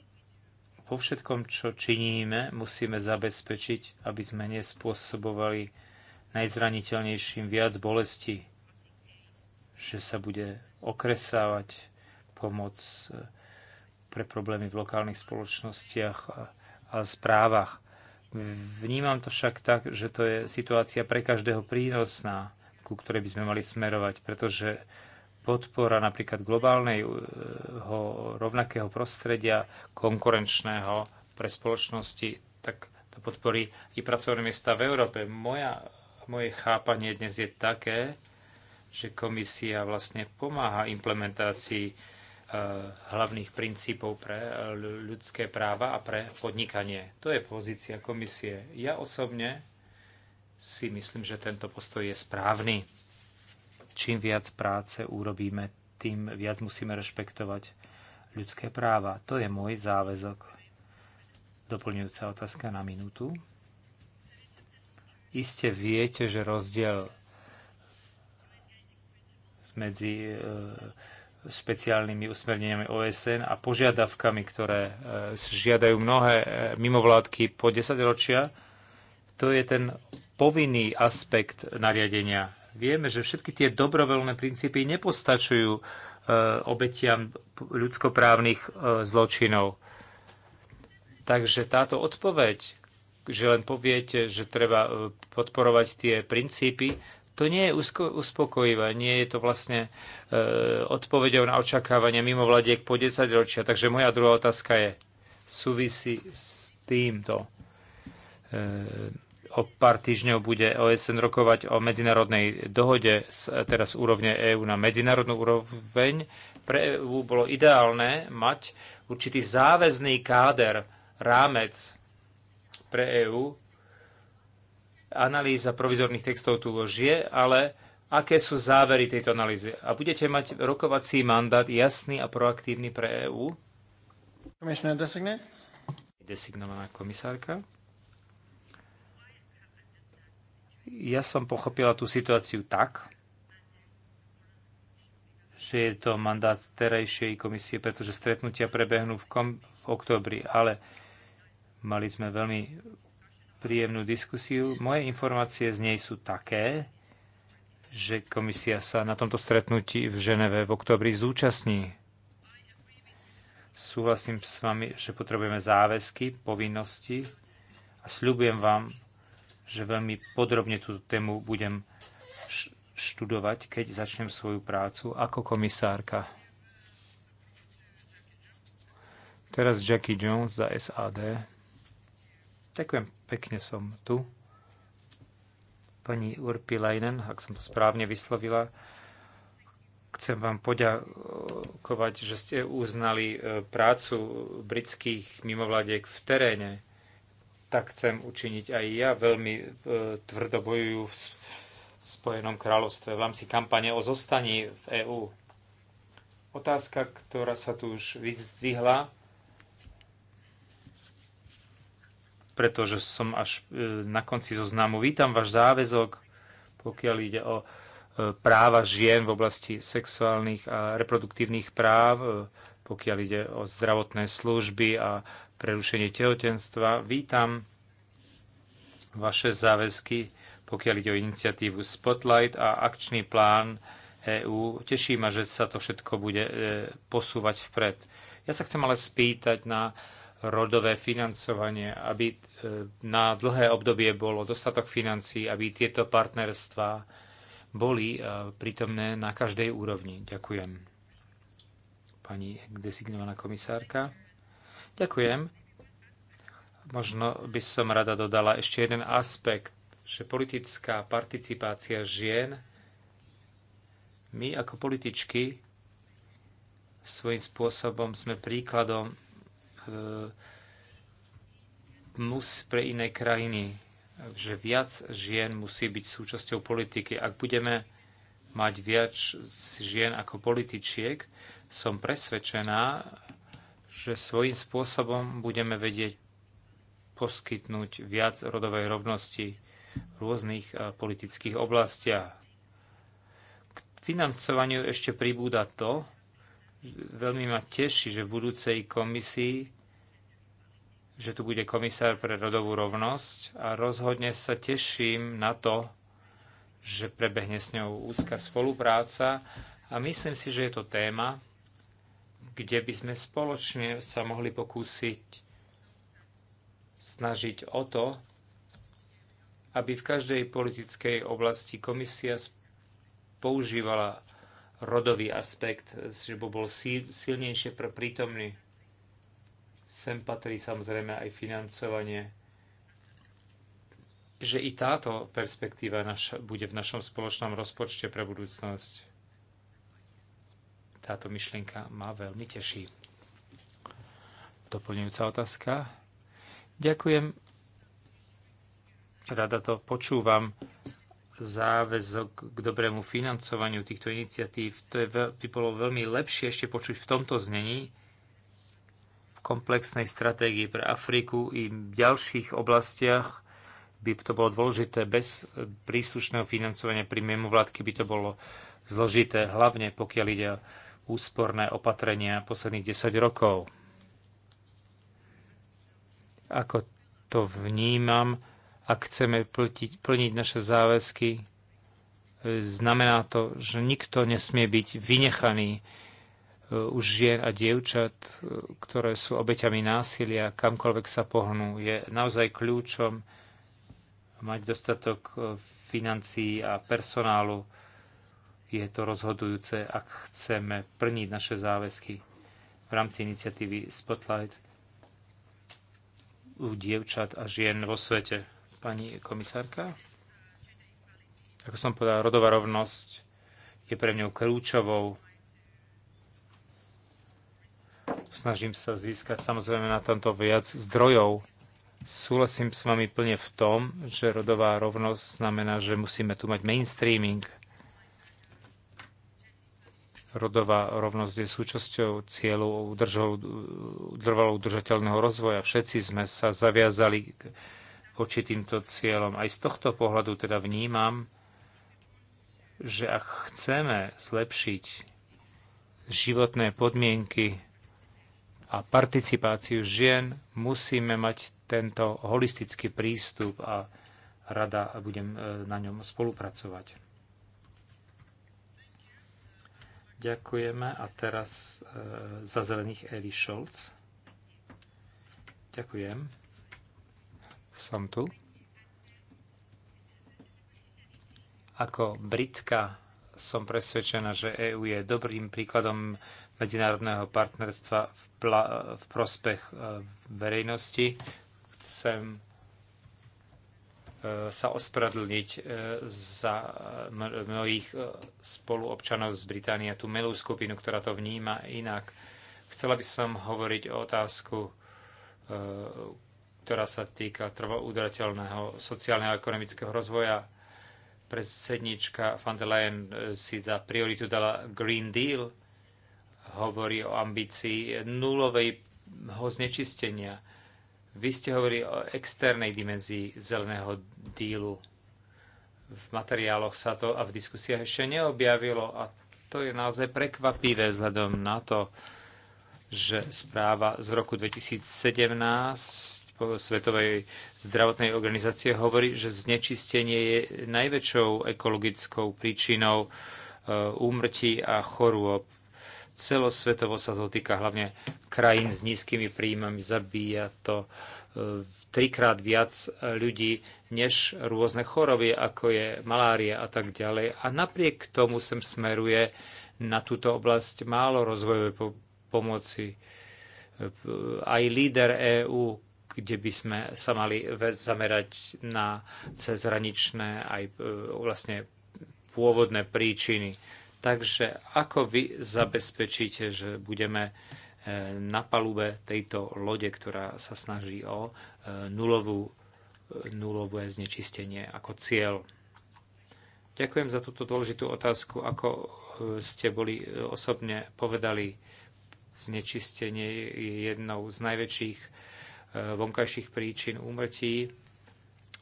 vo všetkom, čo činíme, musíme zabezpečiť, aby sme nespôsobovali najzraniteľnejším viac bolesti, že sa bude okresávať pomoc, pre problémy v lokálnych spoločnostiach a správach. Vnímam to však tak, že to je situácia pre každého prínosná, ku ktorej by sme mali smerovať, pretože podpora napríklad globálneho rovnakého prostredia, konkurenčného pre spoločnosti, tak to podporí i pracovné miesta v Európe. Moja, moje chápanie dnes je také, že komisia vlastne pomáha implementácii Eh, hlavných princípov pre eh, ľudské práva a pre podnikanie. To je pozícia komisie. Ja osobne si myslím, že tento postoj je správny. Čím viac práce urobíme, tým viac musíme rešpektovať ľudské práva. To je môj záväzok. Doplňujúca otázka na minútu. Iste viete, že rozdiel medzi eh, špeciálnymi usmerneniami OSN a požiadavkami, ktoré e, žiadajú mnohé e, mimovládky po 10 ročia, to je ten povinný aspekt nariadenia. Vieme, že všetky tie dobrovoľné princípy nepostačujú e, obetiam ľudskoprávnych zločinov. Takže táto odpoveď, že len poviete, že treba podporovať tie princípy, to nie je uspokojivé, nie je to vlastne e, odpovedou na očakávania mimovladiek po 10 ročia. Takže moja druhá otázka je, súvisí s týmto. E, o pár týždňov bude OSN rokovať o medzinárodnej dohode z teraz úrovne EÚ na medzinárodnú úroveň. Pre EÚ bolo ideálne mať určitý záväzný káder, rámec pre EÚ, analýza provizorných textov tu už je, ale aké sú závery tejto analýzy. A budete mať rokovací mandát jasný a proaktívny pre EÚ? Designovaná komisárka. Ja som pochopila tú situáciu tak, že je to mandát terajšej komisie, pretože stretnutia prebehnú v, kom- v oktobri, ale mali sme veľmi príjemnú diskusiu. Moje informácie z nej sú také, že komisia sa na tomto stretnutí v Ženeve v oktobri zúčastní. Súhlasím s vami, že potrebujeme záväzky, povinnosti a sľubujem vám, že veľmi podrobne túto tému budem študovať, keď začnem svoju prácu ako komisárka. Teraz Jackie Jones za SAD. Ďakujem pekne, som tu. Pani Urpilainen, ak som to správne vyslovila, chcem vám poďakovať, že ste uznali e, prácu britských mimovladiek v teréne. Tak chcem učiniť aj ja. Veľmi e, tvrdo bojujú v Spojenom kráľovstve v rámci kampane o zostaní v EÚ. Otázka, ktorá sa tu už vyzdvihla, pretože som až e, na konci zoznamu. Vítam váš záväzok, pokiaľ ide o e, práva žien v oblasti sexuálnych a reproduktívnych práv, e, pokiaľ ide o zdravotné služby a prerušenie tehotenstva. Vítam vaše záväzky, pokiaľ ide o iniciatívu Spotlight a akčný plán EÚ. Teší ma, že sa to všetko bude posúvať vpred. Ja sa chcem ale spýtať na rodové financovanie, aby e, na dlhé obdobie bolo dostatok financí, aby tieto partnerstvá boli e, prítomné na každej úrovni. Ďakujem. Pani designovaná komisárka. Ďakujem. Možno by som rada dodala ešte jeden aspekt, že politická participácia žien, my ako političky svojím spôsobom sme príkladom E, mus pre iné krajiny, že viac žien musí byť súčasťou politiky. Ak budeme mať viac žien ako političiek, som presvedčená, že svojím spôsobom budeme vedieť poskytnúť viac rodovej rovnosti v rôznych e, politických oblastiach. K financovaniu ešte pribúda to, veľmi ma teší, že v budúcej komisii že tu bude komisár pre rodovú rovnosť a rozhodne sa teším na to, že prebehne s ňou úzka spolupráca a myslím si, že je to téma, kde by sme spoločne sa mohli pokúsiť snažiť o to, aby v každej politickej oblasti komisia používala rodový aspekt, že by bol silnejšie pre prítomný Sem patrí samozrejme aj financovanie, že i táto perspektíva naša, bude v našom spoločnom rozpočte pre budúcnosť. Táto myšlienka ma veľmi teší. Doplňujúca otázka. Ďakujem. Rada to počúvam záväzok k dobrému financovaniu týchto iniciatív. To je, by bolo veľmi lepšie ešte počuť v tomto znení, komplexnej stratégii pre Afriku i v ďalších oblastiach by to bolo dôležité. Bez príslušného financovania pri mimovládky by to bolo zložité, hlavne pokiaľ ide o úsporné opatrenia posledných 10 rokov. Ako to vnímam, ak chceme plniť, plniť naše záväzky, e, znamená to, že nikto nesmie byť vynechaný E, už žien a dievčat, e, ktoré sú obeťami násilia, kamkoľvek sa pohnú, je naozaj kľúčom mať dostatok e, financií a personálu. Je to rozhodujúce, ak chceme plniť naše záväzky v rámci iniciatívy Spotlight u dievčat a žien vo svete. Pani komisárka, ako som povedal, rodová rovnosť je pre mňa kľúčovou Snažím sa získať samozrejme na tomto viac zdrojov. Súhlasím s vami plne v tom, že rodová rovnosť znamená, že musíme tu mať mainstreaming. Rodová rovnosť je súčasťou cieľu trvalo udržateľného rozvoja. Všetci sme sa zaviazali voči týmto cieľom. Aj z tohto pohľadu teda vnímam, že ak chceme zlepšiť životné podmienky a participáciu žien musíme mať tento holistický prístup a rada a budem e, na ňom spolupracovať. Ďakujeme a teraz e, za zelených Eli Scholz. Ďakujem. Som tu. Ako Britka som presvedčená, že EÚ je dobrým príkladom medzinárodného partnerstva v, v prospech e, verejnosti. Chcem e, sa ospravedlniť e, za mnohých spoluobčanov z Británie, tú milú skupinu, ktorá to vníma inak. Chcela by som hovoriť o otázku, ktorá sa týka trvoudrateľného sociálneho a ekonomického rozvoja. Predsednička von der Leyen si za prioritu dala Green Deal – hovorí o ambícii nulového znečistenia. Vy ste hovorili o externej dimenzii zeleného dílu. V materiáloch sa to a v diskusiách ešte neobjavilo a to je naozaj prekvapivé vzhľadom na to, že správa z roku 2017 po Svetovej zdravotnej organizácie hovorí, že znečistenie je najväčšou ekologickou príčinou e, úmrtí a chorôb Celosvetovo sa to týka hlavne krajín s nízkymi príjmami. Zabíja to e, trikrát viac e, ľudí než rôzne choroby, ako je malária a tak ďalej. A napriek tomu sem smeruje na túto oblasť málo rozvojovej pomoci. E, aj líder EÚ, kde by sme sa mali zamerať na cezhraničné aj vlastne pôvodné príčiny Takže ako vy zabezpečíte, že budeme e, na palube tejto lode, ktorá sa snaží o e, nulovú, e, nulové znečistenie ako cieľ? Ďakujem za túto dôležitú otázku. Ako ste boli osobne povedali, znečistenie je jednou z najväčších vonkajších príčin úmrtí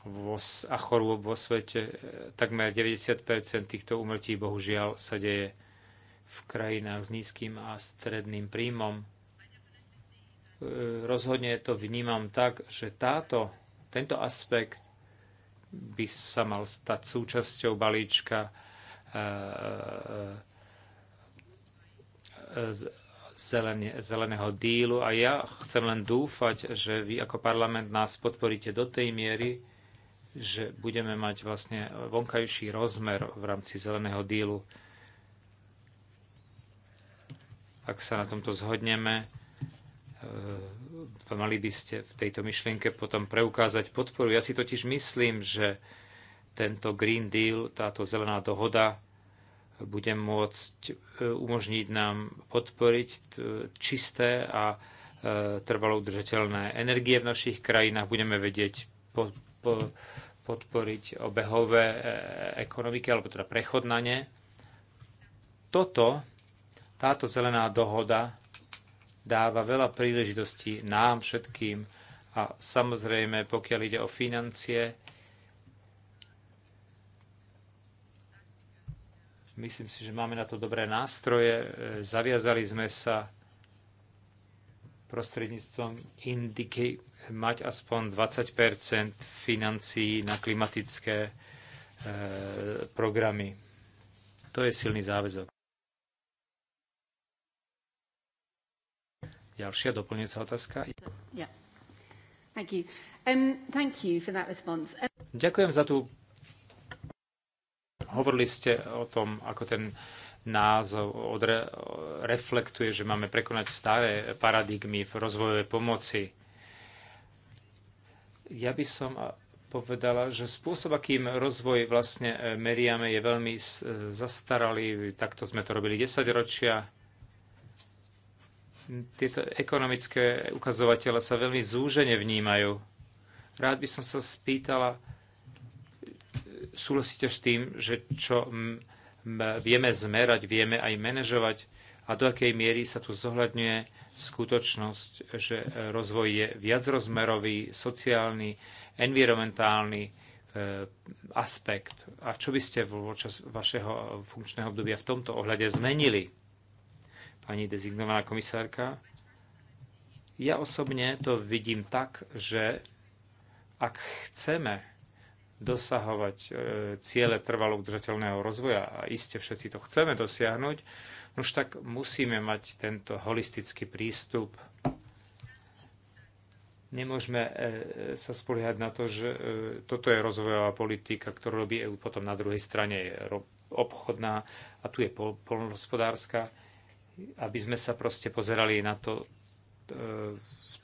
vo, a chorôb vo svete. E, takmer 90 týchto umrtí bohužiaľ sa deje v krajinách s nízkym a stredným príjmom. E, rozhodne to vnímam tak, že táto, tento aspekt by sa mal stať súčasťou balíčka e, zeleného dílu a ja chcem len dúfať, že vy ako parlament nás podporíte do tej miery, že budeme mať vlastne vonkajší rozmer v rámci zeleného dílu. Ak sa na tomto zhodneme, e, mali by ste v tejto myšlienke potom preukázať podporu. Ja si totiž myslím, že tento Green Deal, táto zelená dohoda bude môcť e, umožniť nám podporiť e, čisté a trvalo udržateľné energie v našich krajinách. Budeme vedieť podporiť obehové e, ekonomiky, alebo teda prechod na ne. Toto, táto zelená dohoda dáva veľa príležitostí nám všetkým a samozrejme, pokiaľ ide o financie, myslím si, že máme na to dobré nástroje. E, zaviazali sme sa prostredníctvom indikej mať aspoň 20 financií na klimatické e, programy. To je silný záväzok. Ďalšia doplňujúca otázka. Um, um, Ďakujem za tú... Hovorili ste o tom, ako ten názov odre... reflektuje, že máme prekonať staré paradigmy v rozvojovej pomoci ja by som povedala, že spôsob, akým rozvoj vlastne e, meriame, je veľmi e, zastaralý. Takto sme to robili 10 ročia. Tieto ekonomické ukazovatele sa veľmi zúžene vnímajú. Rád by som sa spýtala, e, súhlasíte s tým, že čo vieme zmerať, vieme aj manažovať a do akej miery sa tu zohľadňuje skutočnosť, že rozvoj je viacrozmerový, sociálny, environmentálny e, aspekt. A čo by ste počas vašeho funkčného obdobia v tomto ohľade zmenili, pani dezignovaná komisárka? Ja osobne to vidím tak, že ak chceme dosahovať e, ciele trvalo udržateľného rozvoja, a iste všetci to chceme dosiahnuť, už tak musíme mať tento holistický prístup. Nemôžeme e, e, sa spoliehať na to, že e, toto je rozvojová politika, ktorú robí EU potom na druhej strane je obchodná a tu je polnohospodárska, aby sme sa proste pozerali na to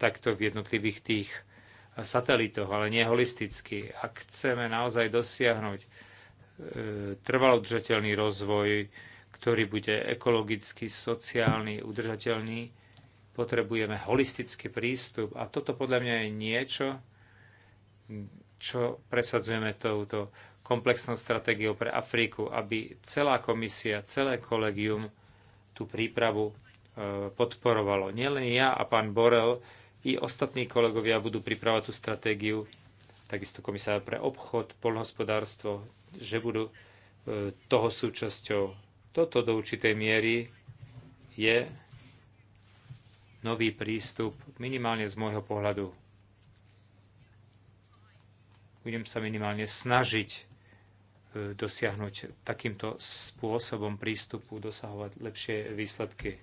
takto v jednotlivých tých satelitoch, ale nie holisticky. Ak chceme naozaj dosiahnuť trvalo udržateľný rozvoj, ktorý bude ekologicky, sociálny, udržateľný. Potrebujeme holistický prístup a toto podľa mňa je niečo, čo presadzujeme touto komplexnou stratégiou pre Afriku, aby celá komisia, celé kolegium tú prípravu e, podporovalo. Nielen ja a pán Borel, i ostatní kolegovia budú pripravať tú stratégiu, takisto komisár pre obchod, polnohospodárstvo, že budú e, toho súčasťou toto do určitej miery je nový prístup, minimálne z môjho pohľadu. Budem sa minimálne snažiť e, dosiahnuť takýmto spôsobom prístupu, dosahovať lepšie výsledky.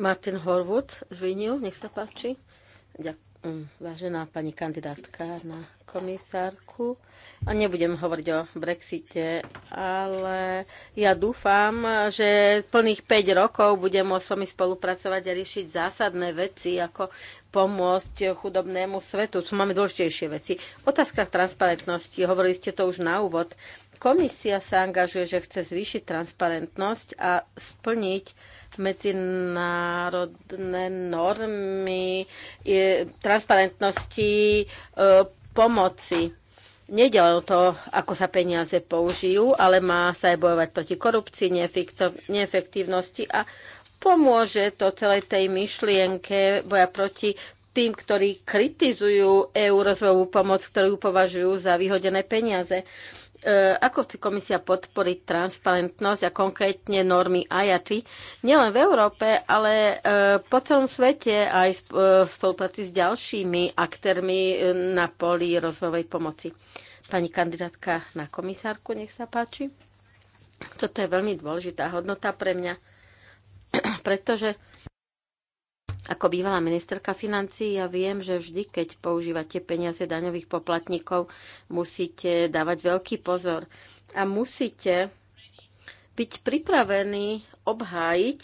Martin Horwood Žvinil, nech sa páči. Ďakujem Vážená pani kandidátka na komisárku, a nebudem hovoriť o Brexite, ale ja dúfam, že plných 5 rokov budem s vami spolupracovať a riešiť zásadné veci, ako pomôcť chudobnému svetu. Tu máme dôležitejšie veci. Otázka transparentnosti, hovorili ste to už na úvod. Komisia sa angažuje, že chce zvýšiť transparentnosť a splniť medzinárodné normy je, transparentnosti e, pomoci. Nede len o to, ako sa peniaze použijú, ale má sa aj bojovať proti korupcii, neefektívnosti a pomôže to celej tej myšlienke boja proti tým, ktorí kritizujú EU rozvojovú pomoc, ktorú považujú za vyhodené peniaze. E, ako chce komisia podporiť transparentnosť a konkrétne normy IATI nielen v Európe, ale e, po celom svete aj v e, spolupráci s ďalšími aktérmi na poli rozvojovej pomoci. Pani kandidátka na komisárku, nech sa páči. Toto je veľmi dôležitá hodnota pre mňa, pretože ako bývalá ministerka financí, ja viem, že vždy, keď používate peniaze daňových poplatníkov, musíte dávať veľký pozor a musíte byť pripravení obhájiť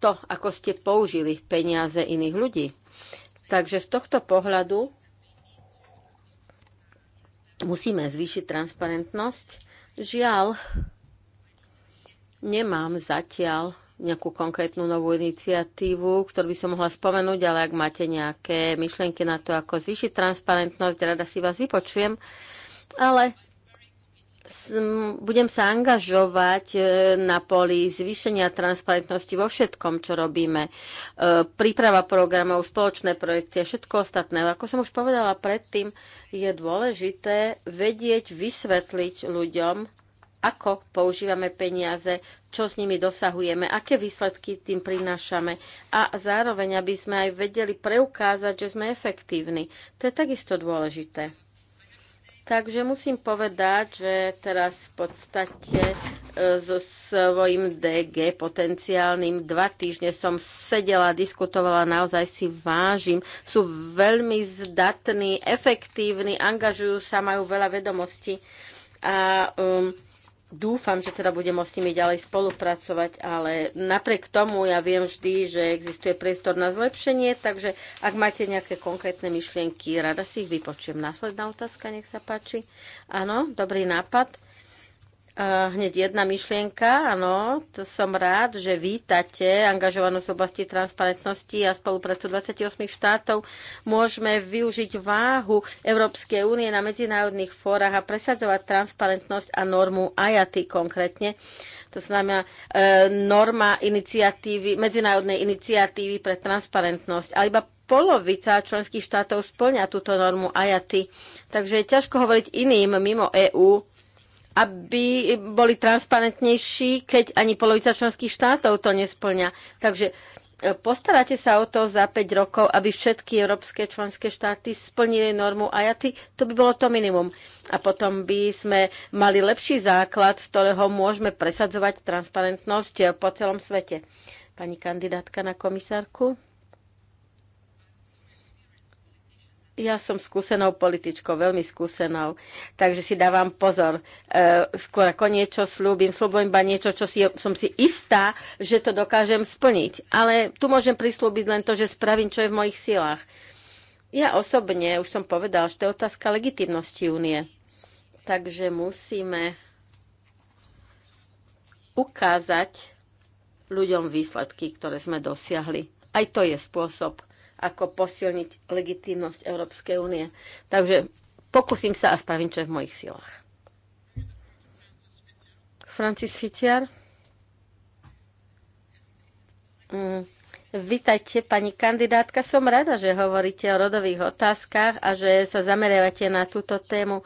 to, ako ste použili peniaze iných ľudí. Takže z tohto pohľadu musíme zvýšiť transparentnosť. Žiaľ, nemám zatiaľ nejakú konkrétnu novú iniciatívu, ktorú by som mohla spomenúť, ale ak máte nejaké myšlienky na to, ako zvýšiť transparentnosť, rada si vás vypočujem. Ale budem sa angažovať e, na poli zvýšenia transparentnosti vo všetkom, čo robíme. E, príprava programov, spoločné projekty a všetko ostatné. Ako som už povedala predtým, je dôležité vedieť vysvetliť ľuďom, ako používame peniaze, čo s nimi dosahujeme, aké výsledky tým prinášame a zároveň, aby sme aj vedeli preukázať, že sme efektívni. To je takisto dôležité. Takže musím povedať, že teraz v podstate e, so svojím DG potenciálnym dva týždne som sedela, diskutovala, naozaj si vážim. Sú veľmi zdatní, efektívni, angažujú sa, majú veľa vedomostí. A um, dúfam, že teda budem s nimi ďalej spolupracovať, ale napriek tomu ja viem vždy, že existuje priestor na zlepšenie, takže ak máte nejaké konkrétne myšlienky, rada si ich vypočujem. Následná otázka, nech sa páči. Áno, dobrý nápad hneď jedna myšlienka, áno, to som rád, že vítate angažovanosť v oblasti transparentnosti a spoluprácu 28 štátov. Môžeme využiť váhu Európskej únie na medzinárodných fórach a presadzovať transparentnosť a normu IATI konkrétne. To znamená e, norma iniciatívy, medzinárodnej iniciatívy pre transparentnosť. A iba polovica členských štátov splňa túto normu IATI. Takže je ťažko hovoriť iným mimo EÚ aby boli transparentnejší, keď ani polovica členských štátov to nesplňa. Takže e, postaráte sa o to za 5 rokov, aby všetky európske členské štáty splnili normu IATI, to by bolo to minimum. A potom by sme mali lepší základ, z ktorého môžeme presadzovať transparentnosť e, po celom svete. Pani kandidátka na komisárku. Ja som skúsenou političkou, veľmi skúsenou, takže si dávam pozor. E, skôr ako niečo slúbim, slúbim iba niečo, čo si, som si istá, že to dokážem splniť. Ale tu môžem prislúbiť len to, že spravím, čo je v mojich silách. Ja osobne už som povedal, že to je otázka legitimnosti únie. Takže musíme ukázať ľuďom výsledky, ktoré sme dosiahli. Aj to je spôsob, ako posilniť legitimnosť Európskej únie. Takže pokúsim sa a spravím, čo je v mojich silách. Francis Ficiar. Mm. Vítajte, pani kandidátka. Som rada, že hovoríte o rodových otázkach a že sa zameriavate na túto tému.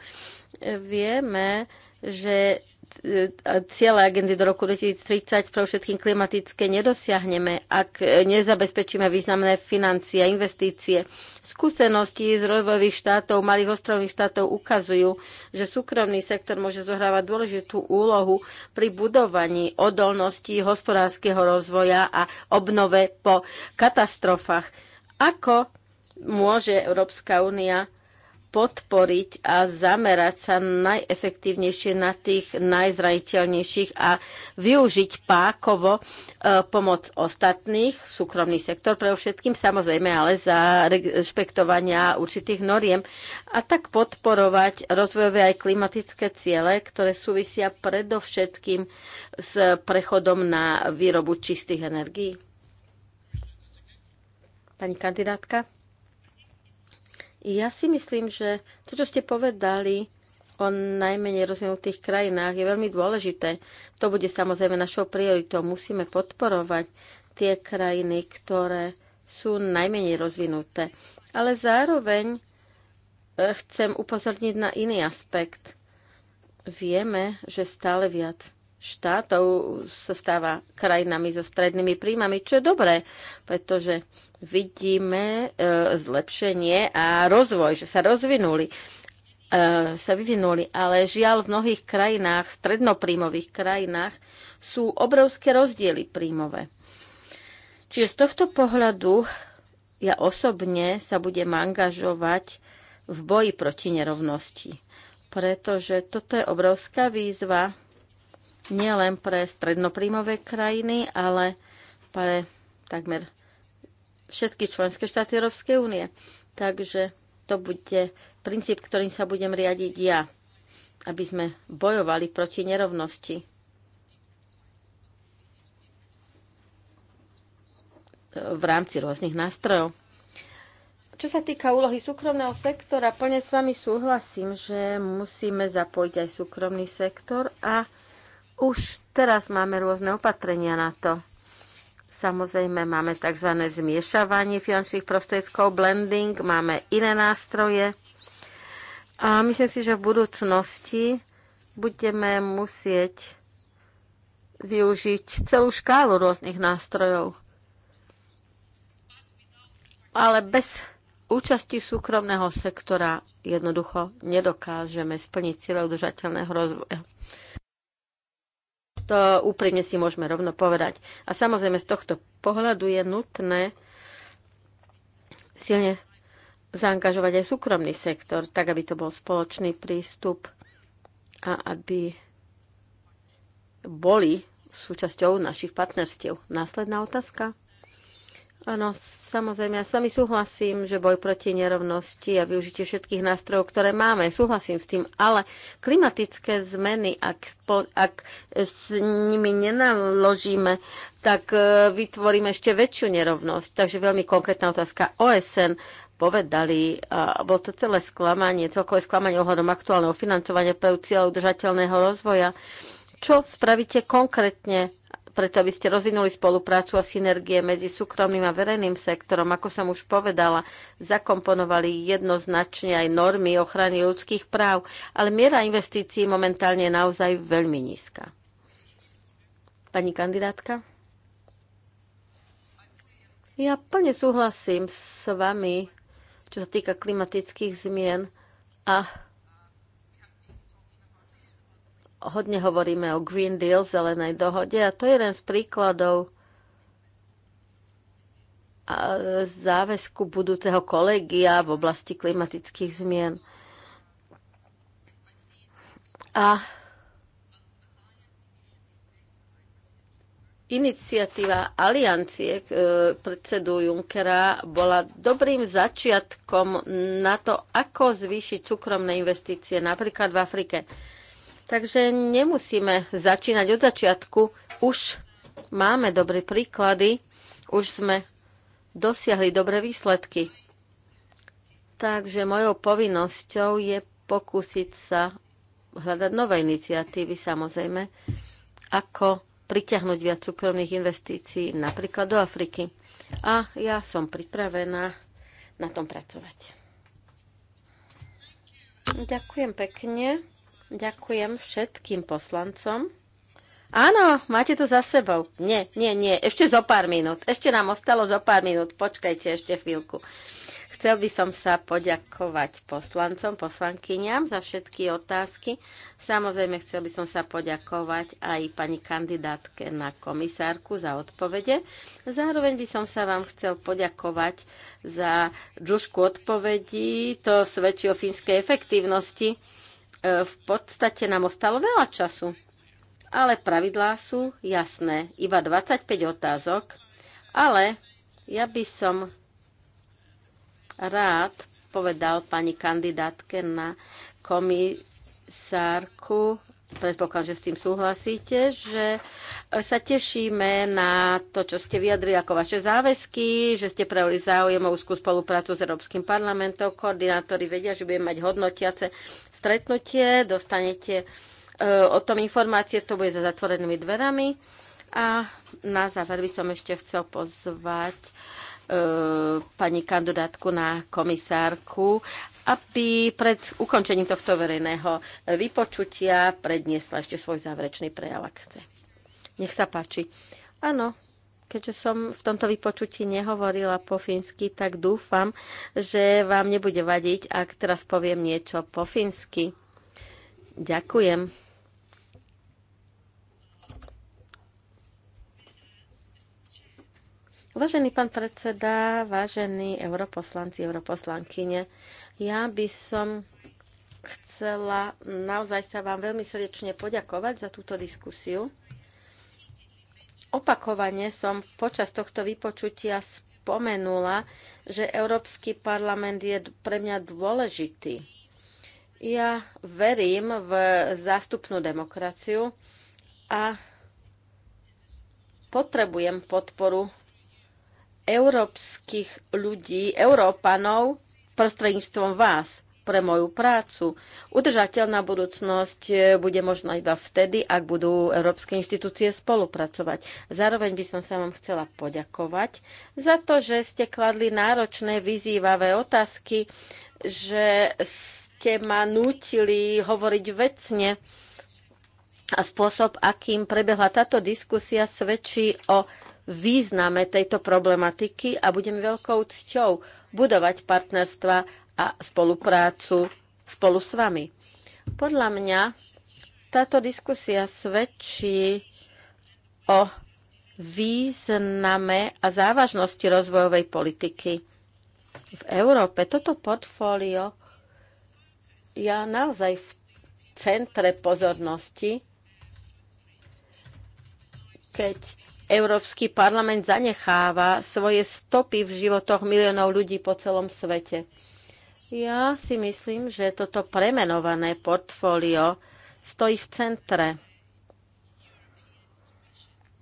Vieme, že ciele agendy do roku 2030 pre všetkým klimatické nedosiahneme, ak nezabezpečíme významné financie a investície. Skúsenosti z rozvojových štátov, malých ostrovných štátov ukazujú, že súkromný sektor môže zohrávať dôležitú úlohu pri budovaní odolnosti hospodárskeho rozvoja a obnove po katastrofách. Ako môže Európska únia podporiť a zamerať sa najefektívnejšie na tých najzraniteľnejších a využiť pákovo e, pomoc ostatných, súkromný sektor pre všetkým, samozrejme ale za rešpektovania určitých noriem a tak podporovať rozvojové aj klimatické ciele, ktoré súvisia predovšetkým s prechodom na výrobu čistých energií. Pani kandidátka? Ja si myslím, že to, čo ste povedali o najmenej rozvinutých krajinách, je veľmi dôležité. To bude samozrejme našou prioritou. Musíme podporovať tie krajiny, ktoré sú najmenej rozvinuté. Ale zároveň e, chcem upozorniť na iný aspekt. Vieme, že stále viac štátov sa stáva krajinami so strednými príjmami, čo je dobré, pretože vidíme e, zlepšenie a rozvoj, že sa rozvinuli e, sa vyvinuli, ale žiaľ v mnohých krajinách, strednopríjmových krajinách, sú obrovské rozdiely príjmové. Čiže z tohto pohľadu ja osobne sa budem angažovať v boji proti nerovnosti, pretože toto je obrovská výzva nielen pre strednopríjmové krajiny, ale pre takmer všetky členské štáty Európskej únie. Takže to bude princíp, ktorým sa budem riadiť ja, aby sme bojovali proti nerovnosti. v rámci rôznych nástrojov. Čo sa týka úlohy súkromného sektora, plne s vami súhlasím, že musíme zapojiť aj súkromný sektor a už teraz máme rôzne opatrenia na to. Samozrejme máme tzv. zmiešavanie finančných prostriedkov, blending, máme iné nástroje. A myslím si, že v budúcnosti budeme musieť využiť celú škálu rôznych nástrojov. Ale bez účasti súkromného sektora jednoducho nedokážeme splniť cieľe udržateľného rozvoja. To úprimne si môžeme rovno povedať. A samozrejme z tohto pohľadu je nutné silne zaangažovať aj súkromný sektor, tak aby to bol spoločný prístup a aby boli súčasťou našich partnerstiev. Následná otázka. Áno, samozrejme, ja s vami súhlasím, že boj proti nerovnosti a využitie všetkých nástrojov, ktoré máme, súhlasím s tým, ale klimatické zmeny, ak, spo, ak s nimi nenaložíme, tak e, vytvoríme ešte väčšiu nerovnosť. Takže veľmi konkrétna otázka. OSN povedali, a bolo to celé sklamanie, celkové sklamanie ohľadom aktuálneho financovania pre cieľa udržateľného rozvoja. Čo spravíte konkrétne preto aby ste rozvinuli spoluprácu a synergie medzi súkromným a verejným sektorom. Ako som už povedala, zakomponovali jednoznačne aj normy ochrany ľudských práv, ale miera investícií momentálne je naozaj veľmi nízka. Pani kandidátka? Ja plne súhlasím s vami, čo sa týka klimatických zmien a hodne hovoríme o Green Deal, zelenej dohode a to je jeden z príkladov záväzku budúceho kolegia v oblasti klimatických zmien. A iniciatíva aliancie e, predsedu Junckera bola dobrým začiatkom na to, ako zvýšiť súkromné investície napríklad v Afrike. Takže nemusíme začínať od začiatku. Už máme dobré príklady, už sme dosiahli dobré výsledky. Takže mojou povinnosťou je pokúsiť sa hľadať nové iniciatívy, samozrejme, ako priťahnuť viac súkromných investícií, napríklad do Afriky. A ja som pripravená na tom pracovať. Ďakujem pekne. Ďakujem všetkým poslancom. Áno, máte to za sebou. Nie, nie, nie, ešte zo pár minút. Ešte nám ostalo zo pár minút. Počkajte ešte chvíľku. Chcel by som sa poďakovať poslancom, poslankyňam za všetky otázky. Samozrejme, chcel by som sa poďakovať aj pani kandidátke na komisárku za odpovede. Zároveň by som sa vám chcel poďakovať za džušku odpovedí. To svedčí o fínskej efektívnosti E, v podstate nám ostalo veľa času. Ale pravidlá sú jasné. Iba 25 otázok. Ale ja by som rád povedal pani kandidátke na komisárku predpokladám, že s tým súhlasíte, že e, sa tešíme na to, čo ste vyjadrili ako vaše záväzky, že ste prejavili záujem o úzkú spoluprácu s Európskym parlamentom. Koordinátori vedia, že budeme mať hodnotiace stretnutie, dostanete e, o tom informácie, to bude za zatvorenými dverami. A na záver by som ešte chcel pozvať e, pani kandidátku na komisárku aby pred ukončením tohto verejného eh, vypočutia predniesla ešte svoj záverečný prejav, ak chce. Nech sa páči. Áno, keďže som v tomto vypočutí nehovorila po fínsky, tak dúfam, že vám nebude vadiť, ak teraz poviem niečo po fínsky. Ďakujem. Vážený pán predseda, vážení europoslanci, europoslankyne, ja by som chcela naozaj sa vám veľmi srdečne poďakovať za túto diskusiu. Opakovane som počas tohto vypočutia spomenula, že Európsky parlament je pre mňa dôležitý. Ja verím v zástupnú demokraciu a potrebujem podporu európskych ľudí, Európanov, prostredníctvom vás pre moju prácu. Udržateľná budúcnosť e, bude možná iba vtedy, ak budú európske inštitúcie spolupracovať. Zároveň by som sa vám chcela poďakovať za to, že ste kladli náročné, vyzývavé otázky, že ste ma nútili hovoriť vecne. A spôsob, akým prebehla táto diskusia, svedčí o význame tejto problematiky a budem veľkou cťou budovať partnerstva a spoluprácu spolu s vami. Podľa mňa táto diskusia svedčí o význame a závažnosti rozvojovej politiky v Európe. Toto portfólio ja naozaj v centre pozornosti, keď Európsky parlament zanecháva svoje stopy v životoch miliónov ľudí po celom svete. Ja si myslím, že toto premenované portfólio stojí v centre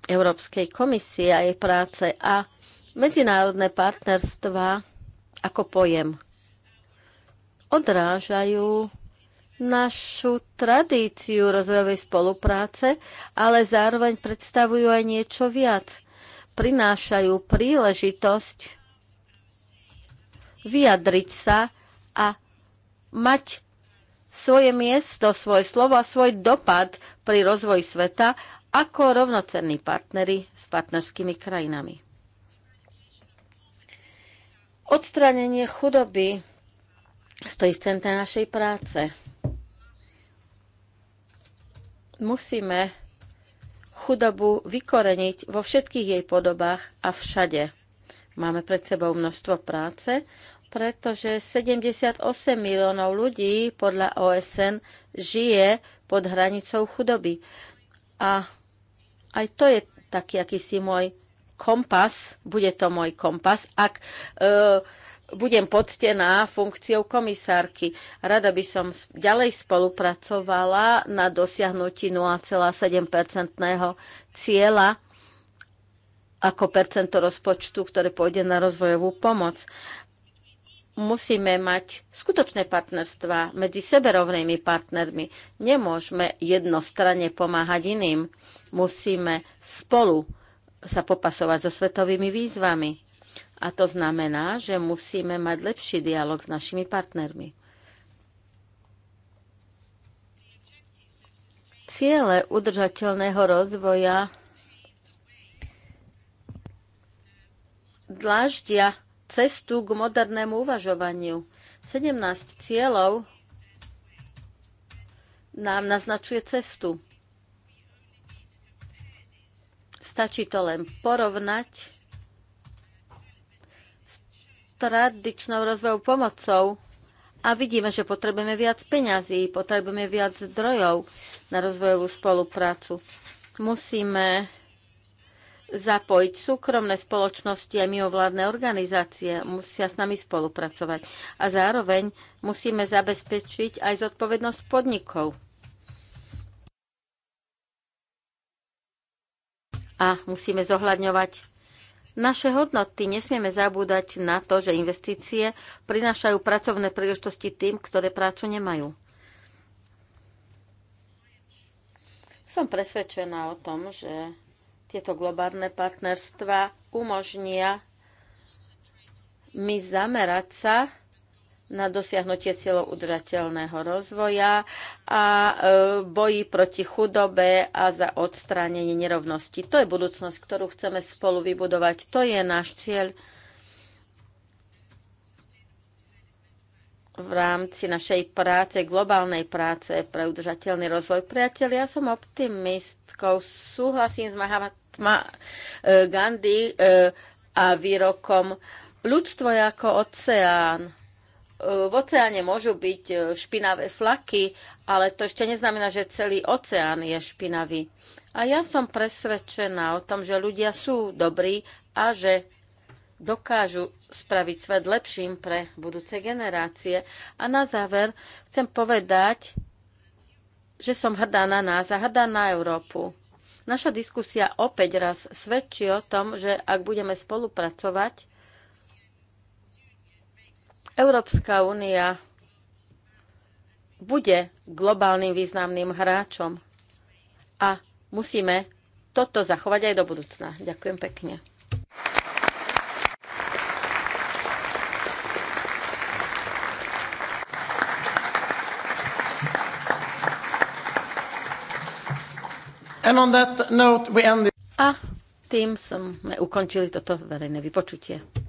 Európskej komisie a jej práce a medzinárodné partnerstva ako pojem odrážajú našu tradíciu rozvojovej spolupráce, ale zároveň predstavujú aj niečo viac. Prinášajú príležitosť vyjadriť sa a mať svoje miesto, svoje slovo a svoj dopad pri rozvoji sveta ako rovnocenní partnery s partnerskými krajinami. Odstránenie chudoby stojí v centre našej práce musíme chudobu vykoreniť vo všetkých jej podobách a všade. Máme pred sebou množstvo práce, pretože 78 miliónov ľudí podľa OSN žije pod hranicou chudoby. A aj to je taký akýsi môj kompas, bude to môj kompas, ak uh, budem poctená funkciou komisárky. Rada by som ďalej spolupracovala na dosiahnutí 07 cieľa ako percento rozpočtu, ktoré pôjde na rozvojovú pomoc. Musíme mať skutočné partnerstva medzi seberovnými partnermi. Nemôžeme jednostranne pomáhať iným. Musíme spolu sa popasovať so svetovými výzvami a to znamená, že musíme mať lepší dialog s našimi partnermi. Ciele udržateľného rozvoja dláždia cestu k modernému uvažovaniu. 17 cieľov nám naznačuje cestu. Stačí to len porovnať tradičnou rozvojou pomocou a vidíme, že potrebujeme viac peňazí, potrebujeme viac zdrojov na rozvojovú spoluprácu. Musíme zapojiť súkromné spoločnosti a mimovládne organizácie, musia s nami spolupracovať. A zároveň musíme zabezpečiť aj zodpovednosť podnikov. A musíme zohľadňovať naše hodnoty. Nesmieme zabúdať na to, že investície prinášajú pracovné príležitosti tým, ktoré prácu nemajú. Som presvedčená o tom, že tieto globálne partnerstva umožnia mi zamerať sa na dosiahnutie cieľov udržateľného rozvoja a e, boji proti chudobe a za odstránenie nerovnosti. To je budúcnosť, ktorú chceme spolu vybudovať. To je náš cieľ v rámci našej práce, globálnej práce pre udržateľný rozvoj. Priateľ, ja som optimistkou, súhlasím s Mahatma e, Gandhi e, a výrokom ľudstvo je ako oceán v oceáne môžu byť e, špinavé flaky, ale to ešte neznamená, že celý oceán je špinavý. A ja som presvedčená o tom, že ľudia sú dobrí a že dokážu spraviť svet lepším pre budúce generácie. A na záver chcem povedať, že som hrdá na nás a hrdá na Európu. Naša diskusia opäť raz svedčí o tom, že ak budeme spolupracovať, Európska únia bude globálnym významným hráčom a musíme toto zachovať aj do budúcna. Ďakujem pekne. A tým sme ukončili toto verejné vypočutie.